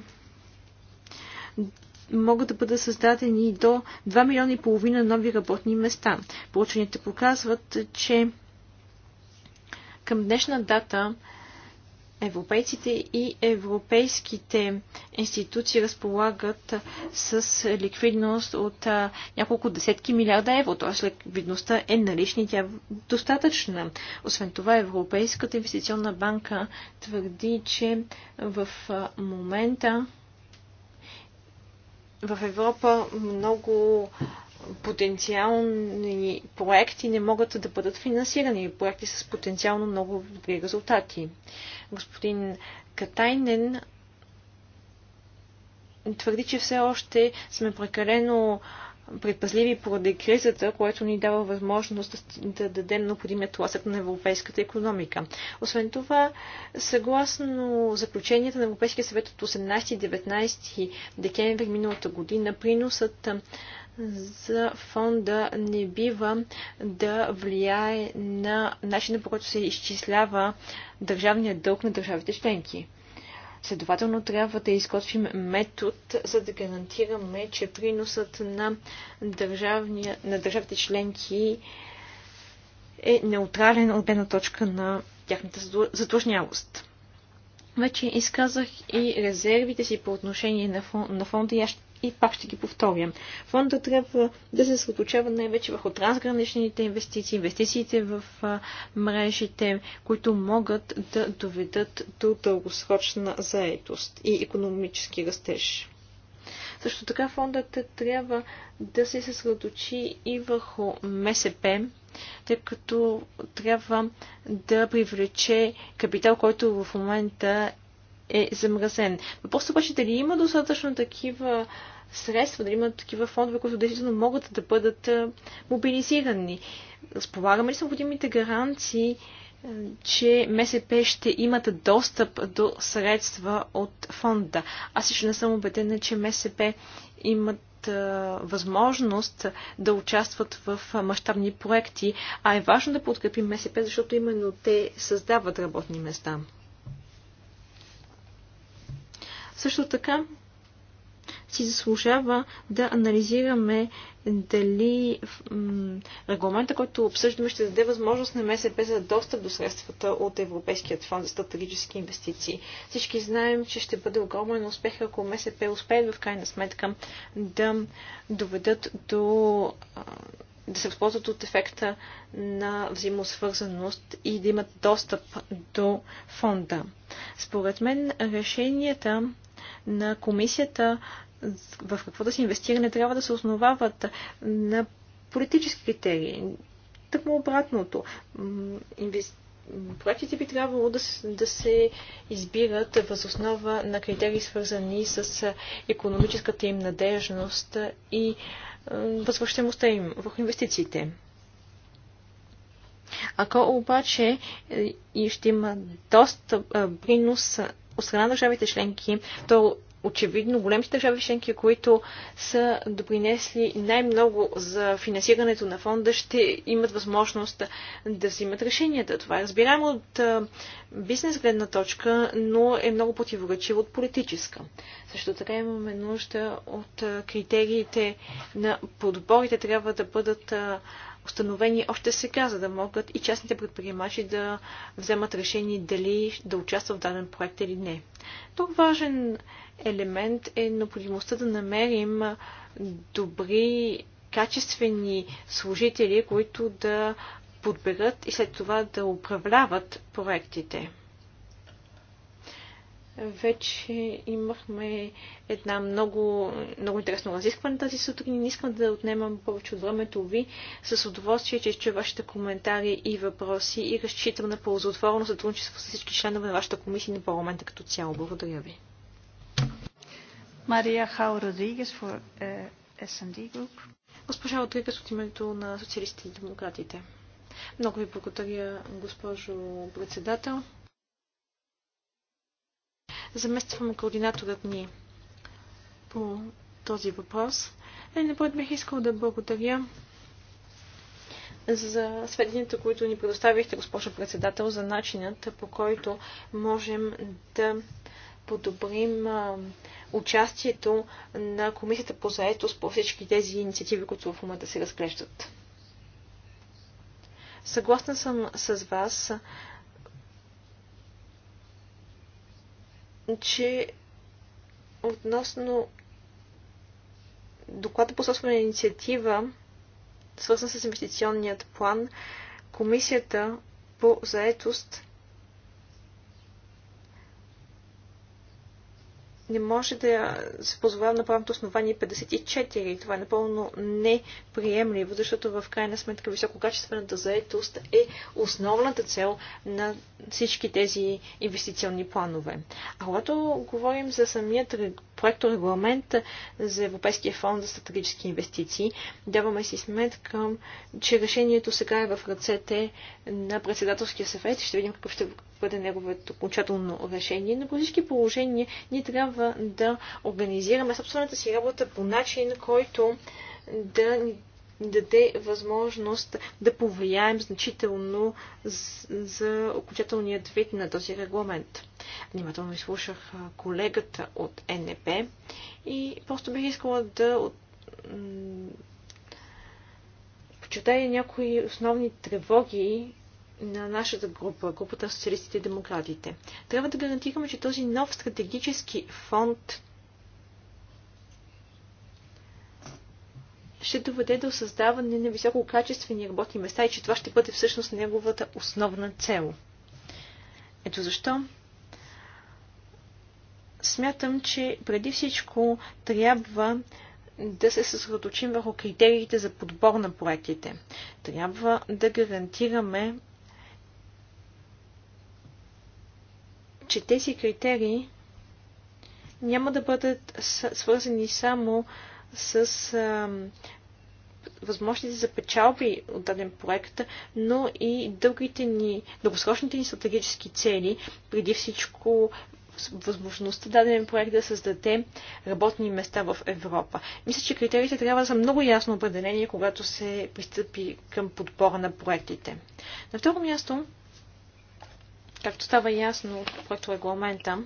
могат да бъдат създадени до 2 милиона и половина нови работни места. Получените показват, че към днешна дата европейците и европейските институции разполагат с ликвидност от няколко десетки милиарда евро. Т.е. ликвидността е налична и тя е достатъчна. Освен това, Европейската инвестиционна банка твърди, че в момента в Европа много потенциални проекти не могат да бъдат финансирани. Проекти с потенциално много добри резултати. Господин Катайнен твърди, че все още сме прекалено предпазливи поради кризата, което ни дава възможност да дадем необходимия тласък на европейската економика. Освен това, съгласно заключенията на Европейския съвет от 18-19 декември миналата година, приносът за фонда не бива да влияе на начина по който се изчислява държавният дълг на държавите членки. Следователно трябва да изготвим метод, за да гарантираме, че приносът на, държавния, на държавите членки е неутрален от една точка на тяхната задлъжнявост. Вече изказах и резервите си по отношение на, на фонда и аз ще и пак ще ги повторям. Фонда трябва да се съсредоточава най-вече върху трансграничните инвестиции, инвестициите в мрежите, които могат да доведат до дългосрочна заетост и економически растеж. Също така фондът трябва да се съсредоточи и върху МСП, тъй като трябва да привлече капитал, който в момента е замразен. Въпросът обаче е дали има достатъчно такива средства, да има такива фондове, които действително могат да бъдат мобилизирани. Разполагаме ли с необходимите гаранции, че МСП ще имат достъп до средства от фонда? Аз ще не съм убедена, че МСП имат възможност да участват в мащабни проекти, а е важно да подкрепим МСП, защото именно те създават работни места. Също така, си заслужава да анализираме дали регламента, който обсъждаме, ще даде възможност на МСП за достъп до средствата от Европейският фонд за стратегически инвестиции. Всички знаем, че ще бъде огромен успех, ако МСП успеят в крайна сметка да доведат до да се възползват от ефекта на взаимосвързаност и да имат достъп до фонда. Според мен решенията на комисията в какво да се инвестира не трябва да се основават на политически критерии. Тъкмо обратното. Проектите би трябвало да, да се избират въз основа на критерии, свързани с економическата им надежност и възвръщаемостта им върху инвестициите. Ако обаче е, и ще има доста принос от страна на държавите членки, то очевидно големите държави членки, които са допринесли най-много за финансирането на фонда, ще имат възможност да взимат решенията. Това е разбираем от бизнес гледна точка, но е много противоречиво от политическа. Също така имаме нужда от критериите на подборите трябва да бъдат установени още сега, за да могат и частните предприемачи да вземат решение дали да участват в даден проект или не. Друг важен елемент е необходимостта да намерим добри, качествени служители, които да подберат и след това да управляват проектите вече имахме една много, много интересно разискване тази сутрин. Не искам да отнемам повече от времето ви. С удоволствие, че чуя вашите коментари и въпроси и разчитам на ползотворно сътрудничество с всички членове на вашата комисия на парламента като цяло. Благодаря ви. Мария Хао Родригес for uh, е, S&D Group. Госпожа Родригес от името на социалистите и демократите. Много ви благодаря, госпожо председател замествам координаторът ни по този въпрос. Е, напред бих искал да благодаря за сведенията, които ни предоставихте, госпожо председател, за начинът по който можем да подобрим участието на Комисията по заетост по всички тези инициативи, които в момента се разглеждат. Съгласна съм с вас че относно доклада по собствена инициатива, свързан с инвестиционният план, комисията по заетост не може да се позовава на правното основание 54. Това е напълно неприемливо, защото в крайна сметка висококачествената заетост е основната цел на всички тези инвестиционни планове. А когато говорим за самият проект регламент за Европейския фонд за стратегически инвестиции, даваме си сметка, че решението сега е в ръцете на председателския съвет. и Ще видим какъв ще бъде неговото окончателно решение, но по всички положения ние трябва да организираме собствената си работа по начин, който да ни даде възможност да повлияем значително за окончателният вид на този регламент. Внимателно изслушах колегата от НП и просто бих искала да почитая някои основни тревоги, на нашата група, групата на социалистите и демократите. Трябва да гарантираме, че този нов стратегически фонд ще доведе до създаване на висококачествени работни места и че това ще бъде всъщност неговата основна цел. Ето защо смятам, че преди всичко трябва да се съсредоточим върху критериите за подбор на проектите. Трябва да гарантираме че тези критерии няма да бъдат свързани само с възможности за печалби от даден проект, но и дългите ни, дългосрочните ни стратегически цели, преди всичко възможността даден проект да създаде работни места в Европа. Мисля, че критериите трябва да са много ясно определени, когато се пристъпи към подбора на проектите. На второ място, както става ясно от проекто регламента,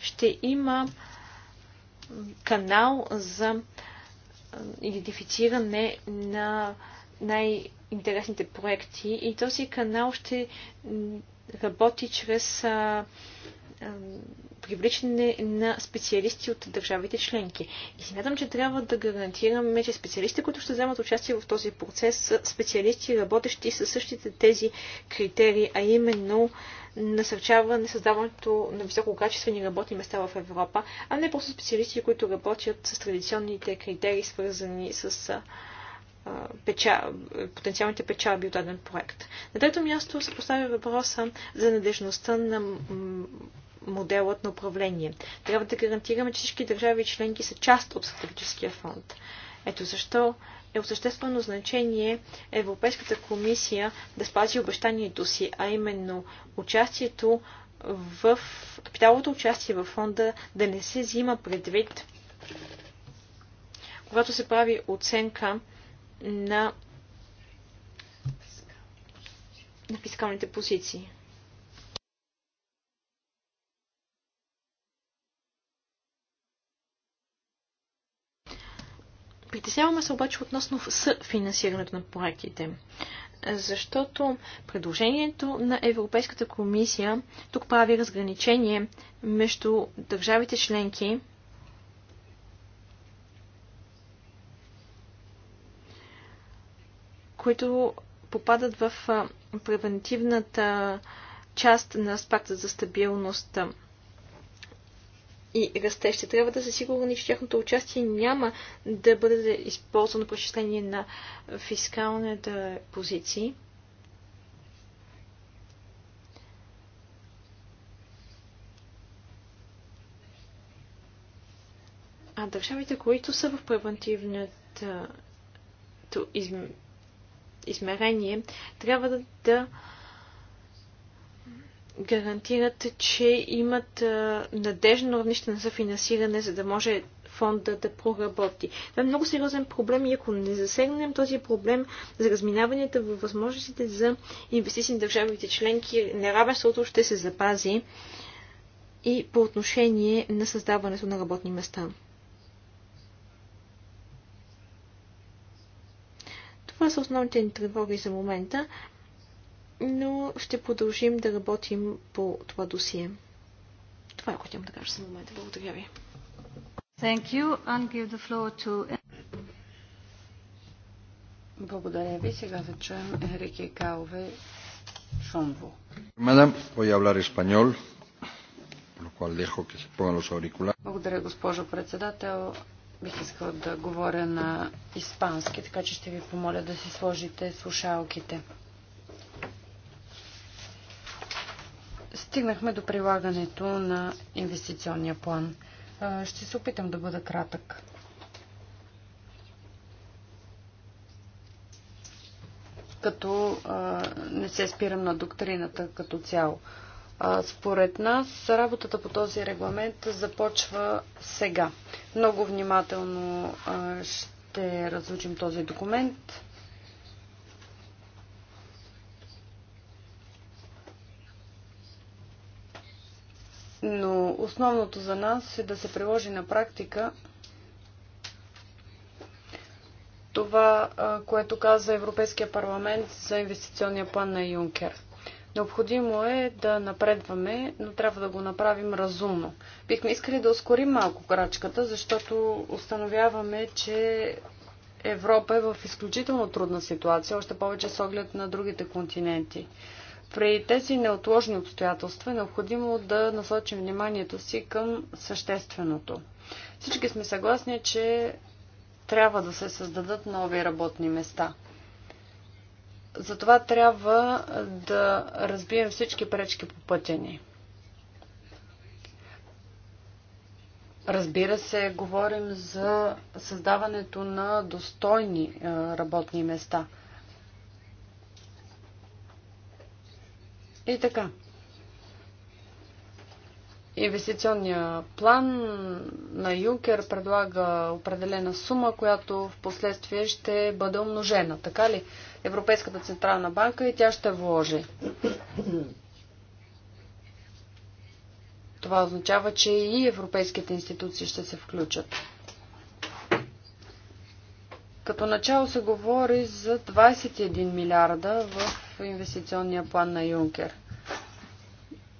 ще има канал за идентифициране на най-интересните проекти и този канал ще работи чрез а, а, привличане на специалисти от държавите членки. И смятам, че трябва да гарантираме, че специалистите, които ще вземат участие в този процес, са специалисти, работещи със същите тези критерии, а именно насърчаване създаването на висококачествени работни места в Европа, а не просто специалисти, които работят с традиционните критерии, свързани с печа, потенциалните печалби от даден проект. На трето място се поставя въпроса за надежността на моделът на управление. Трябва да гарантираме, че всички държави и членки са част от стратегическия фонд. Ето защо е от съществено значение Европейската комисия да спази обещанието си, а именно участието в капиталното участие в фонда да не се взима предвид, когато се прави оценка на, на фискалните позиции. Притесняваме се обаче относно с финансирането на проектите, защото предложението на Европейската комисия тук прави разграничение между държавите членки, които попадат в превентивната част на спакта за стабилност и расте. Ще трябва да са сигурни, че тяхното участие няма да бъде използвано прочисление на фискалните позиции. А държавите, които са в превентивното измерение, трябва да, да гарантират, че имат надежно равнище на съфинансиране, за да може фонда да проработи. Това е много сериозен проблем и ако не засегнем този проблем за разминаванията във възможностите за инвестиции на държавите членки, неравенството ще се запази и по отношение на създаването на работни места. Това са основните ни тревоги за момента но ще продължим да работим по това досие. Това е което имам да кажа за момента. Благодаря ви. Thank you and give the floor to... Благодаря ви. Сега да чуем Ерике Калве шумво. Мадам, voy a hablar español, Благодаря, госпожо председател. Бих искал да говоря на испански, така че ще ви помоля да си сложите слушалките. стигнахме до прилагането на инвестиционния план. Ще се опитам да бъда кратък. Като не се спирам на доктрината като цяло. Според нас работата по този регламент започва сега. Много внимателно ще разучим този документ Но основното за нас е да се приложи на практика това, което каза Европейския парламент за инвестиционния план на Юнкер. Необходимо е да напредваме, но трябва да го направим разумно. Бихме искали да ускорим малко крачката, защото установяваме, че Европа е в изключително трудна ситуация, още повече с оглед на другите континенти. При тези неотложни обстоятелства е необходимо да насочим вниманието си към същественото. Всички сме съгласни, че трябва да се създадат нови работни места. Затова трябва да разбием всички пречки по пътя ни. Разбира се, говорим за създаването на достойни е, работни места – И така. Инвестиционния план на Юнкер предлага определена сума, която в последствие ще бъде умножена. Така ли? Европейската централна банка и тя ще вложи. Това означава, че и европейските институции ще се включат. Като начало се говори за 21 милиарда в инвестиционния план на Юнкер.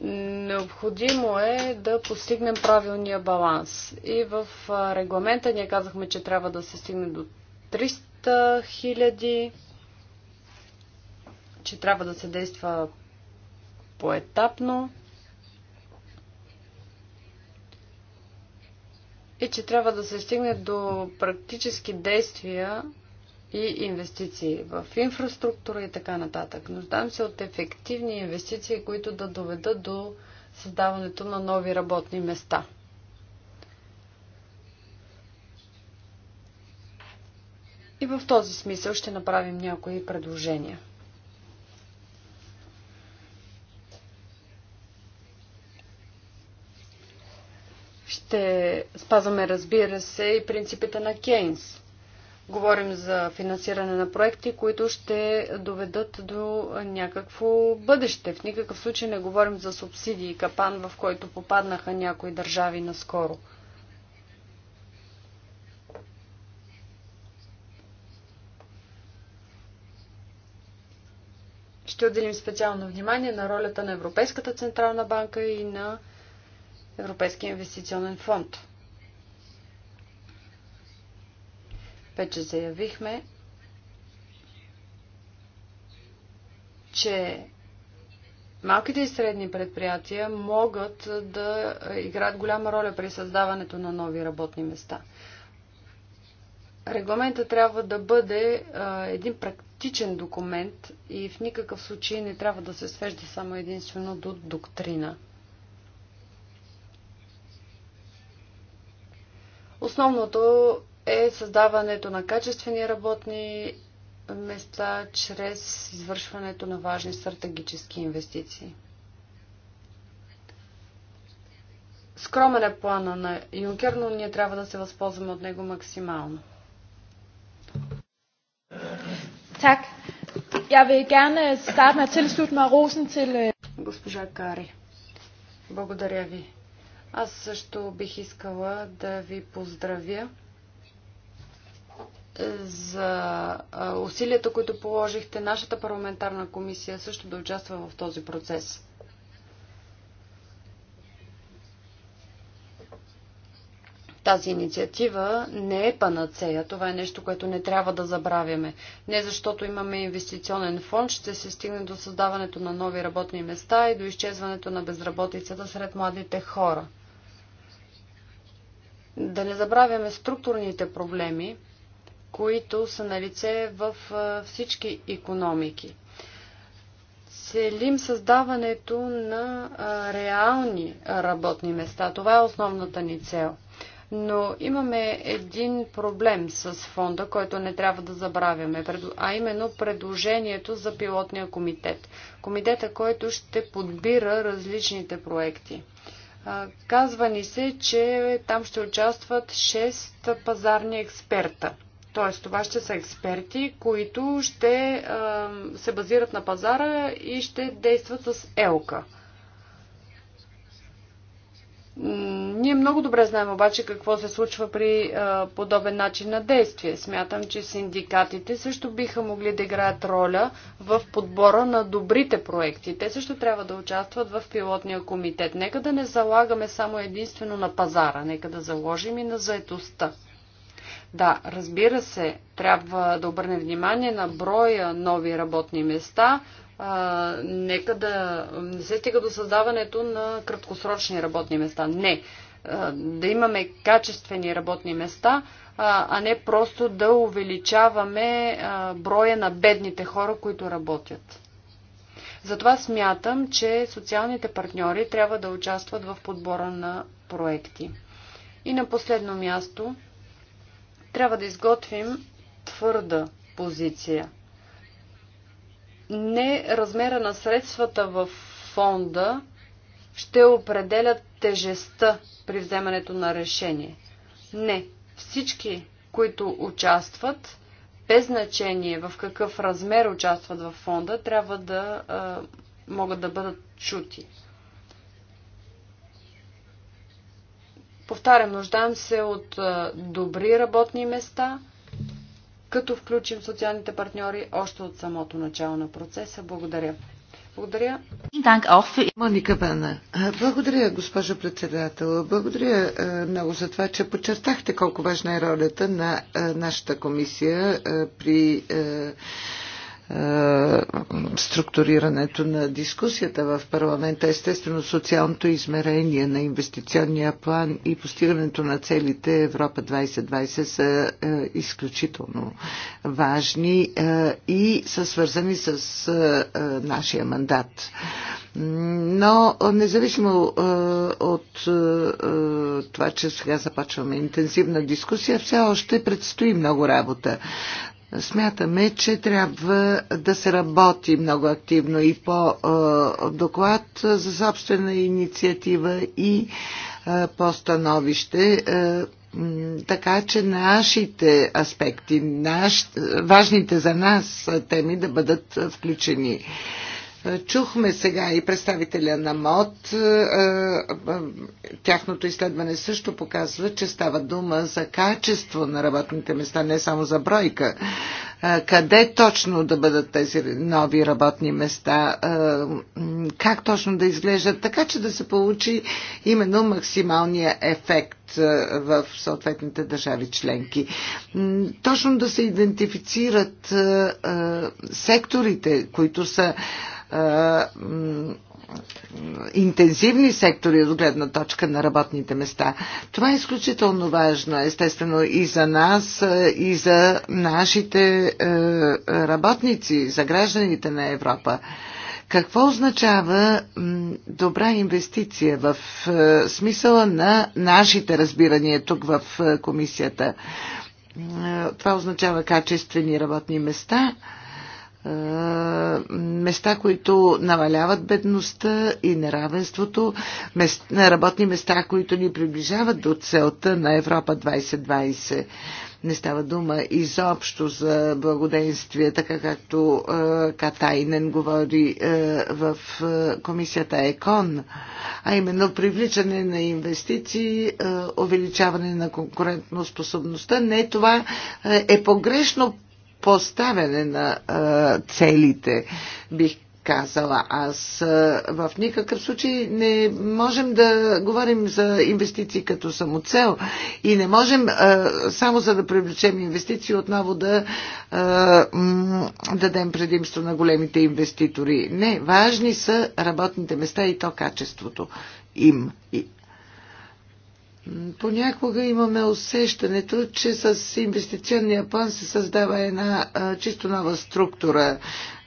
Необходимо е да постигнем правилния баланс. И в регламента ние казахме, че трябва да се стигне до 300 хиляди, че трябва да се действа поетапно и че трябва да се стигне до практически действия и инвестиции в инфраструктура и така нататък. Нуждам се от ефективни инвестиции, които да доведат до създаването на нови работни места. И в този смисъл ще направим някои предложения. Ще спазваме, разбира се, и принципите на Кейнс – Говорим за финансиране на проекти, които ще доведат до някакво бъдеще. В никакъв случай не говорим за субсидии, капан, в който попаднаха някои държави наскоро. ще отделим специално внимание на ролята на Европейската централна банка и на Европейския инвестиционен фонд. Вече заявихме, че малките и средни предприятия могат да играят голяма роля при създаването на нови работни места. Регламента трябва да бъде един практичен документ и в никакъв случай не трябва да се свежда само единствено до доктрина. Основното е създаването на качествени работни места чрез извършването на важни стратегически инвестиции. Скромен е плана на Юнкер, но ние трябва да се възползваме от него максимално. Так. Я vil gerne starte med at tilslutte mig rosen til... Øh, Госпожа Кари, благодаря ви. Аз също бих искала да ви поздравя за усилията, които положихте, нашата парламентарна комисия също да участва в този процес. Тази инициатива не е панацея. Това е нещо, което не трябва да забравяме. Не защото имаме инвестиционен фонд, ще се стигне до създаването на нови работни места и до изчезването на безработицата сред младите хора. Да не забравяме структурните проблеми, които са на лице в всички економики. Целим създаването на реални работни места. Това е основната ни цел. Но имаме един проблем с фонда, който не трябва да забравяме, а именно предложението за пилотния комитет. Комитета, който ще подбира различните проекти. Казва ни се, че там ще участват 6 пазарни експерта – Тоест, това ще са експерти, които ще а, се базират на пазара и ще действат с елка. Ние много добре знаем обаче какво се случва при а, подобен начин на действие. Смятам, че синдикатите също биха могли да играят роля в подбора на добрите проекти. Те също трябва да участват в пилотния комитет. Нека да не залагаме само единствено на пазара, нека да заложим и на заетостта. Да, разбира се, трябва да обърнем внимание на броя нови работни места. А, нека да не се стига до създаването на краткосрочни работни места. Не. А, да имаме качествени работни места, а, а не просто да увеличаваме а, броя на бедните хора, които работят. Затова смятам, че социалните партньори трябва да участват в подбора на проекти. И на последно място трябва да изготвим твърда позиция. Не размера на средствата в фонда ще определят тежестта при вземането на решение. Не. Всички, които участват, без значение в какъв размер участват в фонда, трябва да а, могат да бъдат чути. Повтарям, нуждаем се от добри работни места, като включим социалните партньори още от самото начало на процеса. Благодаря. Благодаря. Моника Бана. Благодаря, госпожо председател. Благодаря много за това, че подчертахте колко важна е ролята на нашата комисия при е, структурирането на дискусията в парламента, естествено социалното измерение на инвестиционния план и постигането на целите Европа 2020 са е, изключително важни е, и са свързани с е, е, нашия мандат. Но независимо е, от е, е това, че сега започваме интензивна дискусия, все още предстои много работа. Смятаме, че трябва да се работи много активно и по доклад за собствена инициатива и по становище, така че нашите аспекти, наш, важните за нас теми да бъдат включени Чухме сега и представителя на МОД. Е, е, тяхното изследване също показва, че става дума за качество на работните места, не само за бройка. Е, къде точно да бъдат тези нови работни места? Как точно да изглеждат? Така, че да се получи именно максималния ефект в съответните държави членки. Точно да се идентифицират секторите, които са интензивни сектори от гледна точка на работните места. Това е изключително важно, естествено, и за нас, и за нашите работници, за гражданите на Европа. Какво означава добра инвестиция в смисъла на нашите разбирания тук в комисията? Това означава качествени работни места – е, места, които наваляват бедността и неравенството, на работни места, които ни приближават до целта на Европа 2020. Не става дума изобщо за благоденствие, така както е, Катайнен говори е, в е, комисията ЕКОН, а именно привличане на инвестиции, е, увеличаване на конкурентно способността. Не, това е, е погрешно поставяне на целите, бих казала аз. В никакъв случай не можем да говорим за инвестиции като самоцел и не можем само за да привлечем инвестиции отново да дадем предимство на големите инвеститори. Не, важни са работните места и то качеството им. И Понякога имаме усещането, че с инвестиционния план се създава една а, чисто нова структура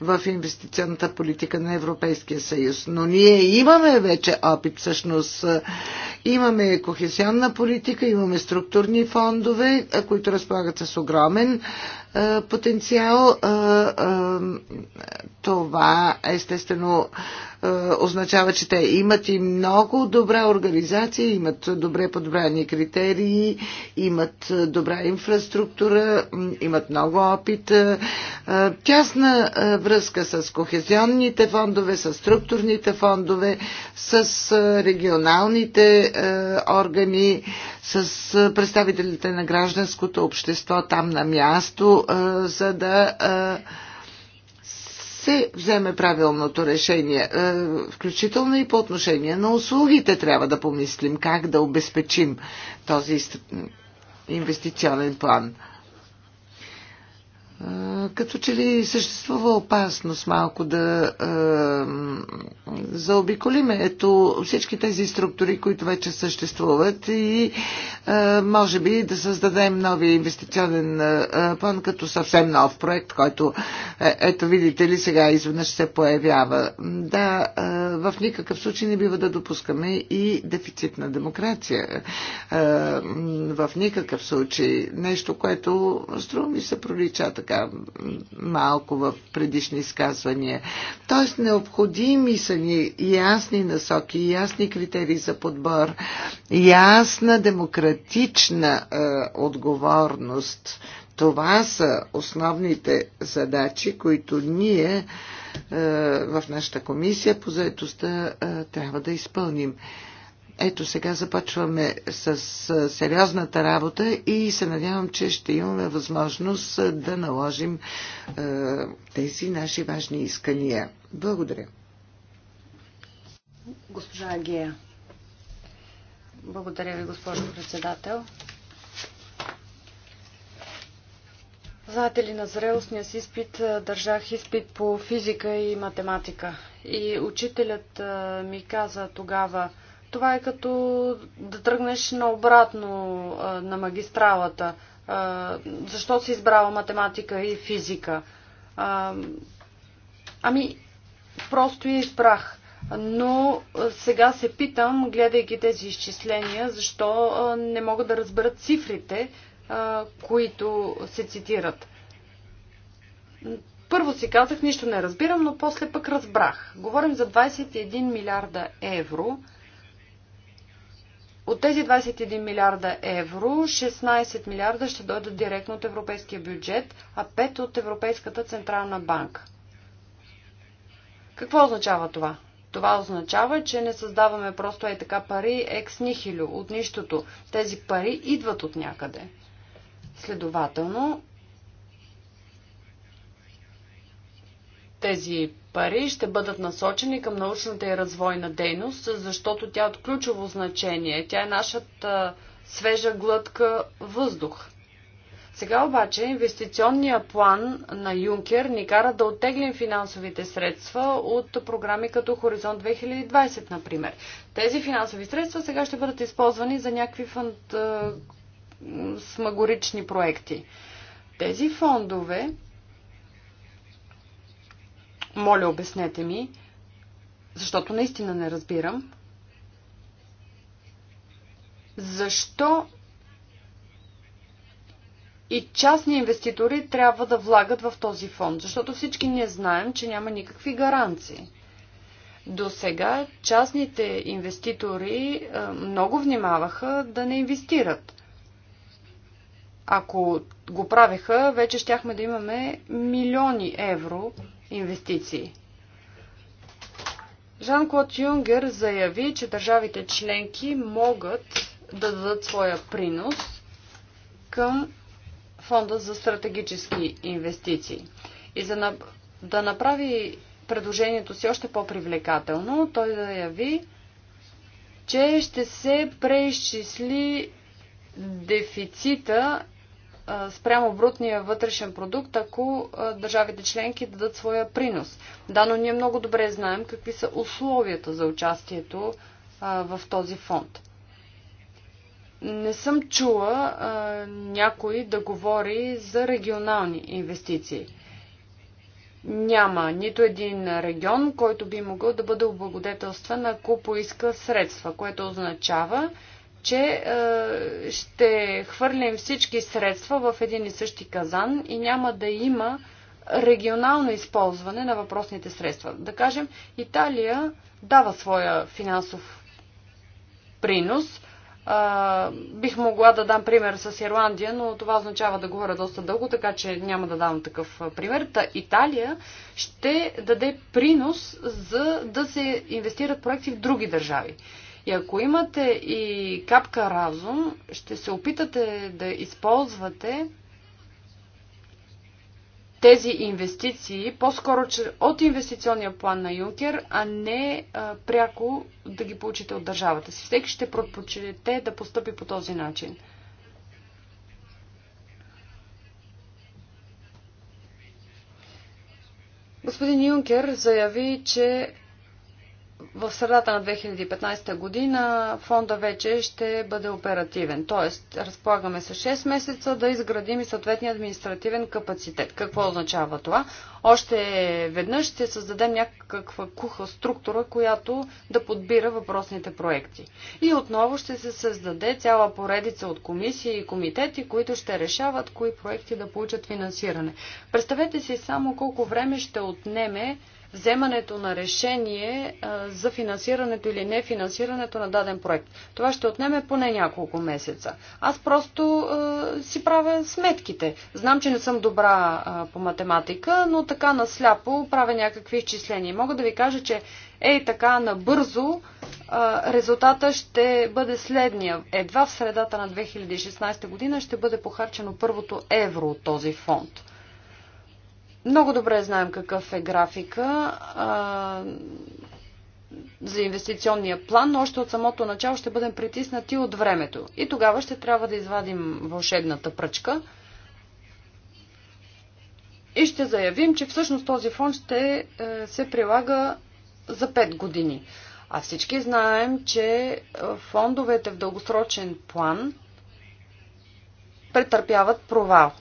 в инвестиционната политика на Европейския съюз. Но ние имаме вече опит всъщност. Имаме кохесионна политика, имаме структурни фондове, които разполагат с огромен а, потенциал. А, а, това естествено е, означава, че те имат и много добра организация, имат добре подбрани критерии, имат е, добра инфраструктура, имат много опит, е, тясна връзка с кохезионните фондове, с структурните фондове, с регионалните органи, с представителите на гражданското общество там на място, за да се вземе правилното решение. Е, включително и по отношение на услугите трябва да помислим как да обезпечим този инвестиционен план. Е, като че ли съществува опасност малко да е, заобиколиме ето всички тези структури, които вече съществуват и е, може би да създадем новия инвестиционен е, е, план като съвсем нов проект, който ето видите ли сега изведнъж се появява. Да, в никакъв случай не бива да допускаме и дефицит на демокрация. Е, в никакъв случай. Нещо, което струва ми се пролича така малко в предишни изказвания. Тоест, необходими са ни ясни насоки, ясни критерии за подбор, ясна демократична е, отговорност. Това са основните задачи, които ние е, в нашата комисия по заедостта е, трябва да изпълним. Ето сега започваме с е, сериозната работа и се надявам, че ще имаме възможност да наложим тези наши важни искания. Благодаря. Госпожа Агия. Благодаря ви, госпожо председател. Знаете ли, на зрелостния си изпит държах изпит по физика и математика. И учителят ми каза тогава, това е като да тръгнеш наобратно на магистралата. Защо си избрала математика и физика? Ами, просто я избрах. Но сега се питам, гледайки тези изчисления, защо не мога да разбера цифрите, които се цитират. Първо си казах, нищо не разбирам, но после пък разбрах. Говорим за 21 милиарда евро. От тези 21 милиарда евро, 16 милиарда ще дойдат директно от европейския бюджет, а 5 от Европейската централна банка. Какво означава това? Това означава, че не създаваме просто ей така пари екс нихилю от нищото. Тези пари идват от някъде. Следователно, тези пари ще бъдат насочени към научната и развойна дейност, защото тя е от ключово значение. Тя е нашата свежа глътка въздух. Сега обаче инвестиционния план на Юнкер ни кара да оттеглим финансовите средства от програми като Хоризонт 2020, например. Тези финансови средства сега ще бъдат използвани за някакви фант смагорични проекти. Тези фондове, моля обяснете ми, защото наистина не разбирам, защо и частни инвеститори трябва да влагат в този фонд, защото всички ние знаем, че няма никакви гаранции. До сега частните инвеститори много внимаваха да не инвестират. Ако го правеха, вече щяхме да имаме милиони евро инвестиции. Жан-Клод Юнгер заяви, че държавите членки могат да дадат своя принос към фонда за стратегически инвестиции. И за да направи предложението си още по-привлекателно, той заяви, че ще се преизчисли дефицита спрямо брутния вътрешен продукт, ако държавите членки дадат своя принос. Да, но ние много добре знаем какви са условията за участието в този фонд. Не съм чула някой да говори за регионални инвестиции. Няма нито един регион, който би могъл да бъде облагодетелстван, ако поиска средства, което означава, че е, ще хвърлим всички средства в един и същи казан и няма да има регионално използване на въпросните средства. Да кажем, Италия дава своя финансов принос. Е, бих могла да дам пример с Ирландия, но това означава да говоря доста дълго, така че няма да дам такъв пример. Та Италия ще даде принос за да се инвестират проекти в други държави. И ако имате и капка разум, ще се опитате да използвате тези инвестиции, по-скоро от инвестиционния план на Юнкер, а не а, пряко да ги получите от държавата си. Всеки ще предпочитате да поступи по този начин. Господин Юнкер заяви, че в средата на 2015 година фонда вече ще бъде оперативен. Тоест, разполагаме с 6 месеца да изградим и съответния административен капацитет. Какво означава това? Още веднъж ще създадем някаква куха структура, която да подбира въпросните проекти. И отново ще се създаде цяла поредица от комисии и комитети, които ще решават кои проекти да получат финансиране. Представете си само колко време ще отнеме вземането на решение за финансирането или не финансирането на даден проект. Това ще отнеме поне няколко месеца. Аз просто си правя сметките. Знам, че не съм добра по математика, но така насляпо правя някакви изчисления. Мога да ви кажа, че ей така набързо резултата ще бъде следния. Едва в средата на 2016 година ще бъде похарчено първото евро от този фонд. Много добре знаем какъв е графика а, за инвестиционния план, но още от самото начало ще бъдем притиснати от времето. И тогава ще трябва да извадим вълшебната пръчка и ще заявим, че всъщност този фонд ще е, се прилага за 5 години. А всички знаем, че е, фондовете в дългосрочен план претърпяват провал.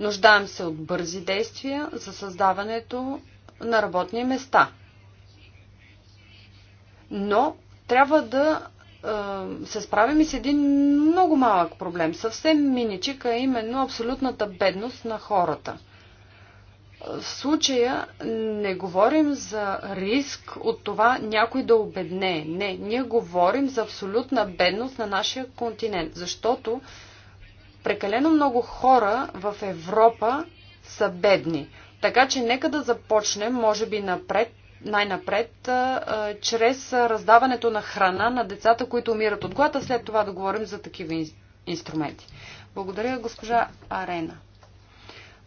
Нуждаем се от бързи действия за създаването на работни места. Но трябва да е, се справим и с един много малък проблем, съвсем миничик, а именно абсолютната бедност на хората. В случая не говорим за риск от това някой да обедне. Не, ние говорим за абсолютна бедност на нашия континент, защото Прекалено много хора в Европа са бедни. Така че нека да започнем, може би напред, най-напред, чрез раздаването на храна на децата, които умират от глад, а след това да говорим за такива инструменти. Благодаря, госпожа Арена.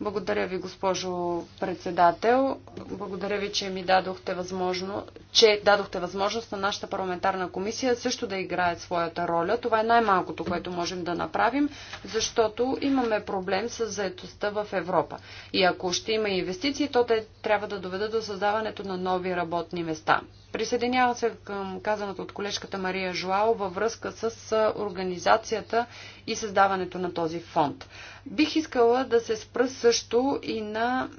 Благодаря ви, госпожо председател. Благодаря ви, че ми дадохте възможно, че дадохте възможност на нашата парламентарна комисия също да играе своята роля. Това е най-малкото, което можем да направим, защото имаме проблем с заетостта в Европа. И ако ще има инвестиции, то те трябва да доведат до създаването на нови работни места. Присъединявам се към казаното от колежката Мария Жуао във връзка с организацията и създаването на този фонд. Бих искала да се спра също и на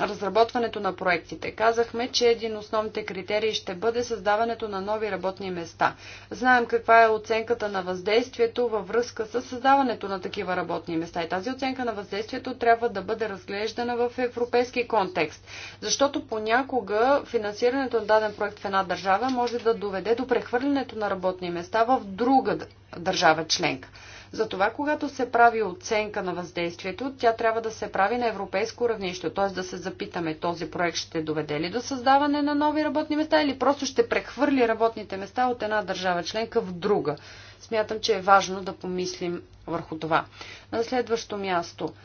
разработването на проектите. Казахме, че един от основните критерии ще бъде създаването на нови работни места. Знаем каква е оценката на въздействието във връзка с създаването на такива работни места. И тази оценка на въздействието трябва да бъде разглеждана в европейски контекст. Защото понякога финансирането даден проект в една държава може да доведе до прехвърлянето на работни места в друга държава членка. Затова, когато се прави оценка на въздействието, тя трябва да се прави на европейско равнище, т.е. да се запитаме този проект ще доведе ли до създаване на нови работни места или просто ще прехвърли работните места от една държава членка в друга. Смятам, че е важно да помислим върху това. На следващо място –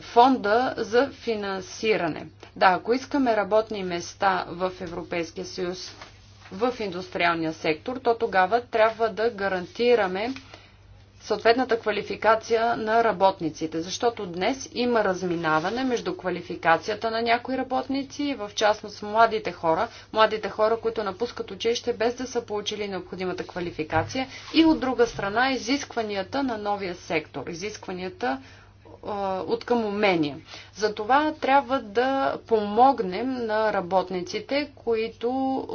фонда за финансиране. Да, ако искаме работни места в Европейския съюз в индустриалния сектор, то тогава трябва да гарантираме съответната квалификация на работниците, защото днес има разминаване между квалификацията на някои работници и в частност младите хора, младите хора, които напускат училище без да са получили необходимата квалификация и от друга страна изискванията на новия сектор, изискванията от към умения. За това трябва да помогнем на работниците, които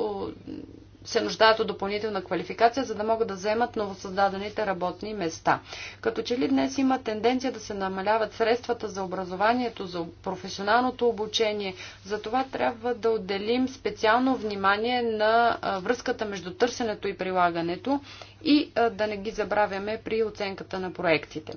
се нуждаят от допълнителна квалификация, за да могат да вземат новосъздадените работни места. Като че ли днес има тенденция да се намаляват средствата за образованието, за професионалното обучение, за това трябва да отделим специално внимание на връзката между търсенето и прилагането и да не ги забравяме при оценката на проектите.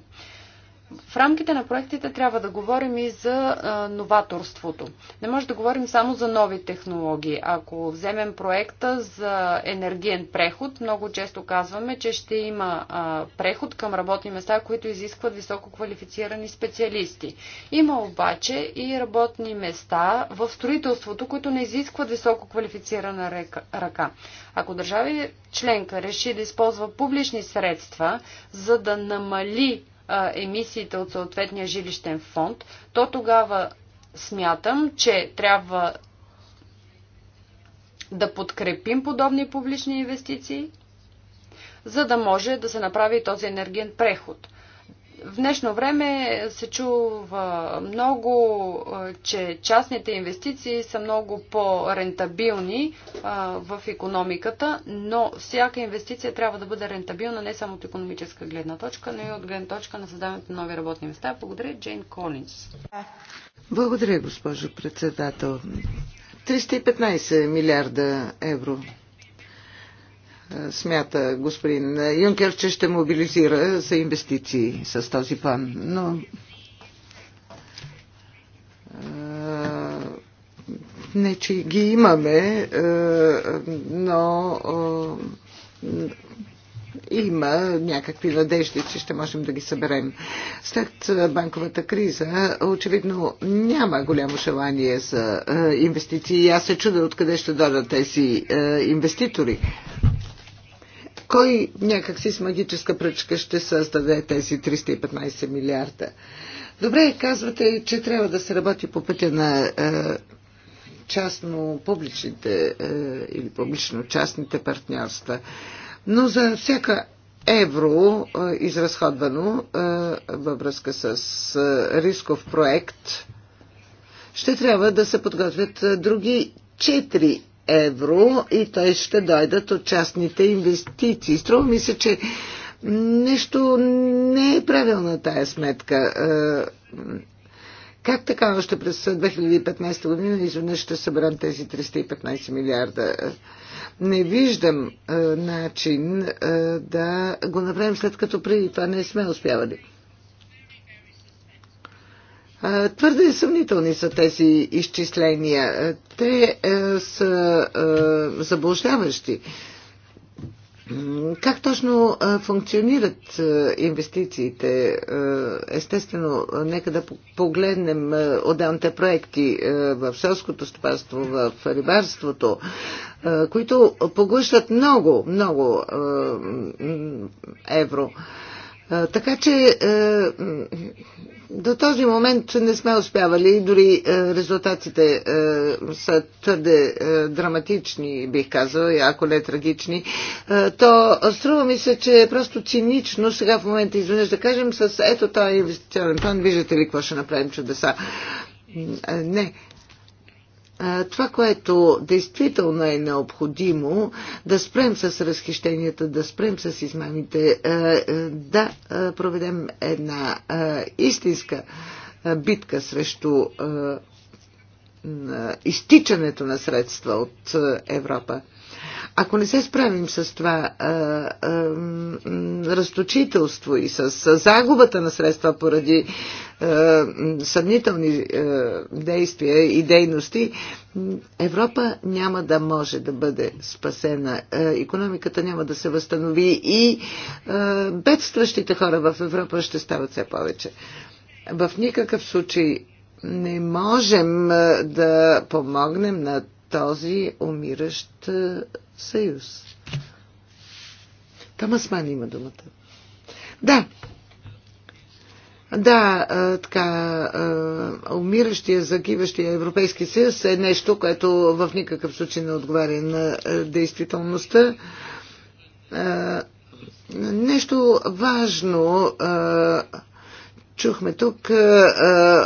В рамките на проектите трябва да говорим и за а, новаторството. Не може да говорим само за нови технологии. Ако вземем проекта за енергиен преход, много често казваме, че ще има а, преход към работни места, които изискват високо квалифицирани специалисти. Има обаче и работни места в строителството, които не изискват високо квалифицирана ръка. Ако държави членка реши да използва публични средства, за да намали емисиите от съответния жилищен фонд, то тогава смятам, че трябва да подкрепим подобни публични инвестиции, за да може да се направи този енергиен преход – в днешно време се чува много, е, че частните инвестиции са много по-рентабилни е, в економиката, но всяка инвестиция трябва да бъде рентабилна не само от економическа гледна точка, но и от гледна точка на създаването на нови работни места. Благодаря, Джейн Колинс. Благодаря, госпожо председател. 315 милиарда евро смята господин Юнкер, че ще мобилизира за инвестиции с този план. Но не, че ги имаме, но има някакви надежди, че ще можем да ги съберем. След банковата криза, очевидно няма голямо желание за инвестиции. Аз се чудя откъде ще дойдат тези инвеститори. Кой някакси с магическа пръчка ще създаде тези 315 милиарда? Добре, казвате, че трябва да се работи по пътя на е, частно-публичните е, или публично-частните партньорства. Но за всяка евро е, изразходвано във връзка с рисков проект, ще трябва да се подготвят други 4 евро и той ще дойдат от частните инвестиции. Струва ми се, че нещо не е правилна тая сметка. Е, как така още през 2015 година изведнъж ще съберем тези 315 милиарда? Не виждам е, начин е, да го направим след като преди това не сме успявали. Твърде съмнителни са тези изчисления. Те е, са е, заблуждаващи. Как точно функционират инвестициите? Естествено, нека да погледнем отделните проекти в селското стопанство, в рибарството, които поглъщат много, много евро. Така че е, до този момент не сме успявали, дори е, резултатите е, са твърде драматични, бих и ако не трагични, то струва ми се, че е просто цинично сега в момента изведнъж да кажем с ето този инвестиционен план, виждате ли какво ще направим чудеса. Не, това, което действително е необходимо, да спрем с разхищенията, да спрем с измамите, е, е, да е, проведем една истинска битка срещу изтичането на средства от Европа. Ако не се справим с това а, а, разточителство и с, с загубата на средства поради а, съмнителни а, действия и дейности, Европа няма да може да бъде спасена. А, економиката няма да се възстанови и а, бедстващите хора в Европа ще стават все повече. В никакъв случай не можем да помогнем на този умиращ е, съюз. Тамасман има думата. Да. Да, а, е, така, а, е, умиращия, загиващия Европейски съюз е нещо, което в никакъв случай не отговаря на а, действителността. А, нещо важно а, чухме тук. А, а,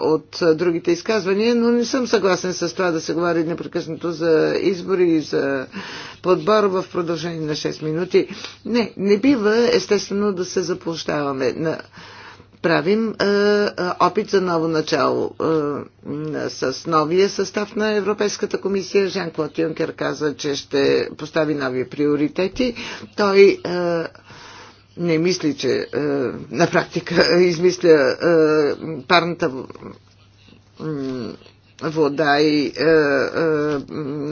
от другите изказвания, но не съм съгласен с това да се говори непрекъснато за избори и за подбор в продължение на 6 минути. Не, не бива естествено да се заплощаваме. правим е, е, опит за ново начало е, с новия състав на Европейската комисия. Жан-Клод Юнкер каза, че ще постави нови приоритети. Той е, не мисли, че е, на практика е, измисля е, парната вода и е,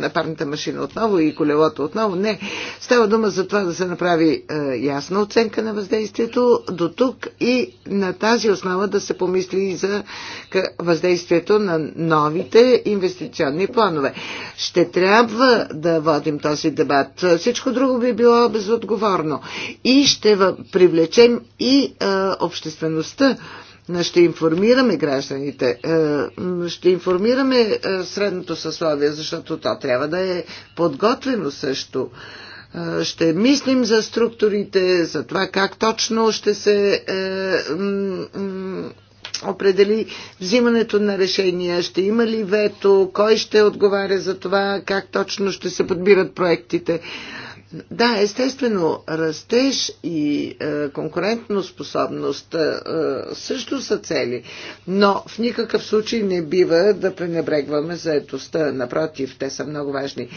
е, парната машина отново и колелото отново. Не. Става дума за това да се направи е, ясна оценка на въздействието до тук и на тази основа да се помисли и за въздействието на новите инвестиционни планове. Ще трябва да водим този дебат. Всичко друго би било безотговорно. И ще привлечем и е, обществеността ще информираме гражданите, е, ще информираме е, средното съсловие, защото то трябва да е подготвено също. Е, ще мислим за структурите, за това как точно ще се определи взимането на решения, ще има ли вето, кой ще отговаря за това, как точно ще се подбират проектите. Да, естествено, растеж и е, конкурентно способност е, е, също са цели, но в никакъв случай не бива да пренебрегваме заедостта. Напротив, те са много важни. Е,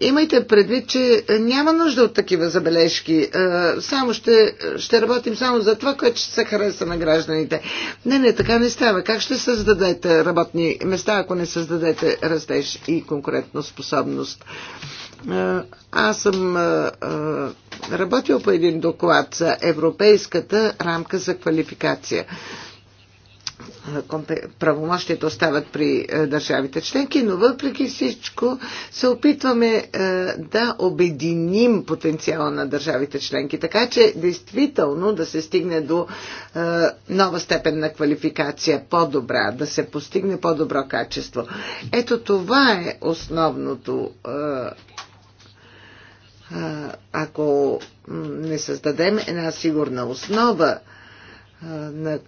имайте предвид, че няма нужда от такива забележки. Е, само ще, ще работим само за това, което ще се хареса на гражданите. Не, не, така не става. Как ще създадете работни места, ако не създадете растеж и конкурентно способност? Е, аз съм е, е, работил по един доклад за Европейската рамка за квалификация. Правомощите остават при държавите членки, но въпреки всичко се опитваме да обединим потенциала на държавите членки, така че действително да се стигне до нова степен на квалификация, по-добра, да се постигне по-добро качество. Ето това е основното ако не създадем една сигурна основа, на,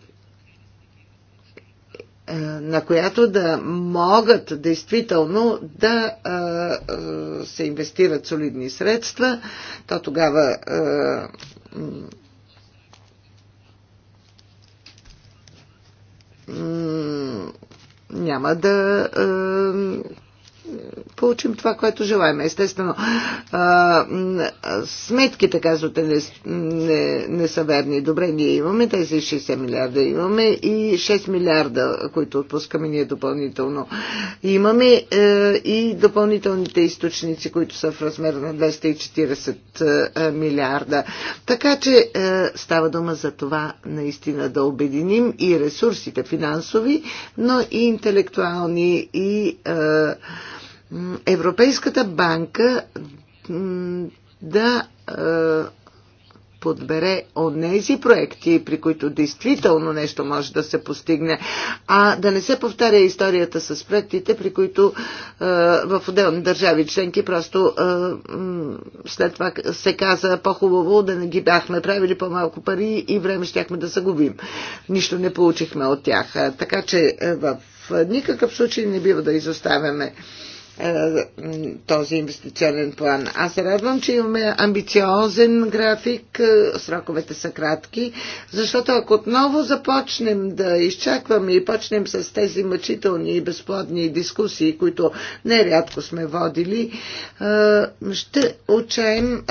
на която да могат действително да се инвестират солидни средства, то тогава няма да получим това, което желаем. Естествено, а, сметките, казвате, не, не, не са верни. Добре, ние имаме тези 60 милиарда, имаме и 6 милиарда, които отпускаме ние допълнително. Имаме а, е, и допълнителните източници, които са в размер на 240 е, милиарда. Така че а, е, става дума за това наистина да обединим и ресурсите финансови, но и интелектуални и а, Европейската банка да е, подбере онези проекти, при които действително нещо може да се постигне, а да не се повтаря историята с проектите, при които е, в отделни държави членки просто е, след това се каза по-хубаво да не ги бяхме правили по-малко пари и време щяхме да загубим. Нищо не получихме от тях. Е, така че е, в никакъв случай не бива да изоставяме е, този инвестиционен план. Аз се радвам, че имаме амбициозен график, е, сроковете са кратки, защото ако отново започнем да изчакваме и почнем с тези мъчителни и безплодни дискусии, които нерядко сме водили, е, ще отчаем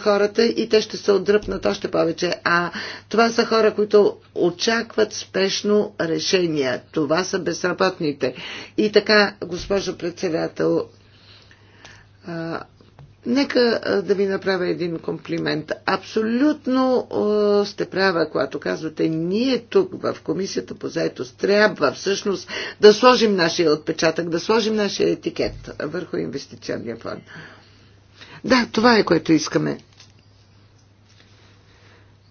хората и те ще се отдръпнат още повече. А това са хора, които очакват спешно решения. Това са безработните. И така, госпожо председател, казал, А, нека да ви направя един комплимент. Абсолютно а, сте права, когато казвате, ние тук в Комисията по заетост трябва всъщност да сложим нашия отпечатък, да сложим нашия етикет върху инвестиционния фонд. Да, това е което искаме.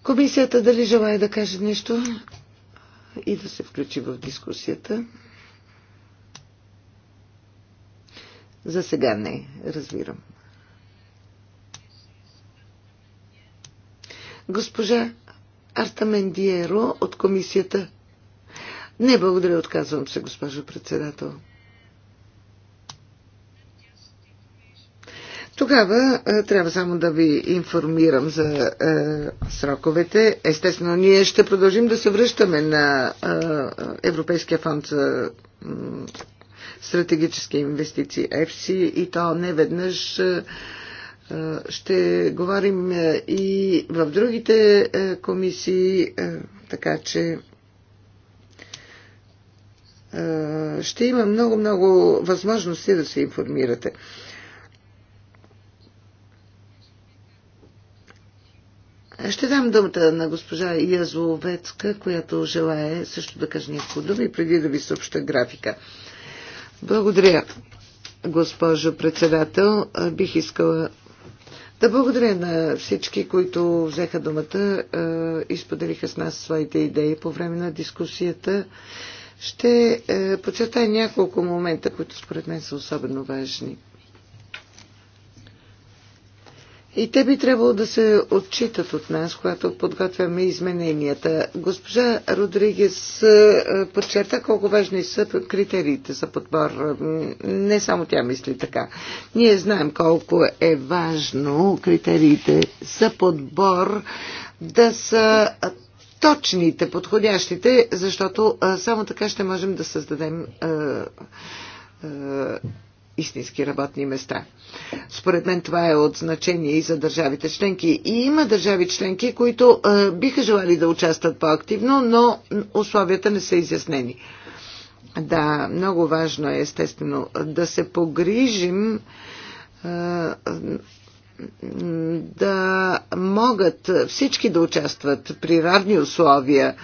Комисията дали желая да каже нещо и да се включи в дискусията? За сега не, разбирам. Госпожа Артамендиеро от комисията. Не, благодаря, отказвам се, госпожо председател. Тогава е, трябва само да ви информирам за е, сроковете. Естествено, ние ще продължим да се връщаме на е, Европейския фонд за стратегически инвестиции ЕФСИ и то не веднъж е, е, ще говорим е, и в другите комисии, така че ще има много-много възможности да се информирате. Ще дам думата на госпожа Язловецка, която желая също да каже няколко думи, преди да ви съобща графика. Благодаря, госпожо председател. Бих искала да благодаря на всички, които взеха думата и споделиха с нас своите идеи по време на дискусията. Ще подчертая няколко момента, които според мен са особено важни. И те би трябвало да се отчитат от нас, когато подготвяме измененията. Госпожа Родригес е, е, подчерта колко важни са критериите за подбор. Не само тя мисли така. Ние знаем колко е важно критериите за подбор да са точните, подходящите, защото е, само така ще можем да създадем истински работни места. Според мен това е от значение и за държавите членки. И има държави членки, които е, биха желали да участват по-активно, но условията не са изяснени. Да, много важно е естествено да се погрижим е, да могат всички да участват при равни условия. Е,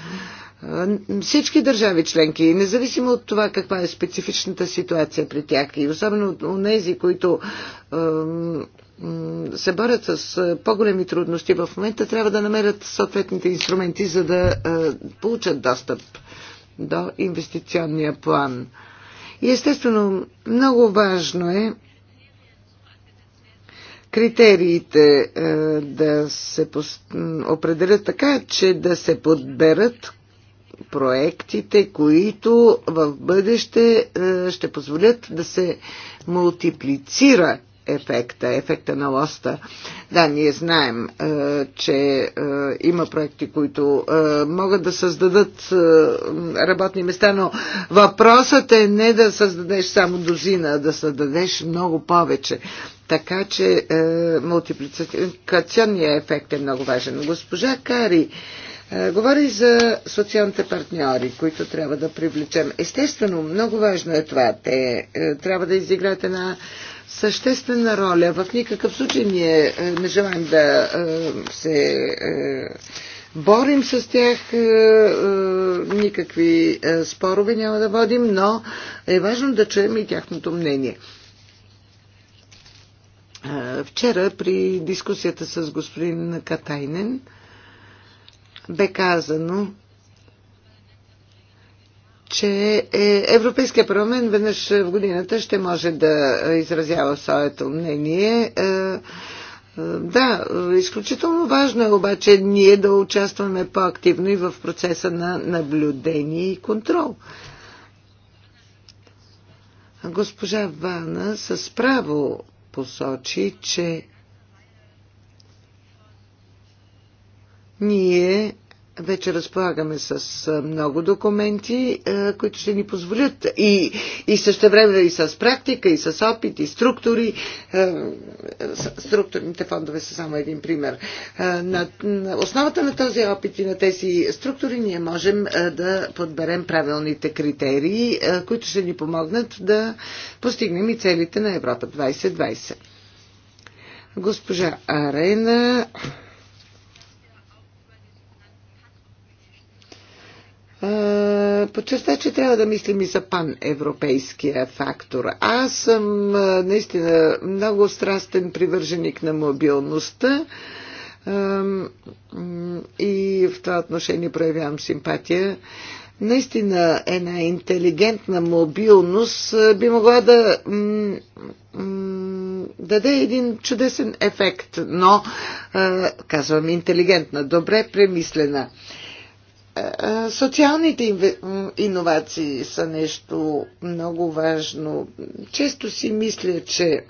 всички държави членки, независимо от това каква е специфичната ситуация при тях и особено от тези, които се борят с по-големи трудности в момента, трябва да намерят съответните инструменти, за да получат достъп до инвестиционния план. И естествено, много важно е критериите да се определят така, че да се подберат проектите, които в бъдеще е, ще позволят да се мултиплицира ефекта, ефекта на лоста. Да, ние знаем, е, че е, има проекти, които могат да създадат работни места, но въпросът е не да създадеш само дозина, а да създадеш много повече. Така че мултипликационният ефект е много важен. Госпожа Кари, е, говори за социалните партньори, които трябва да привлечем. Естествено, много важно е това. Те е, трябва да изиграят една съществена роля. В никакъв случай ние е, не желаем да се борим с тях, никакви спорове няма да водим, но е важно да чуем и тяхното мнение. Вчера при дискусията с господин Катайнен, бе казано, че е, Европейския парламент веднъж в годината ще може да изразява своето мнение. Е, е, да, изключително важно е обаче ние да участваме по-активно и в процеса на наблюдение и контрол. Госпожа Вана с право посочи, че Ние вече разполагаме с много документи, които ще ни позволят и, и също време и с практика, и с опит, и структури. Структурните фондове са само един пример. На основата на този опит и на тези структури ние можем да подберем правилните критерии, които ще ни помогнат да постигнем и целите на Европа 2020. Госпожа Арена. подчерта, че трябва да мислим и за паневропейския фактор. Аз съм наистина много страстен привърженик на мобилността и в това отношение проявявам симпатия. Наистина една интелигентна мобилност би могла да даде един чудесен ефект, но казвам интелигентна, добре премислена. Е, е, социалните иновации са нещо много важно. Често си мисля, че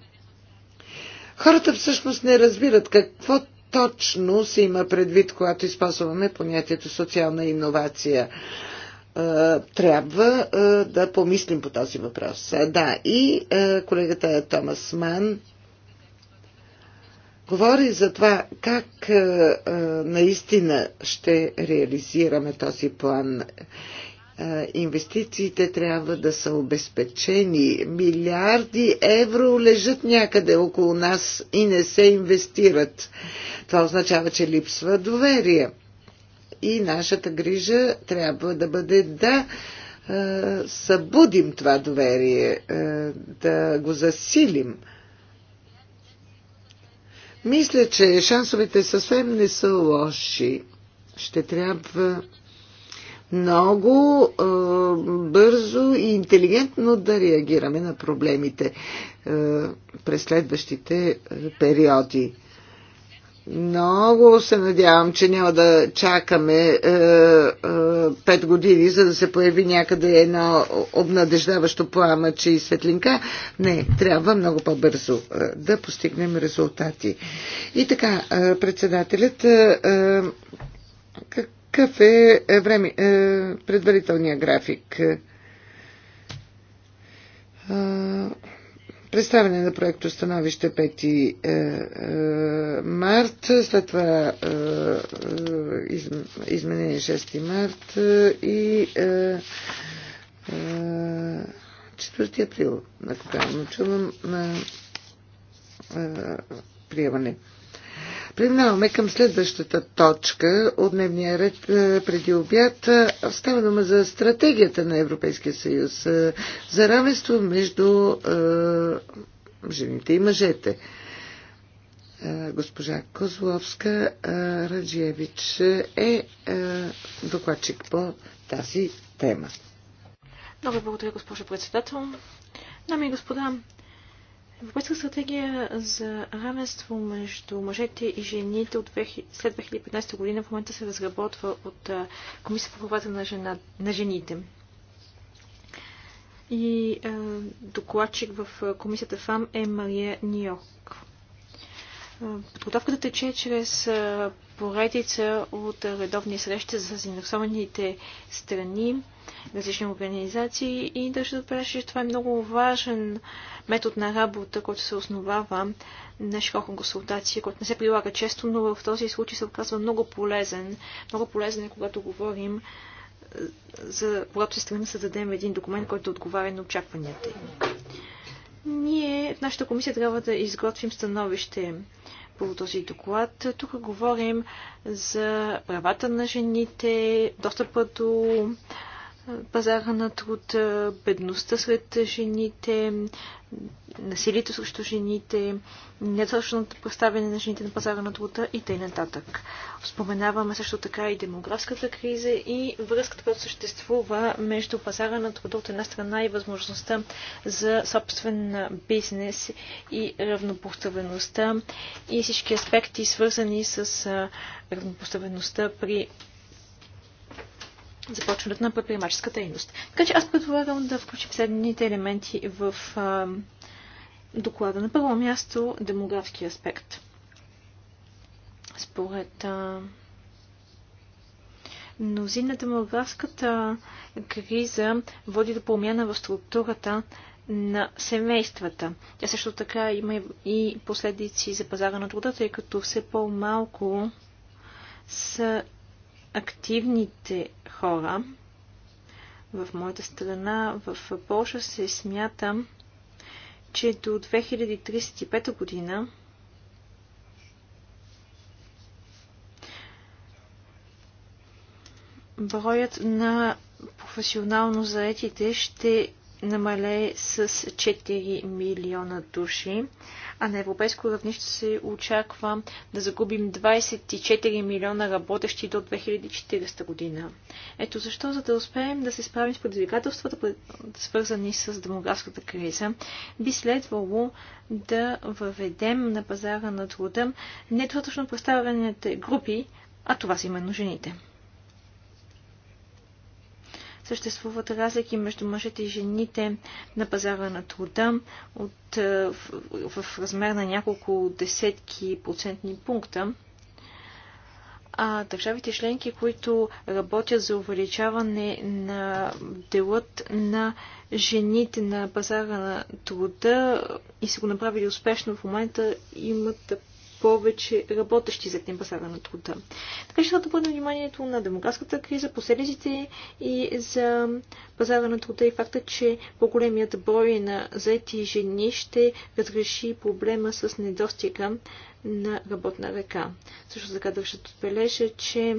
хората всъщност не разбират какво точно се има предвид, когато използваме понятието социална иновация. Е, трябва да помислим по този въпрос. Да, и колегата Томас Ман говори за това как е, е, наистина ще реализираме този план. Е, инвестициите трябва да са обезпечени. Милиарди евро лежат някъде около нас и не се инвестират. Това означава, че липсва доверие. И нашата грижа трябва да бъде да събудим това доверие, да го засилим. Мисля, че шансовете съвсем не са лоши. Ще трябва много е, бързо и интелигентно да реагираме на проблемите е, през следващите периоди. Много се надявам, че няма да чакаме е, е, години, за да се появи някъде едно обнадеждаващо пламъче и светлинка. Не, трябва много по-бързо е, да постигнем резултати. И така, е, председателят, е, е какъв е, е, време, е предварителният график? Е, Представяне на проекто становище 5 е, е, март, след това е, изменение 6 март и 4 април, ако му чувам, на приемане. Преминаваме към следващата точка от дневния ред е, преди обяд. Става дума за стратегията на Европейския съюз е, за равенство между е, жените и мъжете. Госпожа Козловска Раджиевич е докладчик по тази тема. Много благодаря, госпожо председател. Дами и господа, Европейска стратегия за равенство между мъжете и жените от 2000, след 2015 година в момента се разработва от Комисия по правата на, жена, на жените. И е, докладчик в комисията ФАМ е Мария нью Подготовката тече чрез поредица от редовни срещи с заинтересованите страни различни организации и държа да отбележа, че това е много важен метод на работа, който се основава на широка консултация, който не се прилага често, но в този случай се оказва много полезен. Много полезен е, когато говорим е, за, когато се стремим да създадем един документ, който отговаря на очакванията им. Ние в нашата комисия трябва да изготвим становище по този доклад. Тук говорим за правата на жените, достъпа до пазара на труд, бедността сред жените, насилието срещу жените, недостатъчното представяне на жените на пазара на труда и т.н. Споменаваме също така и демографската криза и връзката, която съществува между пазара на труда от една страна и възможността за собствен бизнес и равнопоставеността и всички аспекти, свързани с равнопоставеността при започването на предприемаческа дейност. Така че аз предполагам да включим следните елементи в а, доклада. На първо място демографски аспект. Според а, мнозина демографската криза води до промяна в структурата на семействата. Тя също така има и последици за пазара на труда, тъй като все по-малко са активните хора. В моята страна, в Польша, се смята, че до 2035 година броят на професионално заетите ще намалее с 4 милиона души, а на европейско равнище се очаква да загубим 24 милиона работещи до 2040 година. Ето защо, за да успеем да се справим с предизвикателствата, свързани с демографската криза, би следвало да въведем на пазара на труда недостатъчно представените групи, а това са именно жените съществуват разлики между мъжете и жените на пазара на труда от, е, в, в размер на няколко десетки процентни пункта. А държавите членки, които работят за увеличаване на делът на жените на пазара на труда и са го направили успешно в момента, имат повече работещи за тем пазара на труда. Така ще да бъде вниманието на демографската криза, последиците и за пазара на труда и факта, че по-големият брой на заети жени ще разреши проблема с недостига на работна ръка. Също така държат отбележа, че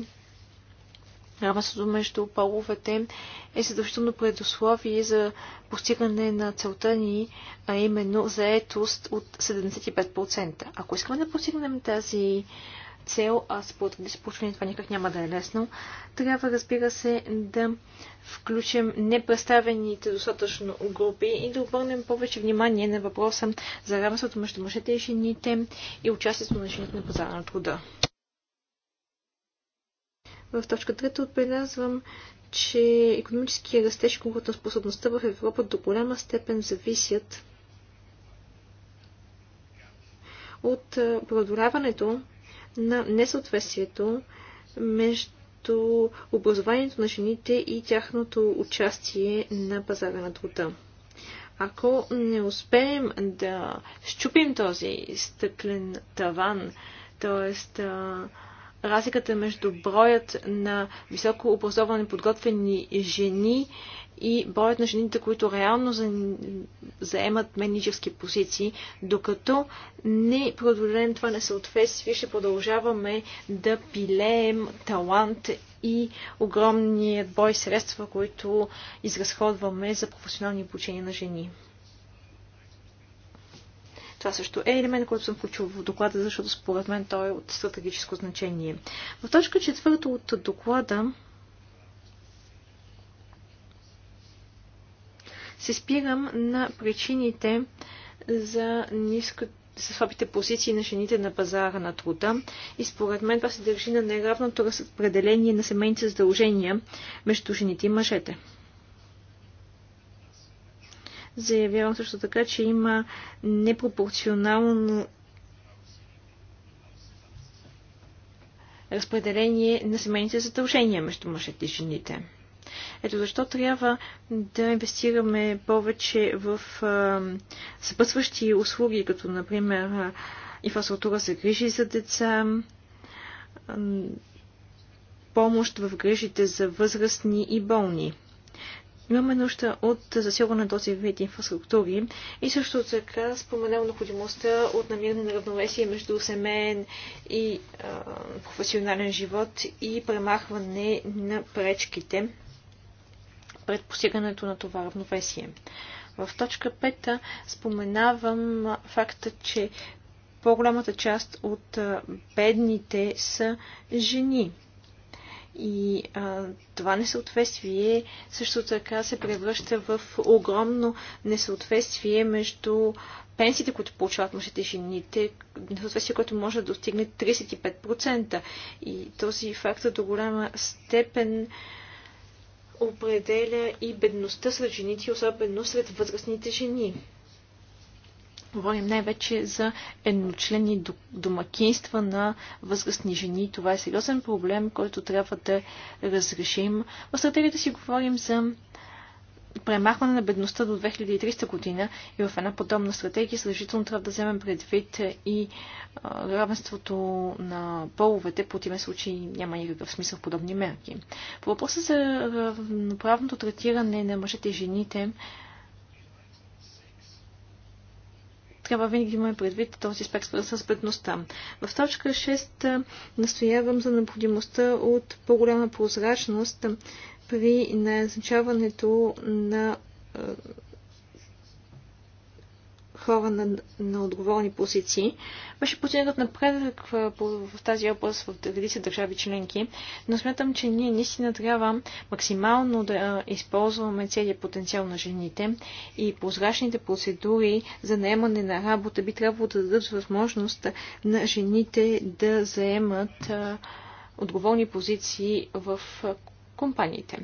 равенството между половете е задължително предусловие за постигане на целта ни, а именно заетост от 75%. Ако искаме да постигнем тази цел, а според дисциплина това никак няма да е лесно, трябва, разбира се, да включим непредставените достатъчно групи и да обърнем повече внимание на въпроса за равенството между мъжете и жените и участието на жените на пазара на труда. В точка 3 отбелязвам, че економическия растеж и конкурентоспособността в Европа до голяма степен зависят от преодоляването на несъответствието между образованието на жените и тяхното участие на пазара на труда. Ако не успеем да щупим този стъклен таван, т.е разликата между броят на високо образовани подготвени жени и броят на жените, които реално заемат менеджерски позиции, докато не продължаваме това несъответствие, ще продължаваме да пилеем талант и огромният брой средства, които изразходваме за професионални обучения на жени. Това също е елемент, който съм включил в доклада, защото според мен той е от стратегическо значение. В точка четвърта от доклада се спирам на причините за ниско с слабите позиции на жените на пазара на труда и според мен това се държи на неравното разпределение на семейните задължения между жените и мъжете. Заявявам също така, че има непропорционално разпределение на семейните задължения между мъжете и жените. Ето защо трябва да инвестираме повече в а, съпътстващи услуги, като например инфраструктура за грижи за деца, помощ в грижите за възрастни и болни. Имаме нужда от засилване на този вид инфраструктури и също така споменал необходимостта от намиране на равновесие между семейен и а, професионален живот и премахване на пречките пред постигането на това равновесие. В точка 5 споменавам факта, че по-голямата част от бедните са жени. И а, това несъответствие също така се превръща в огромно несъответствие между пенсиите, които получават мъжете и жените, несъответствие, което може да достигне 35%. И този факт до голяма степен определя и бедността сред жените, особено сред възрастните жени. Говорим най-вече за едночлени домакинства на възрастни жени. Това е сериозен проблем, който трябва да разрешим. В стратегията си говорим за премахване на бедността до 2300 година и в една подобна стратегия съжително трябва да вземем предвид и равенството на половете, по тиме случай няма никакъв смисъл в подобни мерки. По въпроса за равноправното третиране на мъжете и жените, трябва винаги да имаме предвид този аспект с бедността. В точка 6 настоявам за необходимостта от по-голяма прозрачност при назначаването на хора на, на отговорни позиции. Беше постигнат напредък в, в, в тази област в редица държави членки, но смятам, че ние наистина трябва максимално да използваме целият потенциал на жените и прозрачните процедури за наемане на работа би трябвало да дадат възможност на жените да заемат отговорни позиции в компаниите.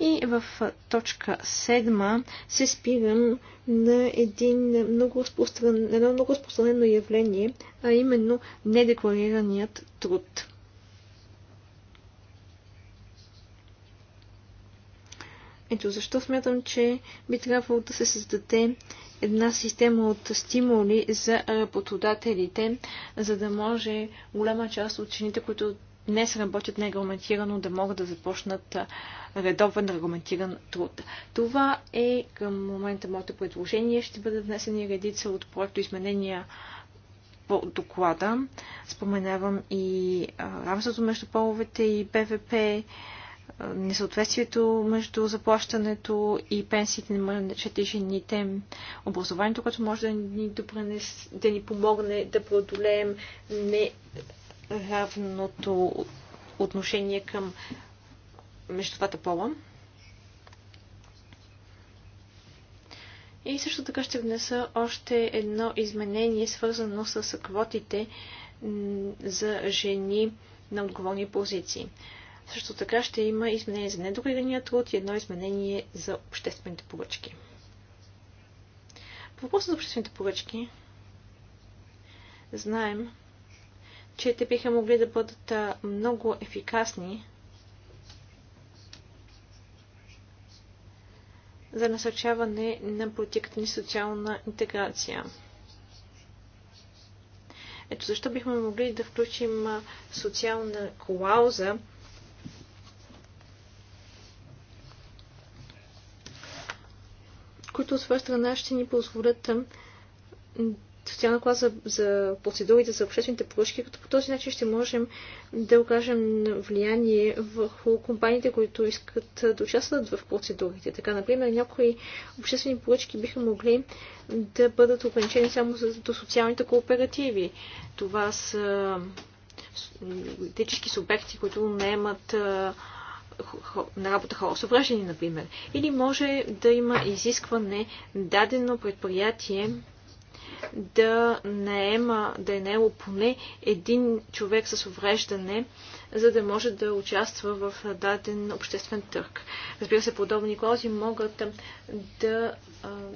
И в точка 7 се спирам на един много едно много разпространено явление, а именно недекларираният труд. Ето защо смятам, че би трябвало да се създаде една система от стимули за работодателите, за да може голяма част от учените, които днес работят нерегламентирано, да могат да започнат редовен регламентиран труд. Това е към момента моето предложение. Ще бъдат внесени редица от проекто изменения по доклада. Споменавам и равенството между половете и БВП, несъответствието между заплащането и пенсиите на мъжете и жените, образованието, което може да ни, допренес, да ни помогне да преодолеем не равното отношение към между двата пола. И също така ще внеса още едно изменение, свързано с квотите за жени на отговорни позиции. Също така ще има изменение за недогледания труд и едно изменение за обществените поръчки. По въпроса за обществените поръчки знаем, че те биха могли да бъдат много ефикасни за насърчаване на политиката ни социална интеграция. Ето защо бихме могли да включим социална клауза които от своя страна ще ни позволят социална класа за процедурите за обществените поръчки, като по този начин ще можем да окажем влияние върху компаниите, които искат да участват в процедурите. Така, например, някои обществени поръчки биха могли да бъдат ограничени само до социалните кооперативи. Това са етически субекти, които наемат на работа хора с увреждани, например. Или може да има изискване дадено предприятие да наема, да е наело поне един човек с увреждане, за да може да участва в даден обществен търг. Разбира се, подобни клаузи могат да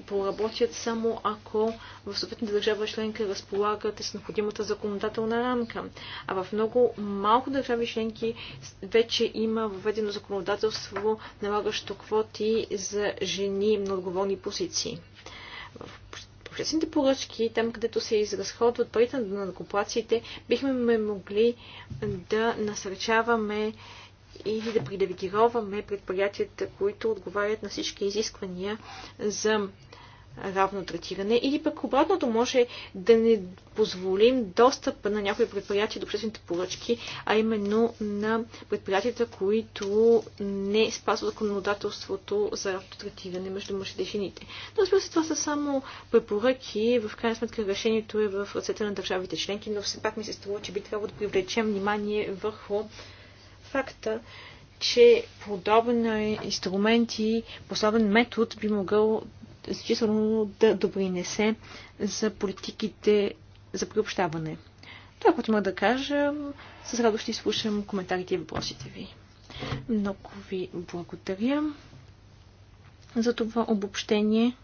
поработят само ако в съответната държава членка разполагат с необходимата законодателна рамка. А в много малко държави членки вече има въведено законодателство, налагащо квоти за жени на отговорни позиции. В обществените поръчки, там където се изразходват парите на накоплаците, бихме могли да насърчаваме или да предавигироваме предприятията, които отговарят на всички изисквания за равно третиране или пък обратното може да не позволим достъп на някои предприятия до обществените поръчки, а именно на предприятията, които не спазват законодателството за равно третиране между мъжете и жените. Но разбира се, това са само препоръки. В крайна сметка решението е в ръцете на държавите членки, но все пак ми се струва, че би трябвало да привлечем внимание върху факта, че подобни инструменти, подобен метод би могъл значително да допринесе за политиките за приобщаване. Това, е което има да кажа, с радост ще изслушам коментарите и въпросите ви. Много ви благодаря за това обобщение.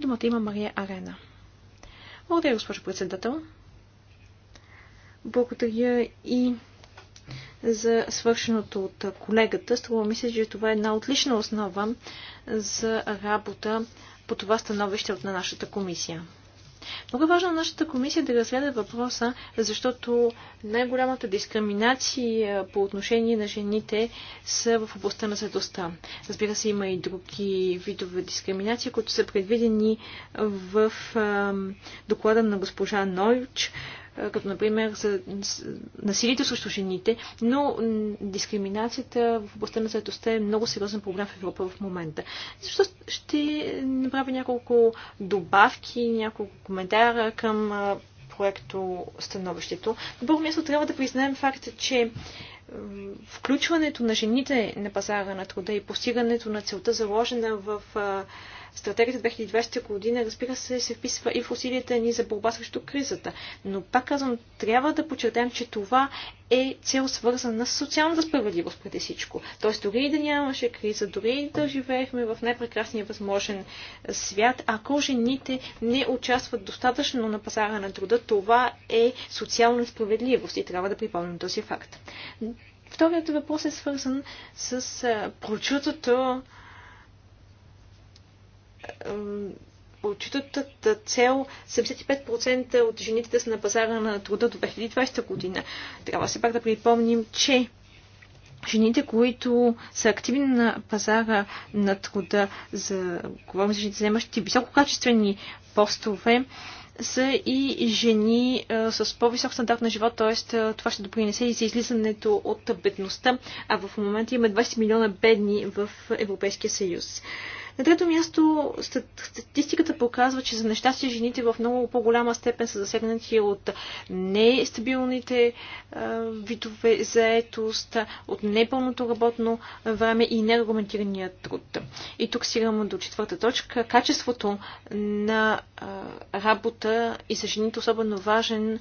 Думата има Мария Арена. Благодаря, госпожо председател. Благодаря и за свършеното от колегата. Струва ми се, че това е една отлична основа за работа по това становище на нашата комисия. Много е важно нашата комисия да разгледа въпроса, защото най-голямата дискриминация по отношение на жените са в областта на заедостта. Разбира се, има и други видове дискриминация, които са предвидени в доклада на госпожа Нойч е, като например за насилието срещу жените, но дискриминацията в областта на заедостта е много сериозен проблем в Европа в момента. Защо ще направя няколко добавки, няколко коментара към проекто становището. На първо място трябва да признаем факта, че включването на жените на пазара на труда и постигането на целта заложена в Стратегията 2020 година, разбира се, се вписва и в усилията ни за борба срещу кризата. Но пак казвам, трябва да подчертаем, че това е цел свързана с социалната справедливост преди всичко. Тоест, дори и да нямаше криза, дори и да живеехме в най-прекрасния възможен свят, ако жените не участват достатъчно на пазара на труда, това е социална справедливост и трябва да припомним този факт. Вторият въпрос е свързан с прочутото отчитат цел 75% от жените да са на пазара на труда до 2020 година. Трябва се пак да припомним, че жените, които са активни на пазара на труда, за, говорим за жените, заемащи висококачествени постове, са и жени а, с по-висок стандарт на живот, т.е. това ще допринесе и за излизането от бедността, а в момента има 20 милиона бедни в Европейския съюз. На трето място, статистиката показва, че за нещастие жените в много по-голяма степен са засегнати от нестабилните видове заетост, от непълното работно време и нерегламентирания труд. И тук стигаме до четвърта точка. Качеството на работа и за жените е особено важен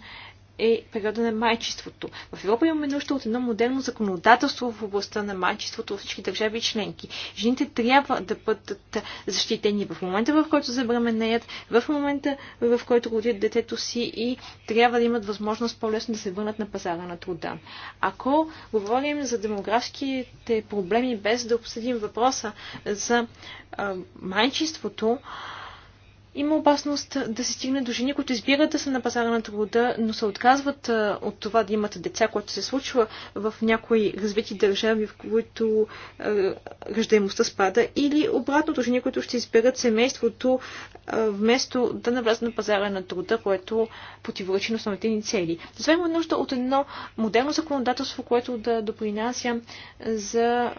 е периода на майчеството. В Европа имаме нужда от едно модерно законодателство в областта на майчеството във всички държави и членки. Жените трябва да бъдат защитени в момента, в който забраменеят, в момента, в който родят детето си и трябва да имат възможност по-лесно да се върнат на пазара на труда. Ако говорим за демографските проблеми без да обсъдим въпроса за майчеството, има опасност да се стигне до жени, които избират да са на пазара на труда, но се отказват от това да имат деца, което се случва в някои развити държави, в които раждаемостта ръждаемостта спада, или обратното жени, които ще изберат семейството вместо да навлязат на пазара на труда, което противоречи на основните ни цели. Затова има нужда от едно модерно законодателство, което да допринася за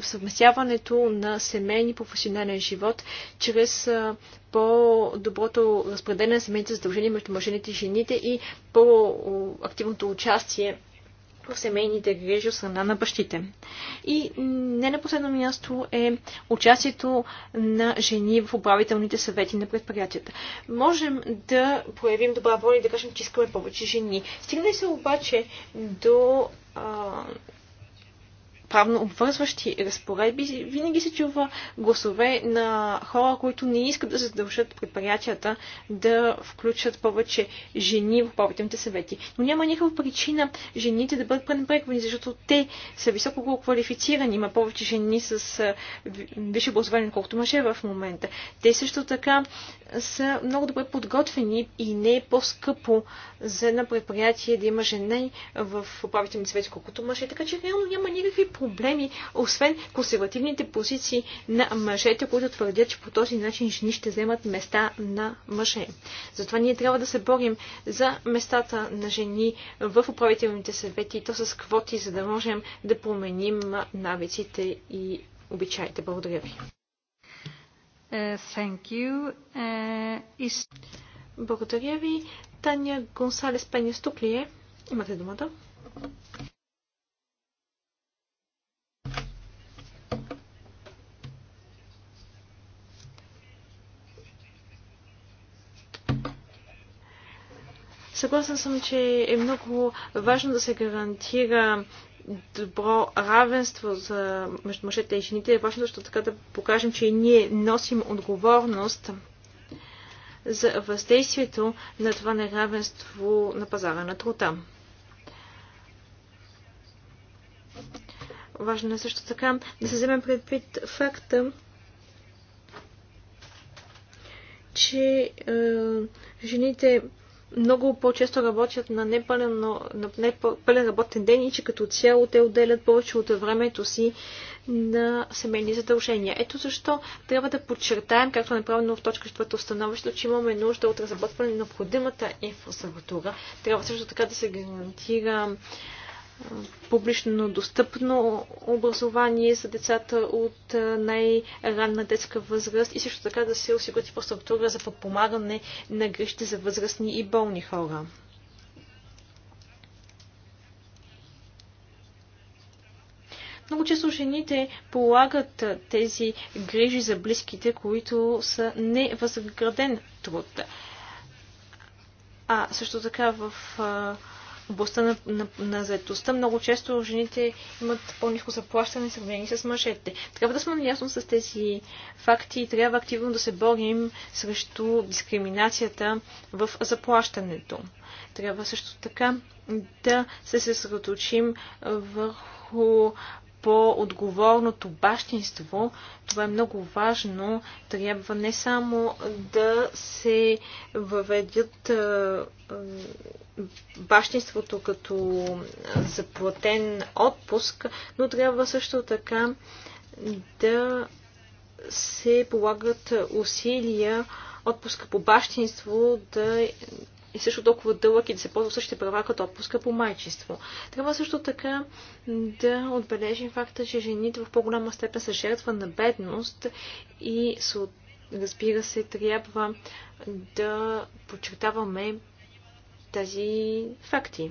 съвместяването на семейни професионален живот чрез по-доброто разпределение на семейните задължения между мъжените и жените и по-активното участие в семейните грижи от страна на бащите. И не на последно място е участието на жени в управителните съвети на предприятията. Можем да проявим добра воля и да кажем, че искаме повече жени. Стигна се обаче до а, правно обвързващи разпоредби, винаги се чува гласове на хора, които не искат да задължат предприятията да включат повече жени в управителните съвети. Но няма никаква причина жените да бъдат пренебрегвани, защото те са високо квалифицирани. Има повече жени с висше образование, колкото мъже в момента. Те също така са много добре подготвени и не е по-скъпо за едно предприятие да има жени в управителните съвети, колкото мъже. Така че реално няма никакви проблеми, освен консервативните позиции на мъжете, които твърдят, че по този начин жени ще вземат места на мъже. Затова ние трябва да се борим за местата на жени в управителните съвети и то с квоти, за да можем да променим навиците и обичаите. Благодаря ви. Uh, thank you. Uh, is... Благодаря ви. Таня Гонсалес Пенис тук ли е? Имате думата. Съгласен съм, че е много важно да се гарантира добро равенство за, между мъжете и жените. Е важно защото така да покажем, че и ние носим отговорност за въздействието на това неравенство на пазара на труда. Важно е също така да се вземем предвид факта, че е, жените много по-често работят на непълен, на непълен работен ден и че като цяло те отделят повече от времето си на семейни задължения. Ето защо трябва да подчертаем, както е направено в точка 4 становище, че имаме нужда от разработване на необходимата инфраструктура. Трябва също така да се гарантира публично достъпно образование за децата от най-ранна детска възраст и също така да се осигурят инфраструктура за подпомагане на грижите за възрастни и болни хора. Много често жените полагат тези грижи за близките, които са невъзграден труд. А също така в областта на, на, на заедостта. Много често жените имат по-низко заплащане в сравнение с мъжете. Трябва да сме наясно с тези факти и трябва активно да се борим срещу дискриминацията в заплащането. Трябва също така да се съсредоточим върху по-отговорното бащинство. Това е много важно. Трябва не само да се въведят бащинството като заплатен отпуск, но трябва също така да се полагат усилия отпуска по бащинство да е също толкова дълъг и да се ползва същите права като отпуска по майчество. Трябва също така да отбележим факта, че жените в по-голяма степен са жертва на бедност и разбира се, трябва да подчертаваме тези факти.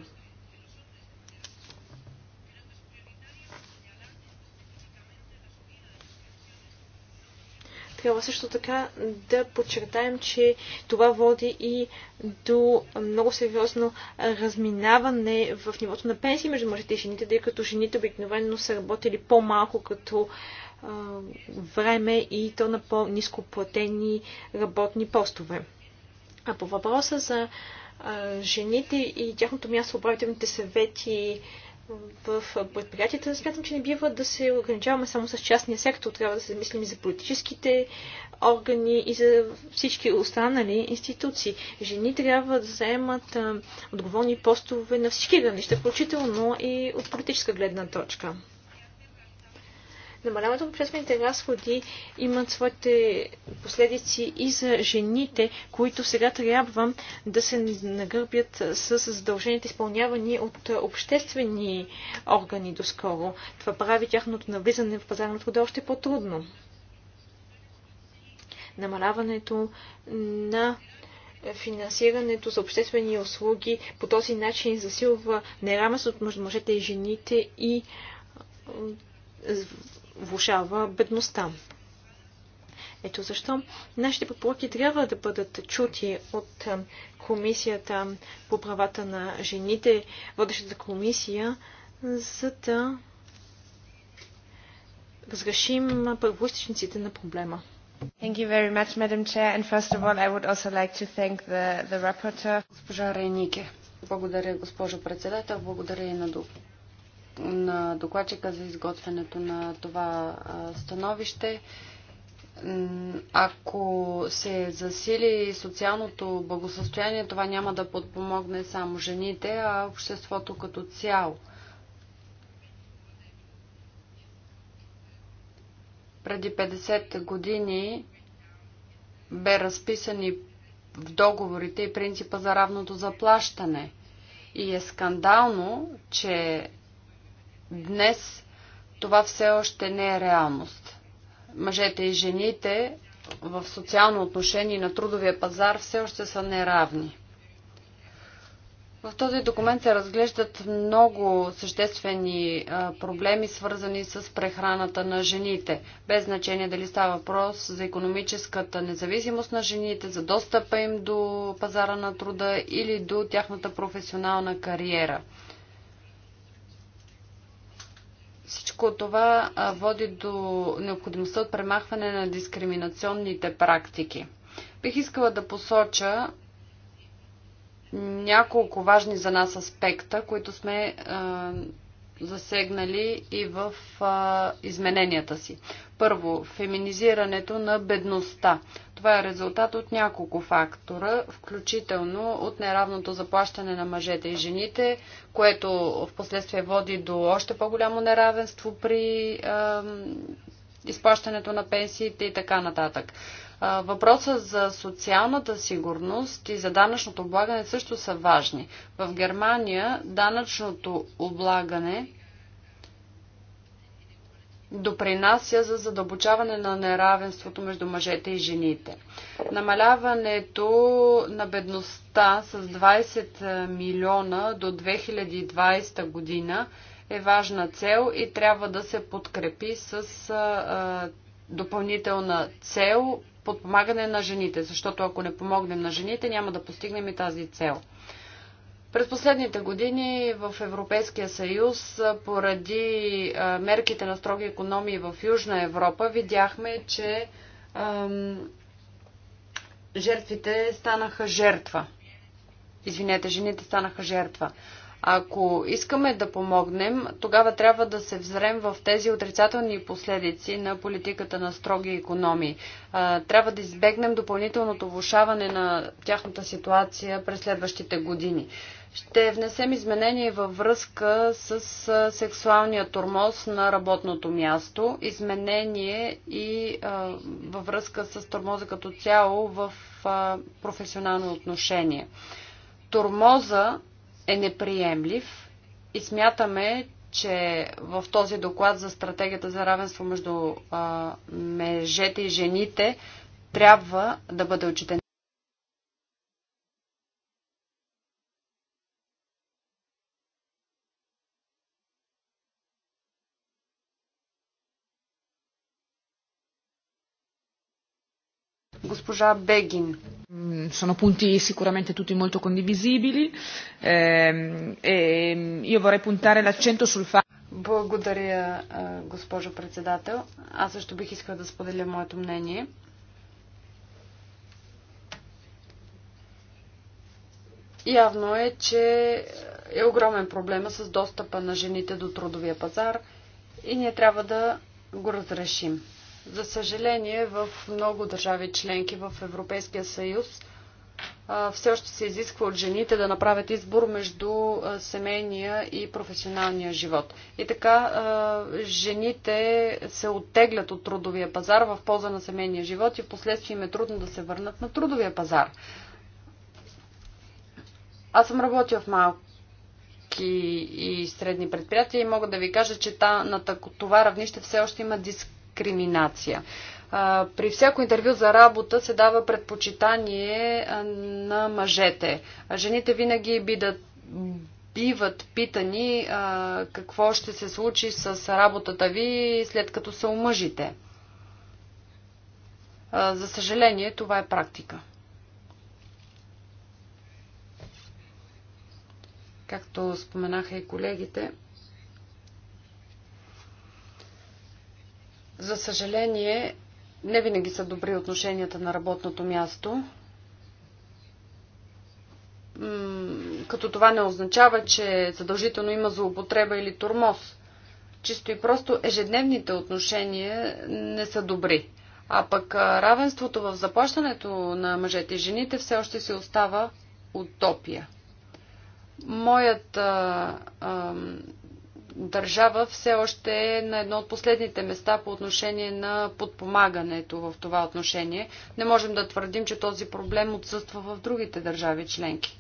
Трябва също така да подчертаем, че това води и до много сериозно разминаване в нивото на пенсии между мъжете и жените, тъй като жените обикновено са работили по-малко като а, време и то на по-низко платени работни постове. А по въпроса за а, жените и тяхното място в управителните съвети в предприятията, смятам, че не бива да се ограничаваме само с частния сектор. Трябва да се мислим и за политическите органи и за всички останали институции. Жени трябва да заемат отговорни постове на всички гранища, включително и от политическа гледна точка намаляването на обществените разходи имат своите последици и за жените, които сега трябва да се нагърбят с задълженията, изпълнявани от обществени органи доскоро. Това прави тяхното навлизане в пазара на труда още по-трудно. Намаляването на финансирането за обществени услуги по този начин засилва неравенството между мъжете и жените и влушава бедността. Ето защо нашите препоръки трябва да бъдат чути от Комисията по правата на жените, водещата комисия, за да разрешим първоистичниците на проблема. Thank you very much, Madam Chair. And first of all, I would also like to thank the, the rapporteur. Госпожа Рейнике. Благодаря, госпожа председател. Благодаря и на на докладчика за изготвянето на това становище. Ако се засили социалното благосъстояние, това няма да подпомогне само жените, а обществото като цяло. Преди 50 години бе разписани в договорите и принципа за равното заплащане. И е скандално, че Днес това все още не е реалност. Мъжете и жените в социално отношение на трудовия пазар все още са неравни. В този документ се разглеждат много съществени проблеми, свързани с прехраната на жените, без значение дали става въпрос за економическата независимост на жените, за достъпа им до пазара на труда или до тяхната професионална кариера. Всичко това води до необходимостта от премахване на дискриминационните практики. Бих искала да посоча няколко важни за нас аспекта, които сме засегнали и в а, измененията си. Първо, феминизирането на бедността. Това е резултат от няколко фактора, включително от неравното заплащане на мъжете и жените, което в последствие води до още по-голямо неравенство при а, изплащането на пенсиите и така нататък. Въпросът за социалната сигурност и за данъчното облагане също са важни. В Германия данъчното облагане допринася за задълбочаване на неравенството между мъжете и жените. Намаляването на бедността с 20 милиона до 2020 година е важна цел и трябва да се подкрепи с допълнителна цел подпомагане на жените, защото ако не помогнем на жените, няма да постигнем и тази цел. През последните години в Европейския съюз, поради мерките на строги економии в Южна Европа, видяхме, че ам, жертвите станаха жертва. Извинете, жените станаха жертва. Ако искаме да помогнем, тогава трябва да се взрем в тези отрицателни последици на политиката на строги економии. Трябва да избегнем допълнителното влушаване на тяхната ситуация през следващите години. Ще внесем изменения във връзка с сексуалния тормоз на работното място, изменение и във връзка с тормоза като цяло в професионално отношение. Тормоза е неприемлив и смятаме, че в този доклад за стратегията за равенство между а, мъжете и жените трябва да бъде отчетен. Госпожа Бегин. Mm, sono punti sicuramente tutti molto condivisibili eh, e mm, io vorrei puntare l'accento sul fatto. Благодаря, госпожо председател. Аз също бих искала да споделя моето мнение. Явно е, че е огромен проблема с достъпа на жените до трудовия пазар и ние трябва да го разрешим. За съжаление, в много държави членки в Европейския съюз все още се изисква от жените да направят избор между семейния и професионалния живот. И така жените се оттеглят от трудовия пазар в полза на семейния живот и в последствие им е трудно да се върнат на трудовия пазар. Аз съм работила в малки и средни предприятия и мога да ви кажа, че на това равнище все още има дискриминация дискриминация. При всяко интервю за работа се дава предпочитание на мъжете. Жените винаги бидат, биват питани какво ще се случи с работата ви след като се омъжите. За съжаление, това е практика. Както споменаха и колегите, За съжаление, не винаги са добри отношенията на работното място. Като това не означава, че задължително има злоупотреба или турмоз. Чисто и просто ежедневните отношения не са добри. А пък равенството в заплащането на мъжете и жените все още си остава утопия. Моят а, а, държава все още е на едно от последните места по отношение на подпомагането в това отношение. Не можем да твърдим, че този проблем отсъства в другите държави членки.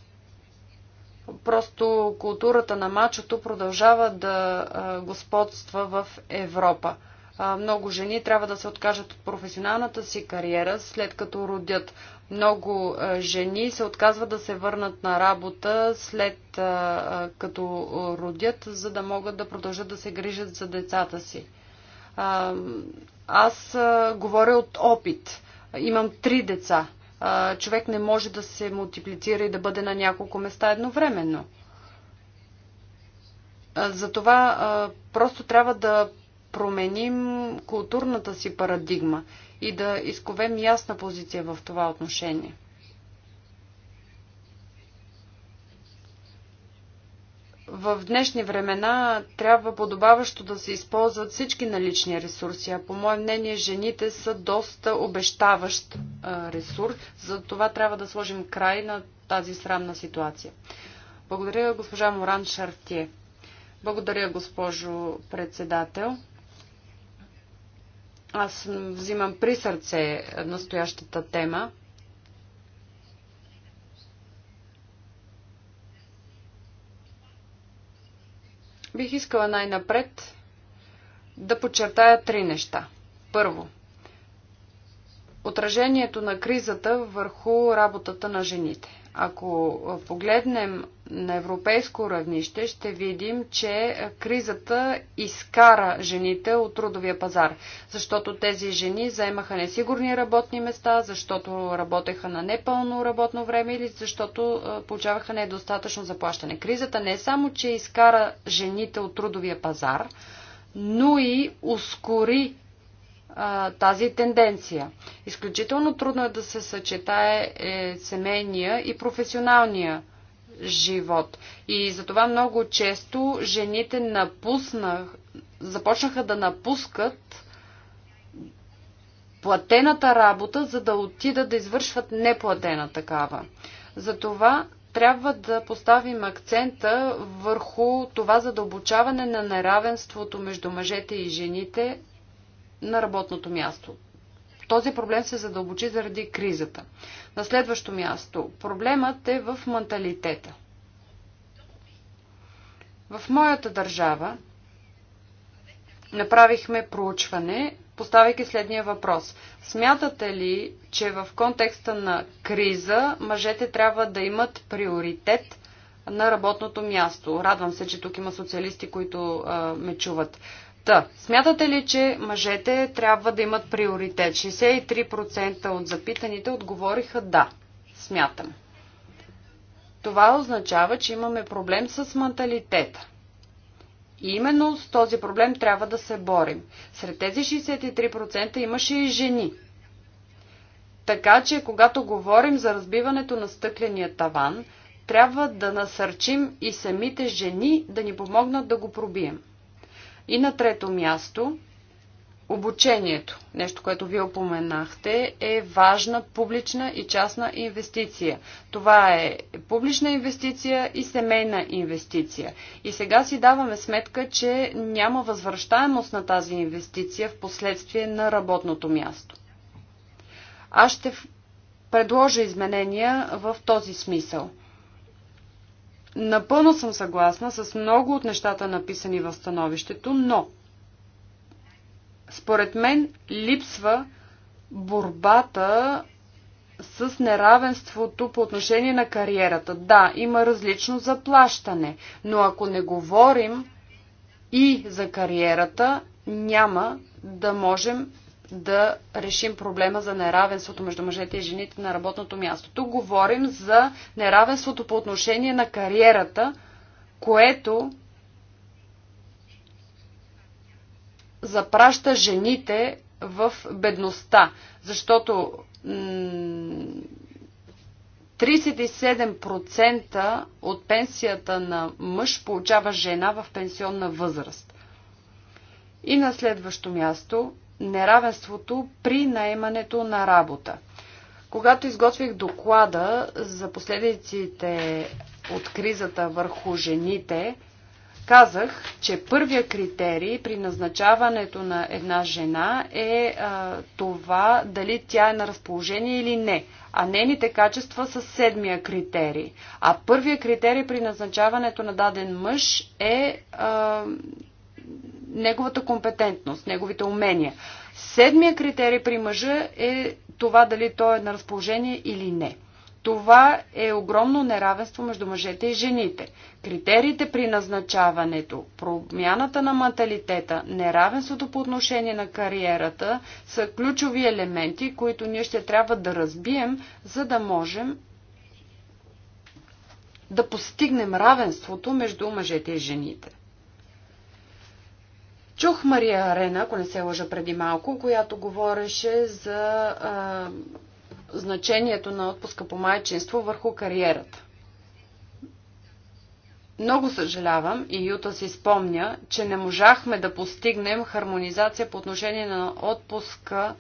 Просто културата на мачото продължава да господства в Европа. Много жени трябва да се откажат от професионалната си кариера, след като родят. Много жени се отказват да се върнат на работа след като родят, за да могат да продължат да се грижат за децата си. Аз говоря от опит. Имам три деца. Човек не може да се мултиплицира и да бъде на няколко места едновременно. Затова просто трябва да променим културната си парадигма и да изковем ясна позиция в това отношение. в днешни времена трябва подобаващо да се използват всички налични ресурси, а по мое мнение жените са доста обещаващ ресурс, за това трябва да сложим край на тази срамна ситуация. Благодаря госпожа Моран Шартие. Благодаря госпожо председател. Аз взимам при сърце настоящата тема. Бих искала най-напред да подчертая три неща. Първо, отражението на кризата върху работата на жените. Ако погледнем на европейско равнище, ще видим, че кризата изкара жените от трудовия пазар, защото тези жени заемаха несигурни работни места, защото работеха на непълно работно време или защото получаваха недостатъчно заплащане. Кризата не е само, че изкара жените от трудовия пазар, но и ускори тази тенденция. Изключително трудно е да се съчетае е, семейния и професионалния живот. И затова много често жените напуснах, започнаха да напускат платената работа, за да отидат да извършват неплатена такава. Затова трябва да поставим акцента върху това задълбочаване на неравенството между мъжете и жените на работното място. Този проблем се задълбочи заради кризата. На следващо място, проблемът е в менталитета. В моята държава направихме проучване, поставяйки следния въпрос. Смятате ли, че в контекста на криза мъжете трябва да имат приоритет – на работното място. Радвам се, че тук има социалисти, които а, ме чуват. Та, смятате ли, че мъжете трябва да имат приоритет? 63% от запитаните отговориха да. Смятам. Това означава, че имаме проблем с менталитета. И именно с този проблем трябва да се борим. Сред тези 63% имаше и жени. Така че, когато говорим за разбиването на стъкления таван, трябва да насърчим и самите жени да ни помогнат да го пробием. И на трето място, обучението, нещо, което вие опоменахте, е важна публична и частна инвестиция. Това е публична инвестиция и семейна инвестиция. И сега си даваме сметка, че няма възвръщаемост на тази инвестиция в последствие на работното място. Аз ще предложа изменения в този смисъл – Напълно съм съгласна с много от нещата написани в становището, но според мен липсва борбата с неравенството по отношение на кариерата. Да, има различно заплащане, но ако не говорим и за кариерата, няма да можем да решим проблема за неравенството между мъжете и жените на работното място. Тук говорим за неравенството по отношение на кариерата, което запраща жените в бедността, защото 37% от пенсията на мъж получава жена в пенсионна възраст. И на следващо място неравенството при наемането на работа. Когато изготвих доклада за последиците от кризата върху жените, казах, че първия критерий при назначаването на една жена е а, това дали тя е на разположение или не, а нейните качества са седмия критерий. А първия критерий при назначаването на даден мъж е а, неговата компетентност, неговите умения. Седмия критерий при мъжа е това дали той е на разположение или не. Това е огромно неравенство между мъжете и жените. Критериите при назначаването, промяната на менталитета, неравенството по отношение на кариерата са ключови елементи, които ние ще трябва да разбием, за да можем да постигнем равенството между мъжете и жените. Чух Мария Арена, ако не се лъжа преди малко, която говореше за а, значението на отпуска по майчинство върху кариерата. Много съжалявам и Юта си спомня, че не можахме да постигнем хармонизация по отношение на отпуска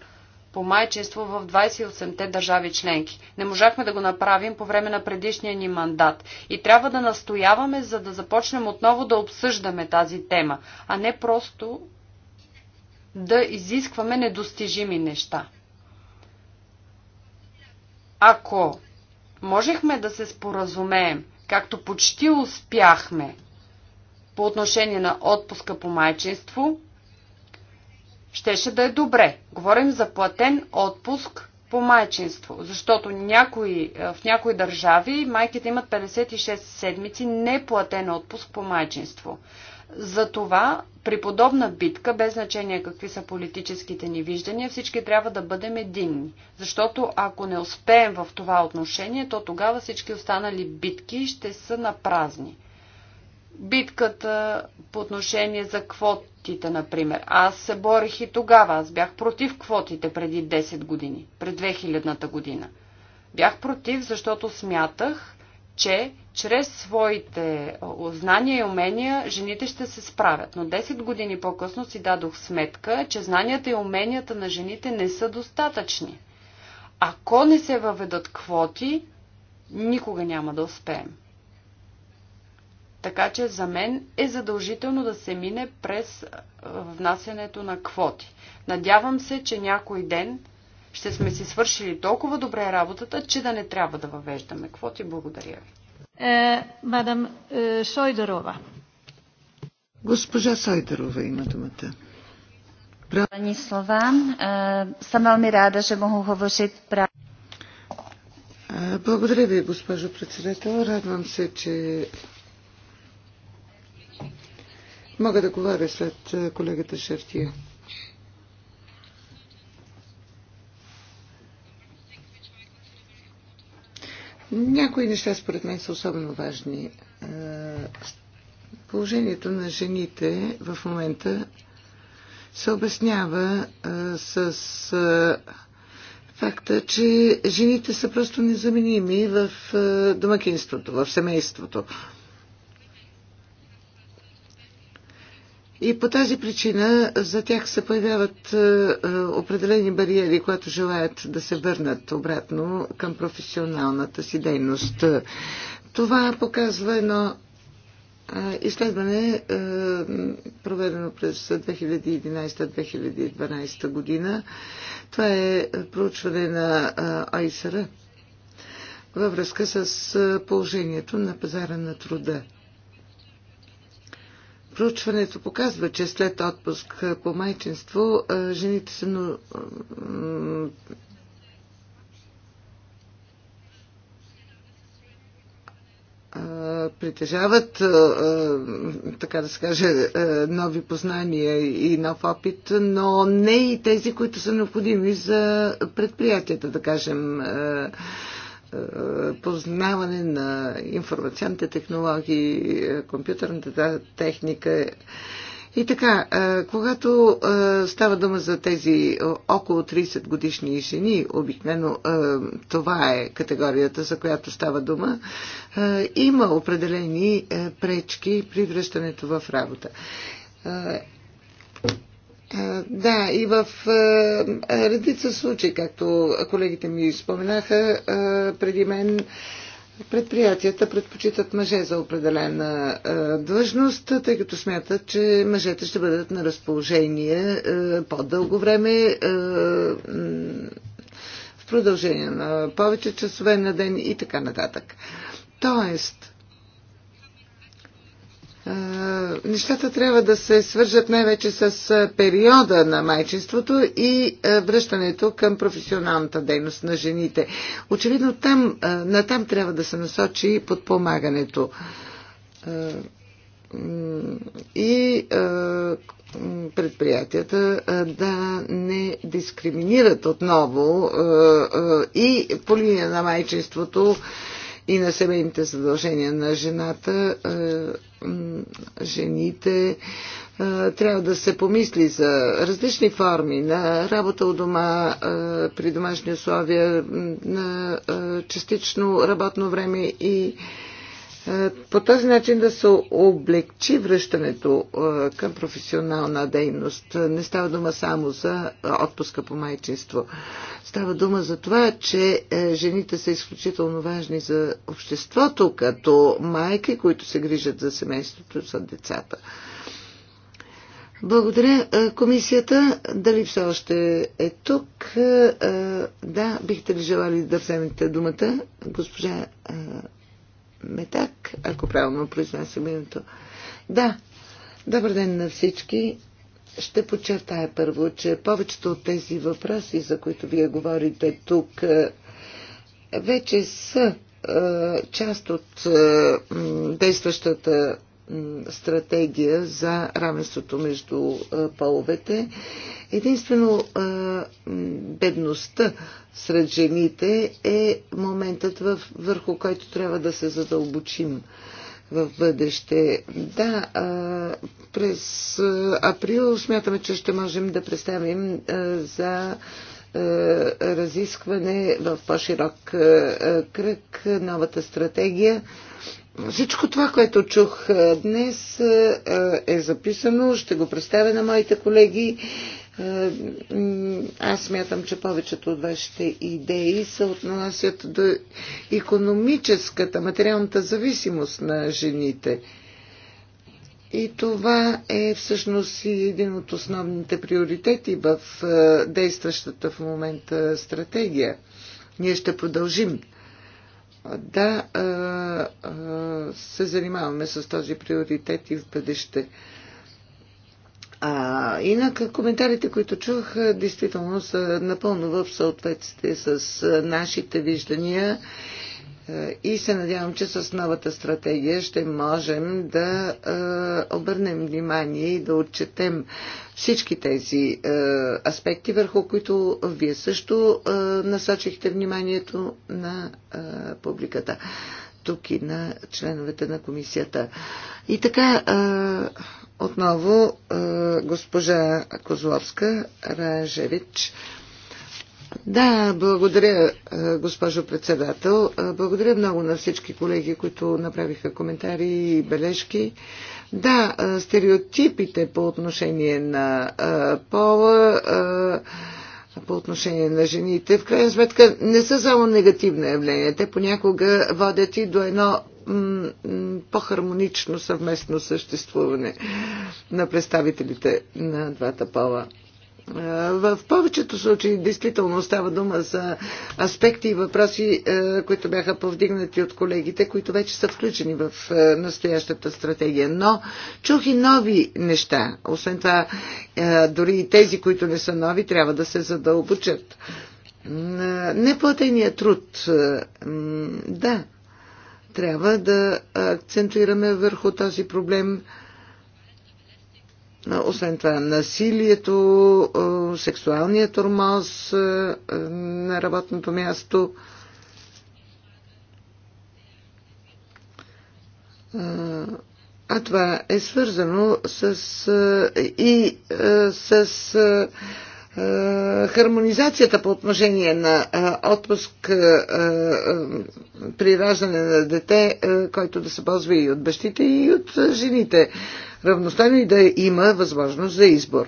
по майчество в 28-те държави членки. Не можахме да го направим по време на предишния ни мандат. И трябва да настояваме, за да започнем отново да обсъждаме тази тема, а не просто да изискваме недостижими неща. Ако можехме да се споразумеем, както почти успяхме по отношение на отпуска по майчинство, щеше да е добре. Говорим за платен отпуск по майчинство, защото някои, е, в някои държави майките имат 56 седмици неплатен отпуск по майчинство. Затова при подобна битка, без значение какви са политическите ни виждания, всички трябва да бъдем единни. Защото ако не успеем в това отношение, то тогава всички останали битки ще са на празни битката по отношение за квотите, например. Аз се борих и тогава. Аз бях против квотите преди 10 години, пред 2000-та година. Бях против, защото смятах, че чрез своите знания и умения жените ще се справят. Но 10 години по-късно си дадох сметка, че знанията и уменията на жените не са достатъчни. Ако не се въведат квоти, никога няма да успеем. Така че за мен е задължително да се мине през внасянето на квоти. Надявам се, че някой ден ще сме си свършили толкова добре работата, че да не трябва да въвеждаме квоти. Благодаря ви. Е, мадам е, Шойдерова. Госпожа Сойдерова има думата. Ani slova. Е, съм veľmi ráda, že mohu hovoriť práve. Благодаря ви, госпожо председател. Радвам се, че Мога да говоря след е, колегата Шартия. Някои неща според мен са особено важни. Е, положението на жените в момента се обяснява е, с факта, че жените са просто незаменими в домакинството, в семейството. И по тази причина за тях се появяват е, е, определени бариери, които желаят да се върнат обратно към професионалната си дейност. Това показва едно е, изследване, проведено през 2011-2012 година. Това е проучване на ОИСР във връзка с положението на пазара на труда. Проучването показва, че след отпуск по майчинство жените са притежават, така да се каже, нови познания и нов опит, но не и тези, които са необходими за предприятията, да кажем, е, познаване на информационните технологии, е, компютърната техника. И така, е, когато става дума за тези около 30 годишни жени, обикновено това е категорията, за която става дума, има определени пречки при връщането в работа. Да, и в редица случаи, както колегите ми споменаха преди мен, предприятията предпочитат мъже за определена длъжност, тъй като смятат, че мъжете ще бъдат на разположение по-дълго време в продължение на повече часове на ден и така нататък. Тоест, е, нещата трябва да се свържат най-вече с е, периода на майчинството и е, връщането към професионалната дейност на жените. Очевидно там, на там трябва да се насочи и подпомагането. И предприятията да не дискриминират отново и по линия на майчинството и на семейните задължения на жената жените. Трябва да се помисли за различни форми на работа у дома, при домашни условия, на частично работно време и е, по този начин да се облегчи връщането е, към професионална дейност. Не става дума само за отпуска по майчинство. Става дума за това, че е, жените са изключително важни за обществото, като майки, които се грижат за семейството, за децата. Благодаря. Комисията, дали все още е тук? Да, бихте ли желали да вземете думата, госпожа Метак, ако правилно произнасям името. Да, добър ден на всички. Ще подчертая първо, че повечето от тези въпроси, за които вие говорите тук, е, вече са е, част от е, действащата стратегия за равенството между половете. Единствено бедността сред жените е моментът върху който трябва да се задълбочим в бъдеще. Да, през април смятаме, че ще можем да представим за разискване в по-широк кръг новата стратегия всичко това, което чух днес е записано, ще го представя на моите колеги. Аз смятам, че повечето от вашите идеи се отнасят до економическата, материалната зависимост на жените. И това е всъщност и един от основните приоритети в действащата в момента стратегия. Ние ще продължим да се занимаваме с този приоритет и в бъдеще. А, инак коментарите, които чух, действително са напълно в съответствие с нашите виждания е, и се надявам, че с новата стратегия ще можем да е, обърнем внимание и да отчетем всички тези е, аспекти, върху които вие също насочихте вниманието на публиката, тук и на членовете на комисията. И така, отново госпожа Козловска Ражевич да, благодаря, госпожо председател. Благодаря много на всички колеги, които направиха коментари и бележки. Да, стереотипите по отношение на пола, по отношение на жените, в крайна сметка не са само негативни явления. Те понякога водят и до едно по-хармонично съвместно съществуване на представителите на двата пола. В повечето случаи действително става дума за аспекти и въпроси, е, които бяха повдигнати от колегите, които вече са включени в е, настоящата стратегия. Но чух и нови неща. Освен това, е, дори и тези, които не са нови, трябва да се задълбочат. Неплатения труд. Да, трябва да акцентуираме върху този проблем – освен това, насилието, сексуалният тормоз на работното място. А това е свързано с, и с е, хармонизацията по отношение на е, отпуск е, при раждане на дете, който да се ползва и от бащите, и от жените. Равностойно и да има възможност за избор.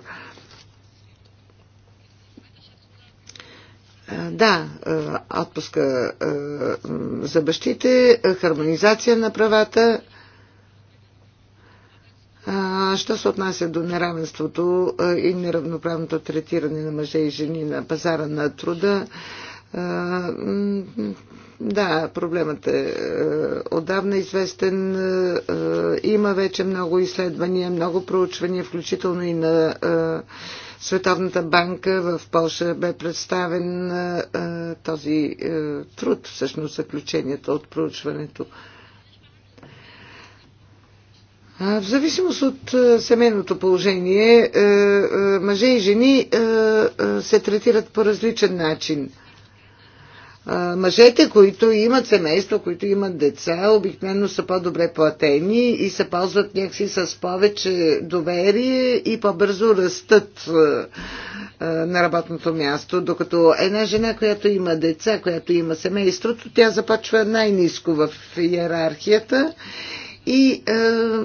Да, отпуска за бащите, хармонизация на правата Що се отнася до неравенството и неравноправното третиране на мъже и жени на пазара на труда, да, проблемът е, е отдавна известен. Има вече много изследвания, много проучвания, включително и на Световната банка в Польша бе представен този е, труд, всъщност заключенията от проучването. В зависимост от е, семейното положение, е, е, мъже и жени се третират по различен начин. Мъжете, които имат семейство, които имат деца, обикновено са по-добре платени и се ползват някакси с повече доверие и по-бързо растат на работното място. Докато една жена, която има деца, която има семейството, тя започва най-низко в иерархията и е,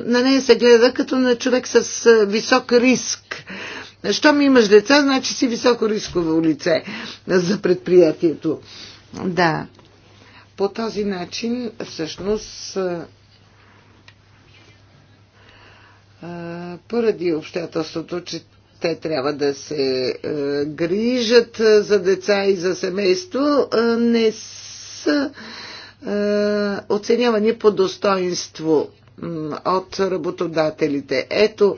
на нея се гледа като на човек с е, висок риск. Щом имаш деца, значи си високо рисково лице за предприятието. Да. По този начин, всъщност, е, е поради обстоятелството, че те трябва да се е, грижат е, за деца и за семейство, е, не са е, оценявани по достоинство от работодателите. Ето,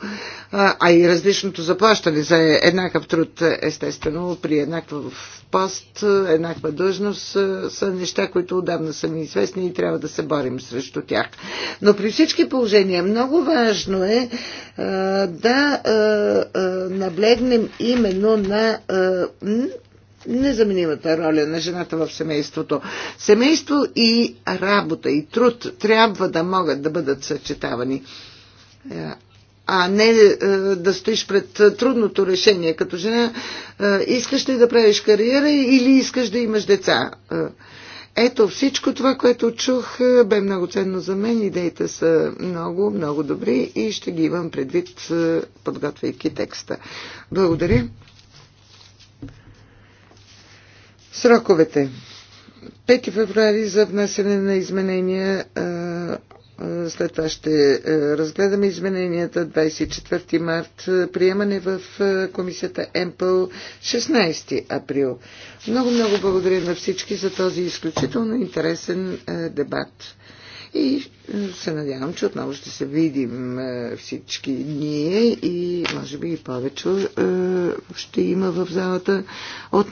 а и различното заплащане за еднакъв труд, естествено, при еднакъв пост, еднаква длъжност е, са неща, които отдавна са ми известни и трябва да се борим срещу тях. Но при всички положения много важно е, е да наблегнем именно на незаменимата роля на жената в семейството. Семейство и работа и труд трябва да могат да бъдат съчетавани е, а не е, да стоиш пред трудното решение като жена. Е, искаш ли да правиш кариера или искаш да имаш деца? Ето всичко това, което чух, бе много ценно за мен. Идеите са много, много добри и ще ги имам предвид, подготвяйки текста. Благодаря. Сроковете. 5 февруари за внасяне на изменения. След това ще разгледаме измененията. 24 март. Приемане в комисията МПЛ 16 април. Много, много благодаря на всички за този изключително интересен дебат. И се надявам, че отново ще се видим всички ние и може би и повече ще има в залата от